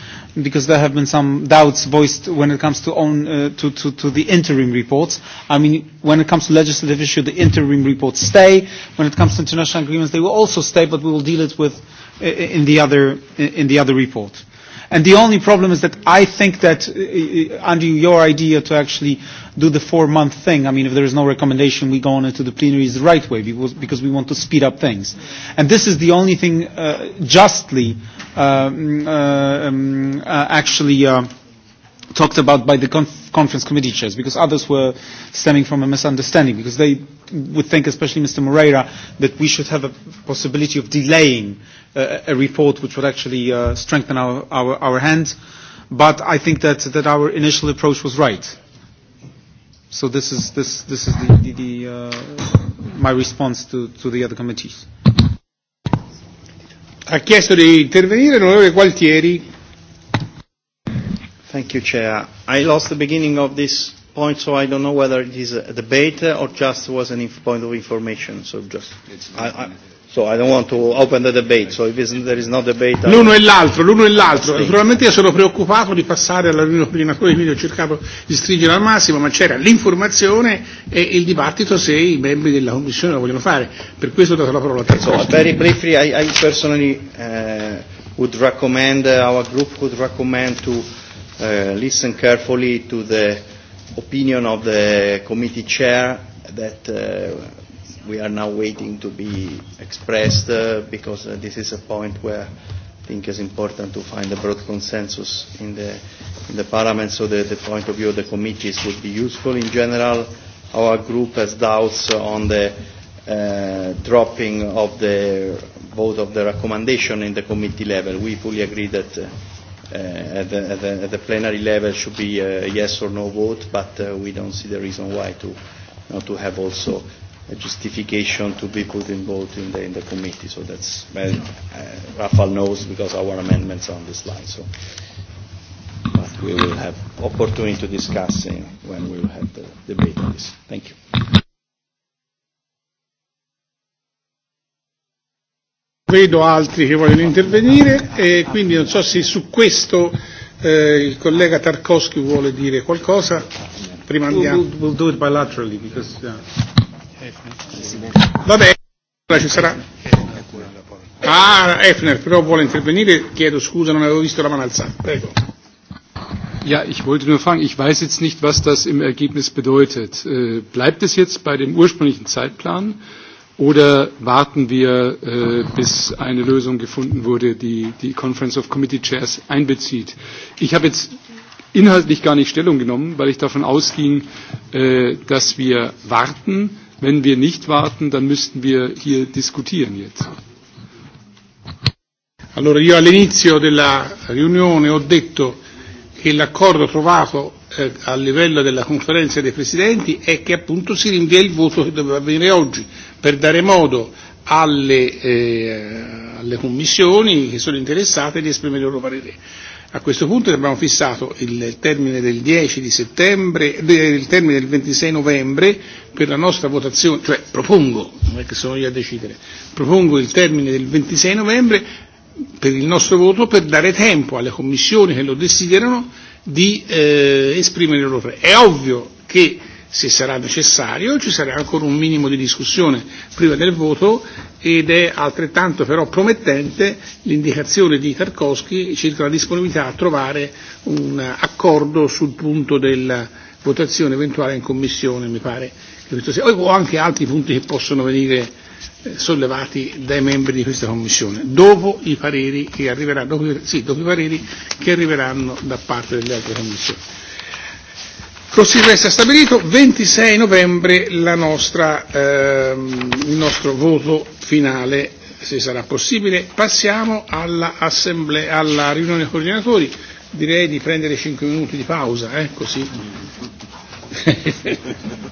because there have been some doubts voiced when it comes to, own, uh, to, to, to the interim reports. I mean, when it comes to legislative issue, the interim reports stay. When it comes to international agreements, they will also stay, but we will deal it with uh, in, the other, in the other report. And the only problem is that I think that uh, under uh, your idea to actually do the four-month thing, I mean, if there is no recommendation, we go on into the plenary is the right way because, because we want to speed up things. And this is the only thing uh, justly um, uh, um, uh, actually uh, talked about by the conf- conference committee chairs because others were stemming from a misunderstanding because they would think, especially Mr. Moreira, that we should have a possibility of delaying uh, a report which would actually uh, strengthen our, our, our hand. But I think that, that our initial approach was right. So this is, this, this is the, the, the, uh, my response to, to the other committees. Ha chiesto di intervenire l'onorevole Gualtieri. Thank you, Chair. I lost the beginning of this point, so I don't know whether it is a debate or just was a point of information. So just, it's I, I, So I don't want to open the debate. So if there is no debate, l'uno e l'altro, l'uno e l'altro. Naturalmente io sono preoccupato di passare alla riunione coordinatori, quindi ho cercato di stringere al massimo, ma c'era l'informazione e il dibattito se i membri della Commissione la vogliono fare. Per questo ho dato la parola a te. So, very briefly, I, I personally uh, would recommend, uh, our group would recommend to uh, listen carefully to the opinion of the committee chair that uh, we are now waiting to be expressed uh, because uh, this is a point where I think it's important to find a broad consensus in the, in the Parliament so that the point of view of the committees would be useful. In general, our group has doubts on the uh, dropping of the vote of the recommendation in the committee level. We fully agree that uh, uh, at, the, at, the, at the plenary level should be a yes or no vote, but uh, we don't see the reason why to not to have also a justification to be put in vote in the, in the committee. So that's, well, uh, Rafael knows because our amendments are on this line. So. But we will have opportunity to discuss uh, when we will have the debate on this. Thank you. Vedo altri che vogliono intervenire e quindi non so se su questo eh, il collega Tarkovsky vuole dire qualcosa. Prima andiamo. We'll, we'll, we'll do it bilaterally because, yeah. Vabbè, ci sarà. Ah, Efner però vuole intervenire, chiedo scusa, non avevo visto la mano alzata. Prego. Ja, ich wollte nur fragen, ich weiß jetzt nicht, was das im Ergebnis bedeutet. Äh, bleibt es jetzt bei dem ursprünglichen Zeitplan oder warten wir, äh, bis eine Lösung gefunden wurde, die die Conference of Committee Chairs einbezieht? Ich habe jetzt inhaltlich gar nicht Stellung genommen, weil ich davon ausging, äh, dass wir warten, Wenn wir nicht warten, dann müssten wir hier diskutieren jetzt. Allora io all'inizio della riunione ho detto che l'accordo trovato eh, a livello della conferenza dei presidenti è che appunto si rinvia il voto che doveva avvenire oggi per dare modo alle, eh, alle commissioni che sono interessate di esprimere il loro parere A questo punto abbiamo fissato il termine del 10 di settembre, del eh, termine del 26 novembre per la nostra votazione, cioè propongo, non è che sono io a decidere, propongo il termine del 26 novembre per il nostro voto per dare tempo alle commissioni che lo desiderano di eh, esprimere il loro È ovvio che se sarà necessario ci sarà ancora un minimo di discussione prima del voto ed è altrettanto però promettente l'indicazione di Tarkovsky circa la disponibilità a trovare un accordo sul punto della votazione eventuale in Commissione, mi pare che questo sia, o anche altri punti che possono venire eh, sollevati dai membri di questa Commissione, dopo i pareri che, arriverà, dopo, sì, dopo i pareri che arriveranno da parte delle altre Commissioni. Così resta stabilito 26 novembre la nostra, ehm, il nostro voto finale, se sarà possibile. Passiamo alla, alla riunione coordinatori. Direi di prendere 5 minuti di pausa, eh, così.